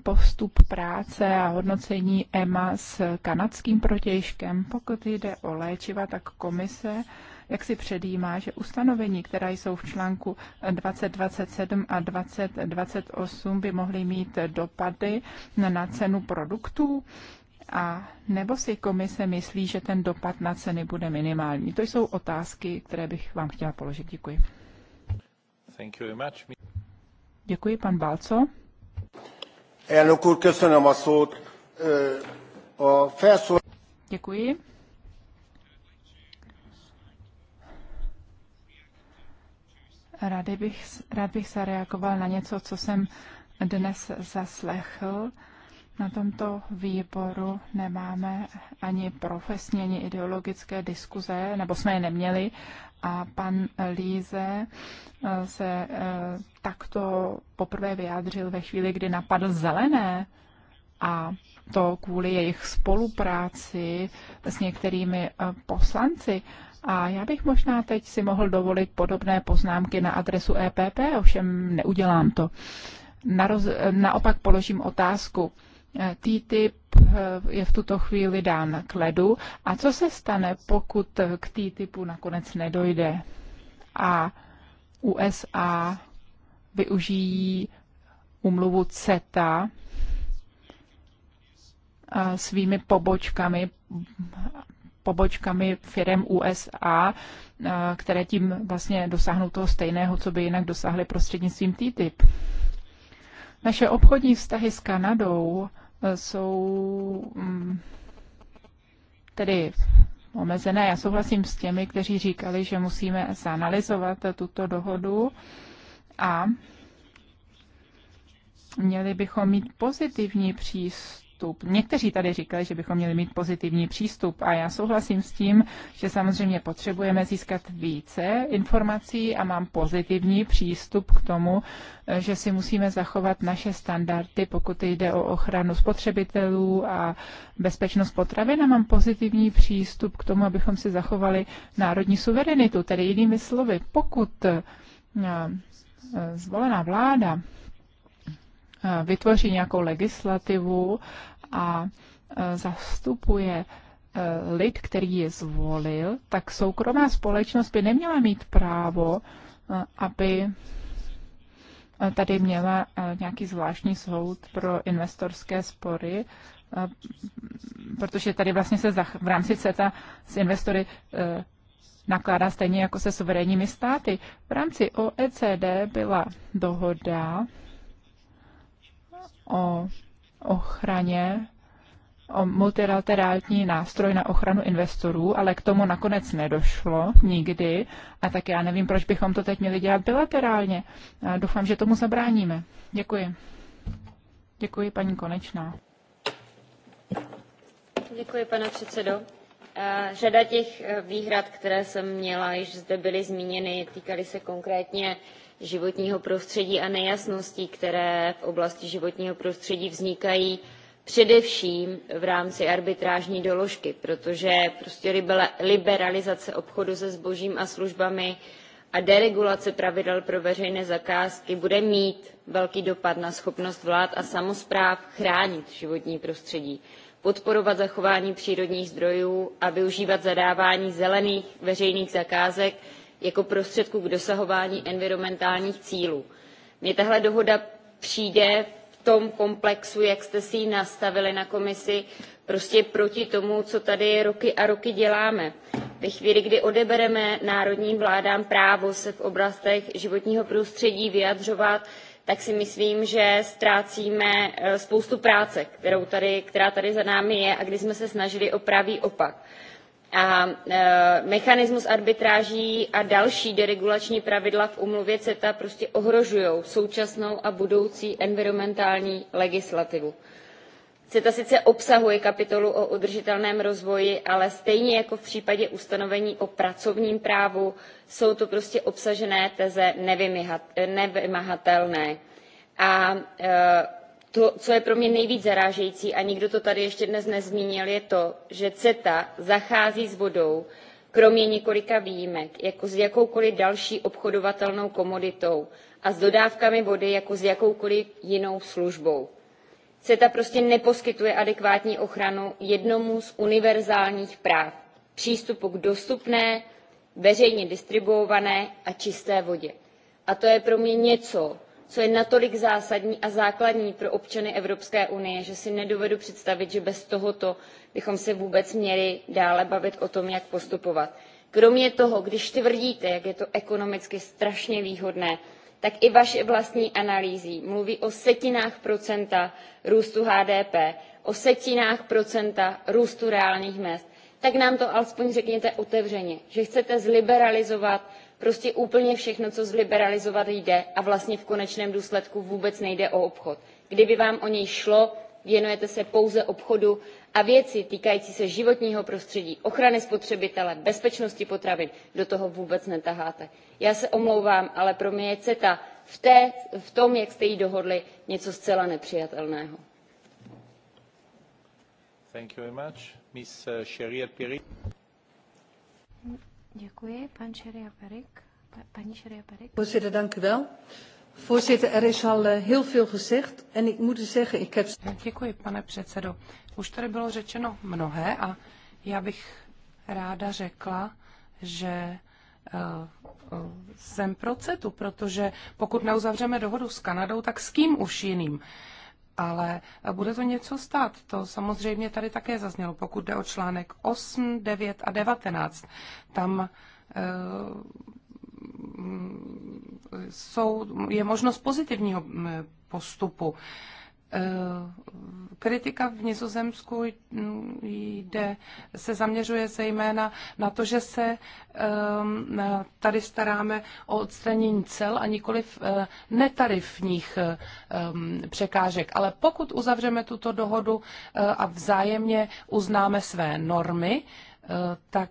postup práce a hodnocení EMA s kanadským protějškem? Pokud jde o léčiva, tak komise jak si předjímá, že ustanovení, která jsou v článku 2027 a 2028, by mohly mít dopady na cenu produktů. A nebo si komise myslí, že ten dopad na ceny bude minimální? To jsou otázky, které bych vám chtěla položit. Děkuji. Thank you very much. Děkuji, pan Balco. Děkuji. Rád bych, rád bych reagoval na něco, co jsem dnes zaslechl. Na tomto výboru nemáme ani profesní, ani ideologické diskuze, nebo jsme je neměli. A pan Líze eh, se eh, takto poprvé vyjádřil ve chvíli, kdy napadl zelené a to kvůli jejich spolupráci s některými eh, poslanci. A já bych možná teď si mohl dovolit podobné poznámky na adresu EPP, ovšem neudělám to. Naroz, naopak položím otázku. TTIP eh, je v tuto chvíli dán k ledu. A co se stane, pokud k TTIPu nakonec nedojde a USA využijí umluvu CETA eh, svými pobočkami, pobočkami firm USA, eh, které tím vlastně dosáhnou toho stejného, co by jinak dosáhly prostřednictvím TTIP. Naše obchodní vztahy s Kanadou jsou mm, tedy omezené. Já souhlasím s těmi, kteří říkali, že musíme zanalizovat tuto dohodu a měli bychom mít pozitivní přístup přístup. Někteří tady říkali, že bychom měli mít pozitivní přístup a já souhlasím s tím, že samozřejmě potřebujeme získat více informací a mám pozitivní přístup k tomu, že si musíme zachovat naše standardy, pokud jde o ochranu spotřebitelů a bezpečnost potravin a mám pozitivní přístup k tomu, abychom si zachovali národní suverenitu. Tedy jinými slovy, pokud eh, zvolená vláda Eh, vytvoří nějakou legislativu a eh, zastupuje eh, lid, který je zvolil, tak soukromá společnost by neměla mít právo, aby tady měla nějaký zvláštní soud pro investorské spory, protože tady vlastně se v rámci CETA s investory nakládá stejně jako se suverénními státy. V rámci OECD byla dohoda o ochraně, o multilaterální nástroj na ochranu investorů, ale k tomu nakonec nedošlo nikdy. A tak já nevím, proč bychom to teď měli dělat bilaterálně. A doufám, že tomu zabráníme. Děkuji. Děkuji, paní Konečná. Děkuji, pane předsedo Eh, řada těch eh, výhrad, které jsem měla, již zde byly zmíněny, týkaly se konkrétně životního prostředí a nejasností, které v oblasti životního prostředí vznikají především v rámci arbitrážní doložky, protože prostě liberalizace obchodu se zbožím a službami a deregulace pravidel pro veřejné zakázky bude mít velký dopad na schopnost vlád a samospráv chránit životní prostředí podporovat zachování přírodních zdrojů a využívat zadávání zelených veřejných zakázek jako prostředku k dosahování environmentálních cílů. mně tahle dohoda přijde v tom komplexu jak jste si ji nastavili na komisi prostě proti tomu co tady roky a roky děláme. ve chvíli kdy odebereme národním vládám právo se v oblastech životního prostředí vyjadřovat tak si myslím, že ztrácíme eh, spoustu práce, kterou tady, která tady za námi je a kdy jsme se snažili o pravý opak. A e, mechanismus arbitráží a další deregulační pravidla v umluvě CETA prostě ohrožují současnou a budoucí environmentální legislativu. CETA sice obsahuje kapitolu o udržitelném rozvoji, ale stejně jako v případě ustanovení o pracovním právu jsou to prostě obsažené teze nevymahatelné. A e, to, co je pro mě nejvíc zarážející, a nikdo to tady ještě dnes nezmínil, je to, že CETA zachází s vodou, kromě několika výjimek, jako s jakoukoliv další obchodovatelnou komoditou a s dodávkami vody jako s jakoukoliv jinou službou CETA prostě neposkytuje adekvátní ochranu jednomu z univerzálních práv přístupu k dostupné, veřejně distribuované a čisté vodě. A to je pro mě něco, co je natolik zásadní a základní pro občany Evropské unie, že si nedovedu představit, že bez tohoto bychom se vůbec měli dále bavit o tom, jak postupovat. Kromě toho, když tvrdíte, jak je to ekonomicky strašně výhodné, tak i vaše vlastní analýzy mluví o setinách procenta růstu HDP, o setinách procenta růstu reálných mest, tak nám to alespoň řekněte otevřeně, že chcete zliberalizovat prostě úplně všechno, co zliberalizovat jde a vlastně v konečném důsledku vůbec nejde o obchod. Kdyby vám o něj šlo, věnujete se pouze obchodu a věci týkající se životního prostředí ochrany spotřebitele bezpečnosti potravin do toho vůbec netaháte. já se omlouvám ale pro mě je ceta v, té, v tom jak jste ji dohodli něco zcela nepřijatelného. Eh, Děkuji, pan Sheria Perik. Paní Sheria Perik. Voorzitter, er is al eh, heel veel gezegd en ik moet zeggen, ik heb... Děkuji, pane předsedo. Už tady bylo řečeno mnohé a já bych ráda řekla, že eh, eh, jsem pro CETu, protože pokud neuzavřeme dohodu s Kanadou, tak s kým už jiným? Ale bude to něco stát, to samozřejmě tady také zaznělo, pokud jde o článek 8, 9 a 19. Tam jsou, je možnost pozitivního postupu. E, kritika v Nizozemsku jde, se zaměřuje zejména na to, že se tady staráme o odstranění cel a nikoliv e, netarifních e, překážek. Ale pokud uzavřeme tuto dohodu a vzájemně uznáme své normy, tak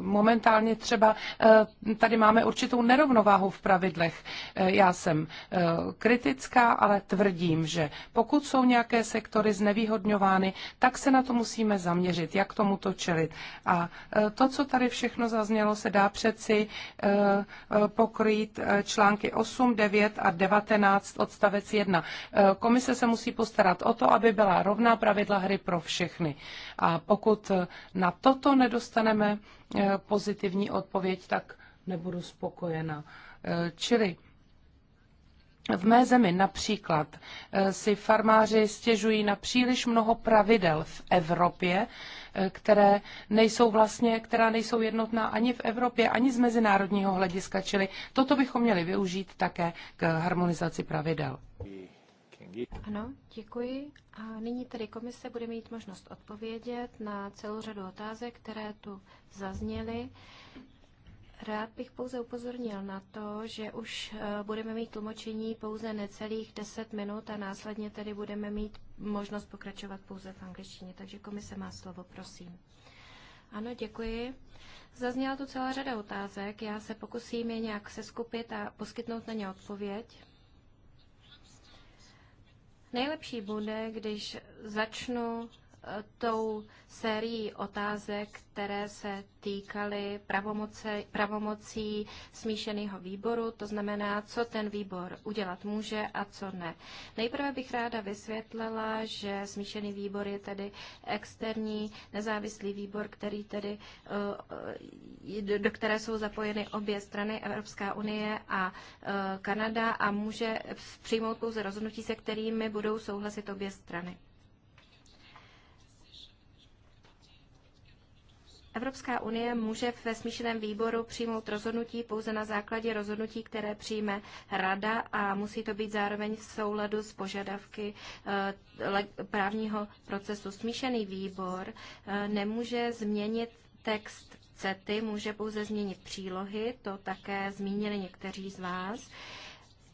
momentálně třeba eh, tady máme určitou nerovnováhu v pravidlech. Eh, já jsem eh, kritická, ale tvrdím, že pokud jsou nějaké sektory znevýhodňovány, tak se na to musíme zaměřit, jak tomuto čelit. A to, co tady všechno zaznělo, se dá přeci pokrýt články 8, 9 a 19 odstavec 1. Komise se musí postarat o to, aby byla rovná pravidla hry pro všechny. A pokud na toto nedostaneme Eh, pozitivní odpověď, tak nebudu spokojena. Eh, čili v mé zemi například eh, si farmáři stěžují na příliš mnoho pravidel v Evropě, které nejsou vlastně, která nejsou jednotná ani v Evropě, ani z mezinárodního hlediska, čili toto bychom měli využít také k harmonizaci pravidel. Ano, děkuji. A nyní tedy komise bude mít možnost odpovědět na celou řadu otázek, které tu zazněly. Rád bych pouze upozornil na to, že už eh, budeme mít tlumočení pouze necelých 10 minut a následně tedy budeme mít možnost pokračovat pouze v angličtině. Takže komise má slovo, prosím. Ano, děkuji. Zazněla tu celá řada otázek. Já se pokusím je nějak seskupit a poskytnout na ně odpověď. Nejlepší bude, když začnu tou sérií otázek, které se týkaly pravomoce, pravomocí smíšeného výboru, to znamená, co ten výbor udělat může a co ne. Nejprve bych ráda vysvětlila, že smíšený výbor je tedy externí nezávislý výbor, který tedy, eh, do které jsou zapojeny obě strany, Evropská unie a eh, Kanada a může přijmout pouze rozhodnutí, se kterými budou souhlasit obě strany. Evropská unie může ve smíšeném výboru přijmout rozhodnutí pouze na základě rozhodnutí, které přijme Rada a musí to být zároveň v souladu s požadavky eh, právního procesu. Smíšený výbor eh, nemůže změnit text CETY, může pouze změnit přílohy, to také zmínili někteří z vás.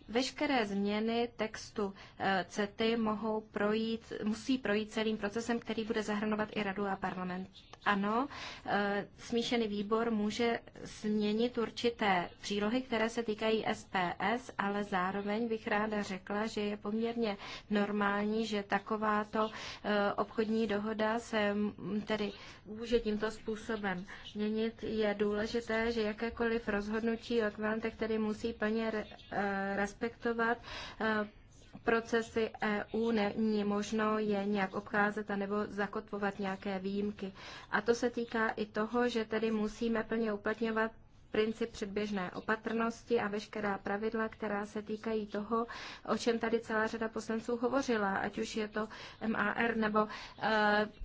Veškeré změny textu eh, CETY mohou projít, musí projít celým procesem, který bude zahrnovat i radu a parlament ano, eh, smíšený výbor může změnit určité přílohy, které se týkají SPS, ale zároveň bych ráda řekla, že je poměrně normální, že takováto eh, obchodní dohoda se mm, tedy může tímto způsobem měnit. Je důležité, že jakékoliv rozhodnutí o kvantech tedy musí plně eh, respektovat procesy EU není možno je nějak obcházet a nebo zakotvovat nějaké výjimky. A to se týká i toho, že tedy musíme plně uplatňovat princip předběžné opatrnosti a veškerá pravidla, která se týkají toho, o čem tady celá řada poslanců hovořila, ať už je to MAR nebo e,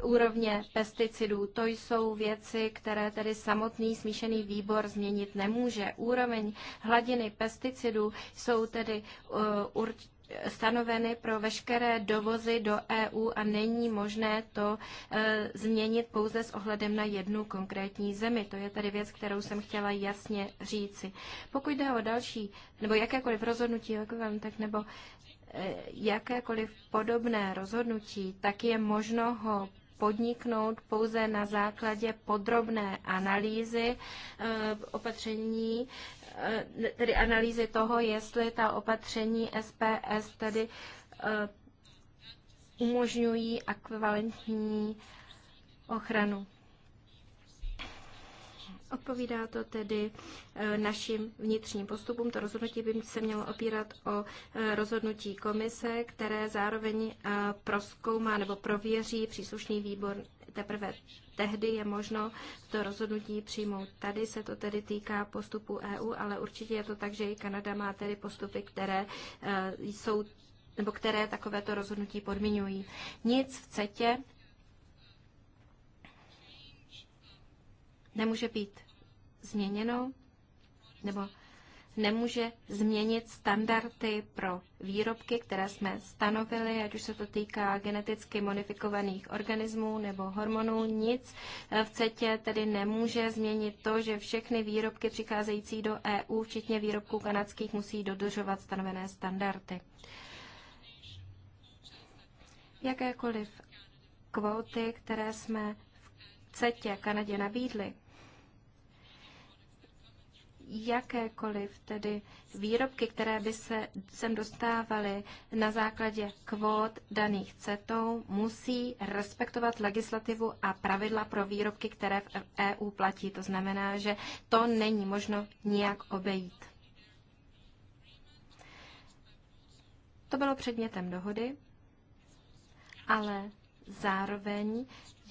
úrovně pesticidů. To jsou věci, které tedy samotný smíšený výbor změnit nemůže. Úroveň hladiny pesticidů jsou tedy e, eh, určitě stanoveny pro veškeré dovozy do EU a není možné to e, změnit pouze s ohledem na jednu konkrétní zemi. To je tedy věc, kterou jsem chtěla jasně říci. Pokud jde o další, nebo jakékoliv rozhodnutí vám tak nebo e, jakékoliv podobné rozhodnutí, tak je možno ho podniknout pouze na základě podrobné analýzy e, opatření Eh, tedy analýzy toho, jestli ta opatření SPS tedy eh, umožňují ekvivalentní ochranu. Odpovídá to tedy eh, našim vnitřním postupům. To rozhodnutí by se mělo opírat o rozhodnutí komise, které zároveň proskoumá nebo prověří příslušný výbor teprve tehdy je možno to rozhodnutí přijmout. Tady se to tedy týká postupu EU, ale určitě je to tak, že i Kanada má tedy postupy, které eh, jsou nebo které takovéto rozhodnutí podmiňují. Nic v CETě nemůže být změněno, nebo nemůže změnit standardy pro výrobky, které jsme stanovili, ať už se to týká geneticky modifikovaných organismů nebo hormonů, nic v CETě tedy nemůže změnit to, že všechny výrobky přicházející do EU, včetně výrobků kanadských, musí dodržovat stanovené standardy. Jakékoliv kvóty, které jsme v CETě Kanadě nabídli, jakékoliv tedy výrobky, které by se sem dostávaly na základě kvót daných CETou, musí respektovat legislativu a pravidla pro výrobky, které v EU platí. To znamená, že to není možno nijak obejít. To bylo předmětem dohody, ale zároveň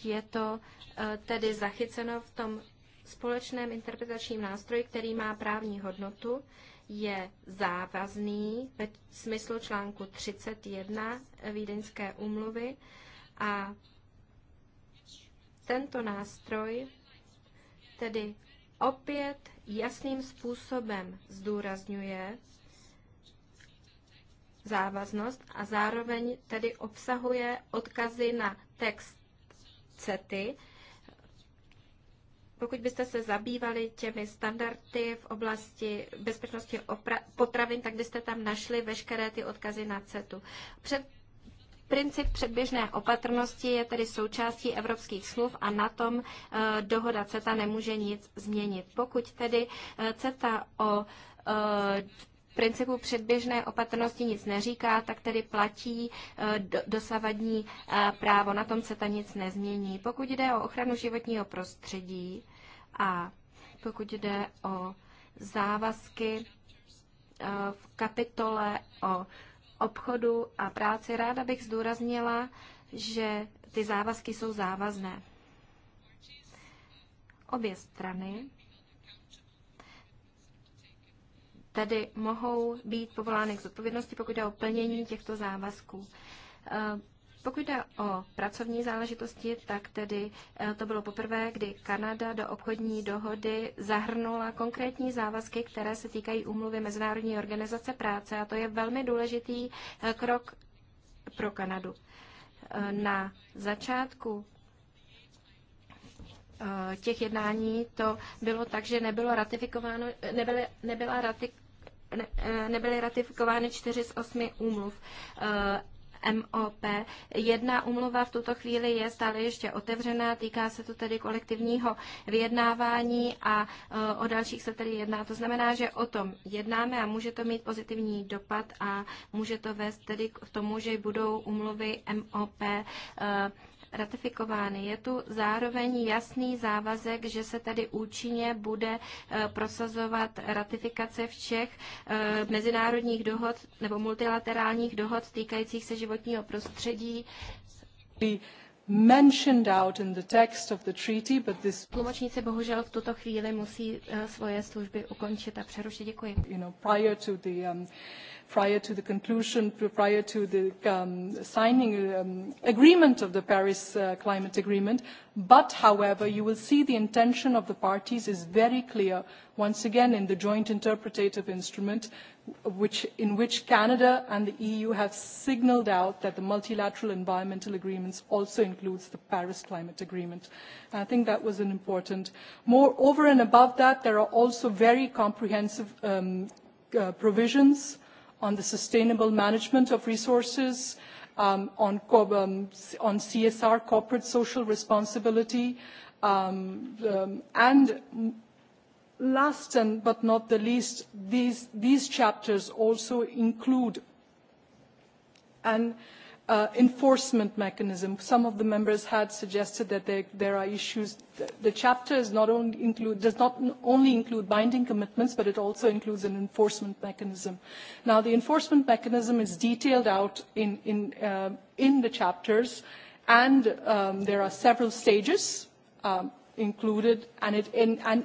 je to eh, tedy zachyceno v tom společném interpretačním nástroji, který má právní hodnotu, je závazný ve smyslu článku 31 Vídeňské úmluvy a tento nástroj tedy opět jasným způsobem zdůrazňuje závaznost a zároveň tedy obsahuje odkazy na text CETY, pokud byste se zabývali těmi standardy v oblasti bezpečnosti potravin, tak byste tam našli veškeré ty odkazy na CETu. Před Princip předběžné opatrnosti je tedy součástí evropských smluv a na tom eh, dohoda CETA nemůže nic změnit. Pokud tedy eh, CETA o eh, principu předběžné opatrnosti nic neříká, tak tedy platí eh, dosavadní eh, právo. Na tom se ta nic nezmění. Pokud jde o ochranu životního prostředí a pokud jde o závazky eh, v kapitole o obchodu a práci, ráda bych zdůraznila, že ty závazky jsou závazné. Obě strany tedy mohou být povolány k zodpovědnosti, pokud jde o plnění těchto závazků. Eh, pokud jde o pracovní záležitosti, tak tedy eh, to bylo poprvé, kdy Kanada do obchodní dohody zahrnula konkrétní závazky, které se týkají úmluvy Mezinárodní organizace práce a to je velmi důležitý eh, krok pro Kanadu. Na začátku těch jednání to bylo tak, že nebylo ratifikováno, nebyly, nebyla ratifikována Eh, nebyly ratifikovány čtyři z osmi úmluv. Eh, MOP. Jedna umluva v tuto chvíli je stále ještě otevřená, týká se to tedy kolektivního vyjednávání a eh, o dalších se tedy jedná. To znamená, že o tom jednáme a může to mít pozitivní dopad a může to vést tedy k tomu, že budou umluvy MOP ratifikovány. Je tu zároveň jasný závazek, že se tady účinně bude eh, prosazovat ratifikace všech eh, mezinárodních dohod nebo multilaterálních dohod týkajících se životního prostředí. Tlumočníci bohužel v tuto chvíli musí eh, svoje služby ukončit a přerušit. Děkuji. You know, prior to the, um, prior to the conclusion, prior to the um, signing um, agreement of the Paris uh, Climate Agreement. But, however, you will see the intention of the parties is very clear, once again, in the joint interpretative instrument, which, in which Canada and the EU have signalled out that the multilateral environmental agreements also includes the Paris Climate Agreement. And I think that was an important. Moreover and above that, there are also very comprehensive um, uh, provisions on the sustainable management of resources, um, on, um, on CSR, corporate social responsibility, um, um, and last and but not the least, these, these chapters also include an Uh, enforcement mechanism. Some of the members had suggested that there, there are issues. The chapter is not only include, does not only include binding commitments, but it also includes an enforcement mechanism. Now, the enforcement mechanism is detailed out in, in, uh, in the chapters, and um, there are several stages um, included, and, it, and, and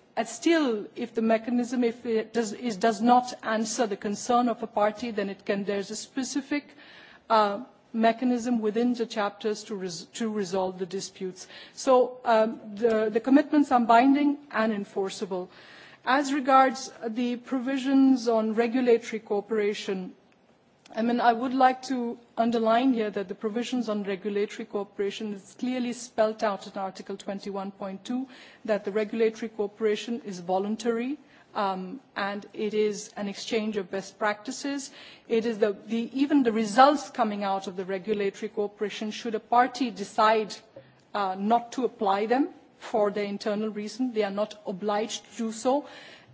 and still if the mechanism if it does, it does not answer the concern of a party then it can there's a specific uh, mechanism within the chapters to, res to resolve the disputes. So um, the, the commitments are binding and enforceable. As regards the provisions on regulatory cooperation, i mean, I would like to underline here that the provisions on regulatory cooperation is clearly spelt out in Article 21.2 that the regulatory cooperation is voluntary um, and it is an exchange of best practices. It is the, the, even the results coming out of the regulatory cooperation, should a party decide uh, not to apply them for their internal reason, they are not obliged to do so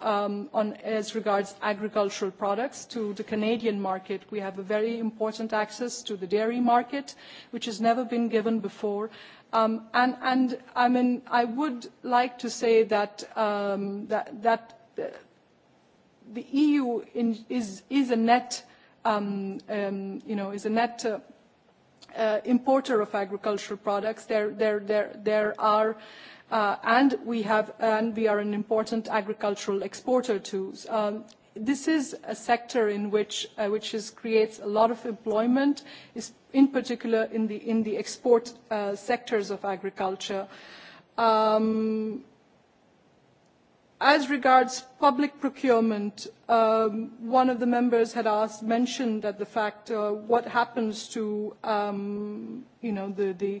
Um, as regards agricultural products to the Canadian market. We have a very important access to the dairy market, which has never been given before. Um, and, I mean, I would like to say that, um, that, uh, the EU is, is a net, um, you know, is a net uh, uh, importer of agricultural products. There, there, there, there are Uh, and we have and we are an important agricultural exporter too. Um, this is a sector in which uh, which is, creates a lot of employment, is in particular in the in the export uh, sectors of agriculture. Um, as regards public procurement, um, one of the members had asked, mentioned that the fact what happens to you know the the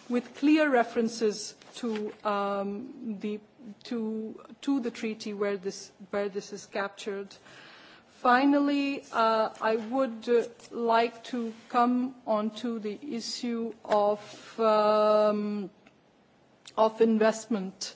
with clear references to, um, the, to, to the treaty where this, where this is captured. Finally, uh, I would uh, like to come onto the issue of, um, of investment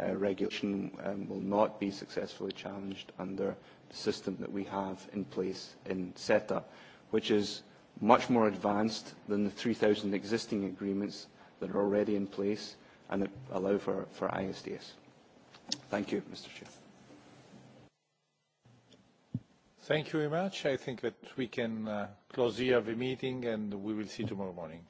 uh, regulation um, will not be successfully challenged under the system that we have in place in CETA, which is much more advanced than the 3,000 existing agreements that are already in place and that allow for, for ISDS. Thank you, Mr. Chair. Thank you very much. I think that we can uh, close here the meeting and we will see tomorrow morning.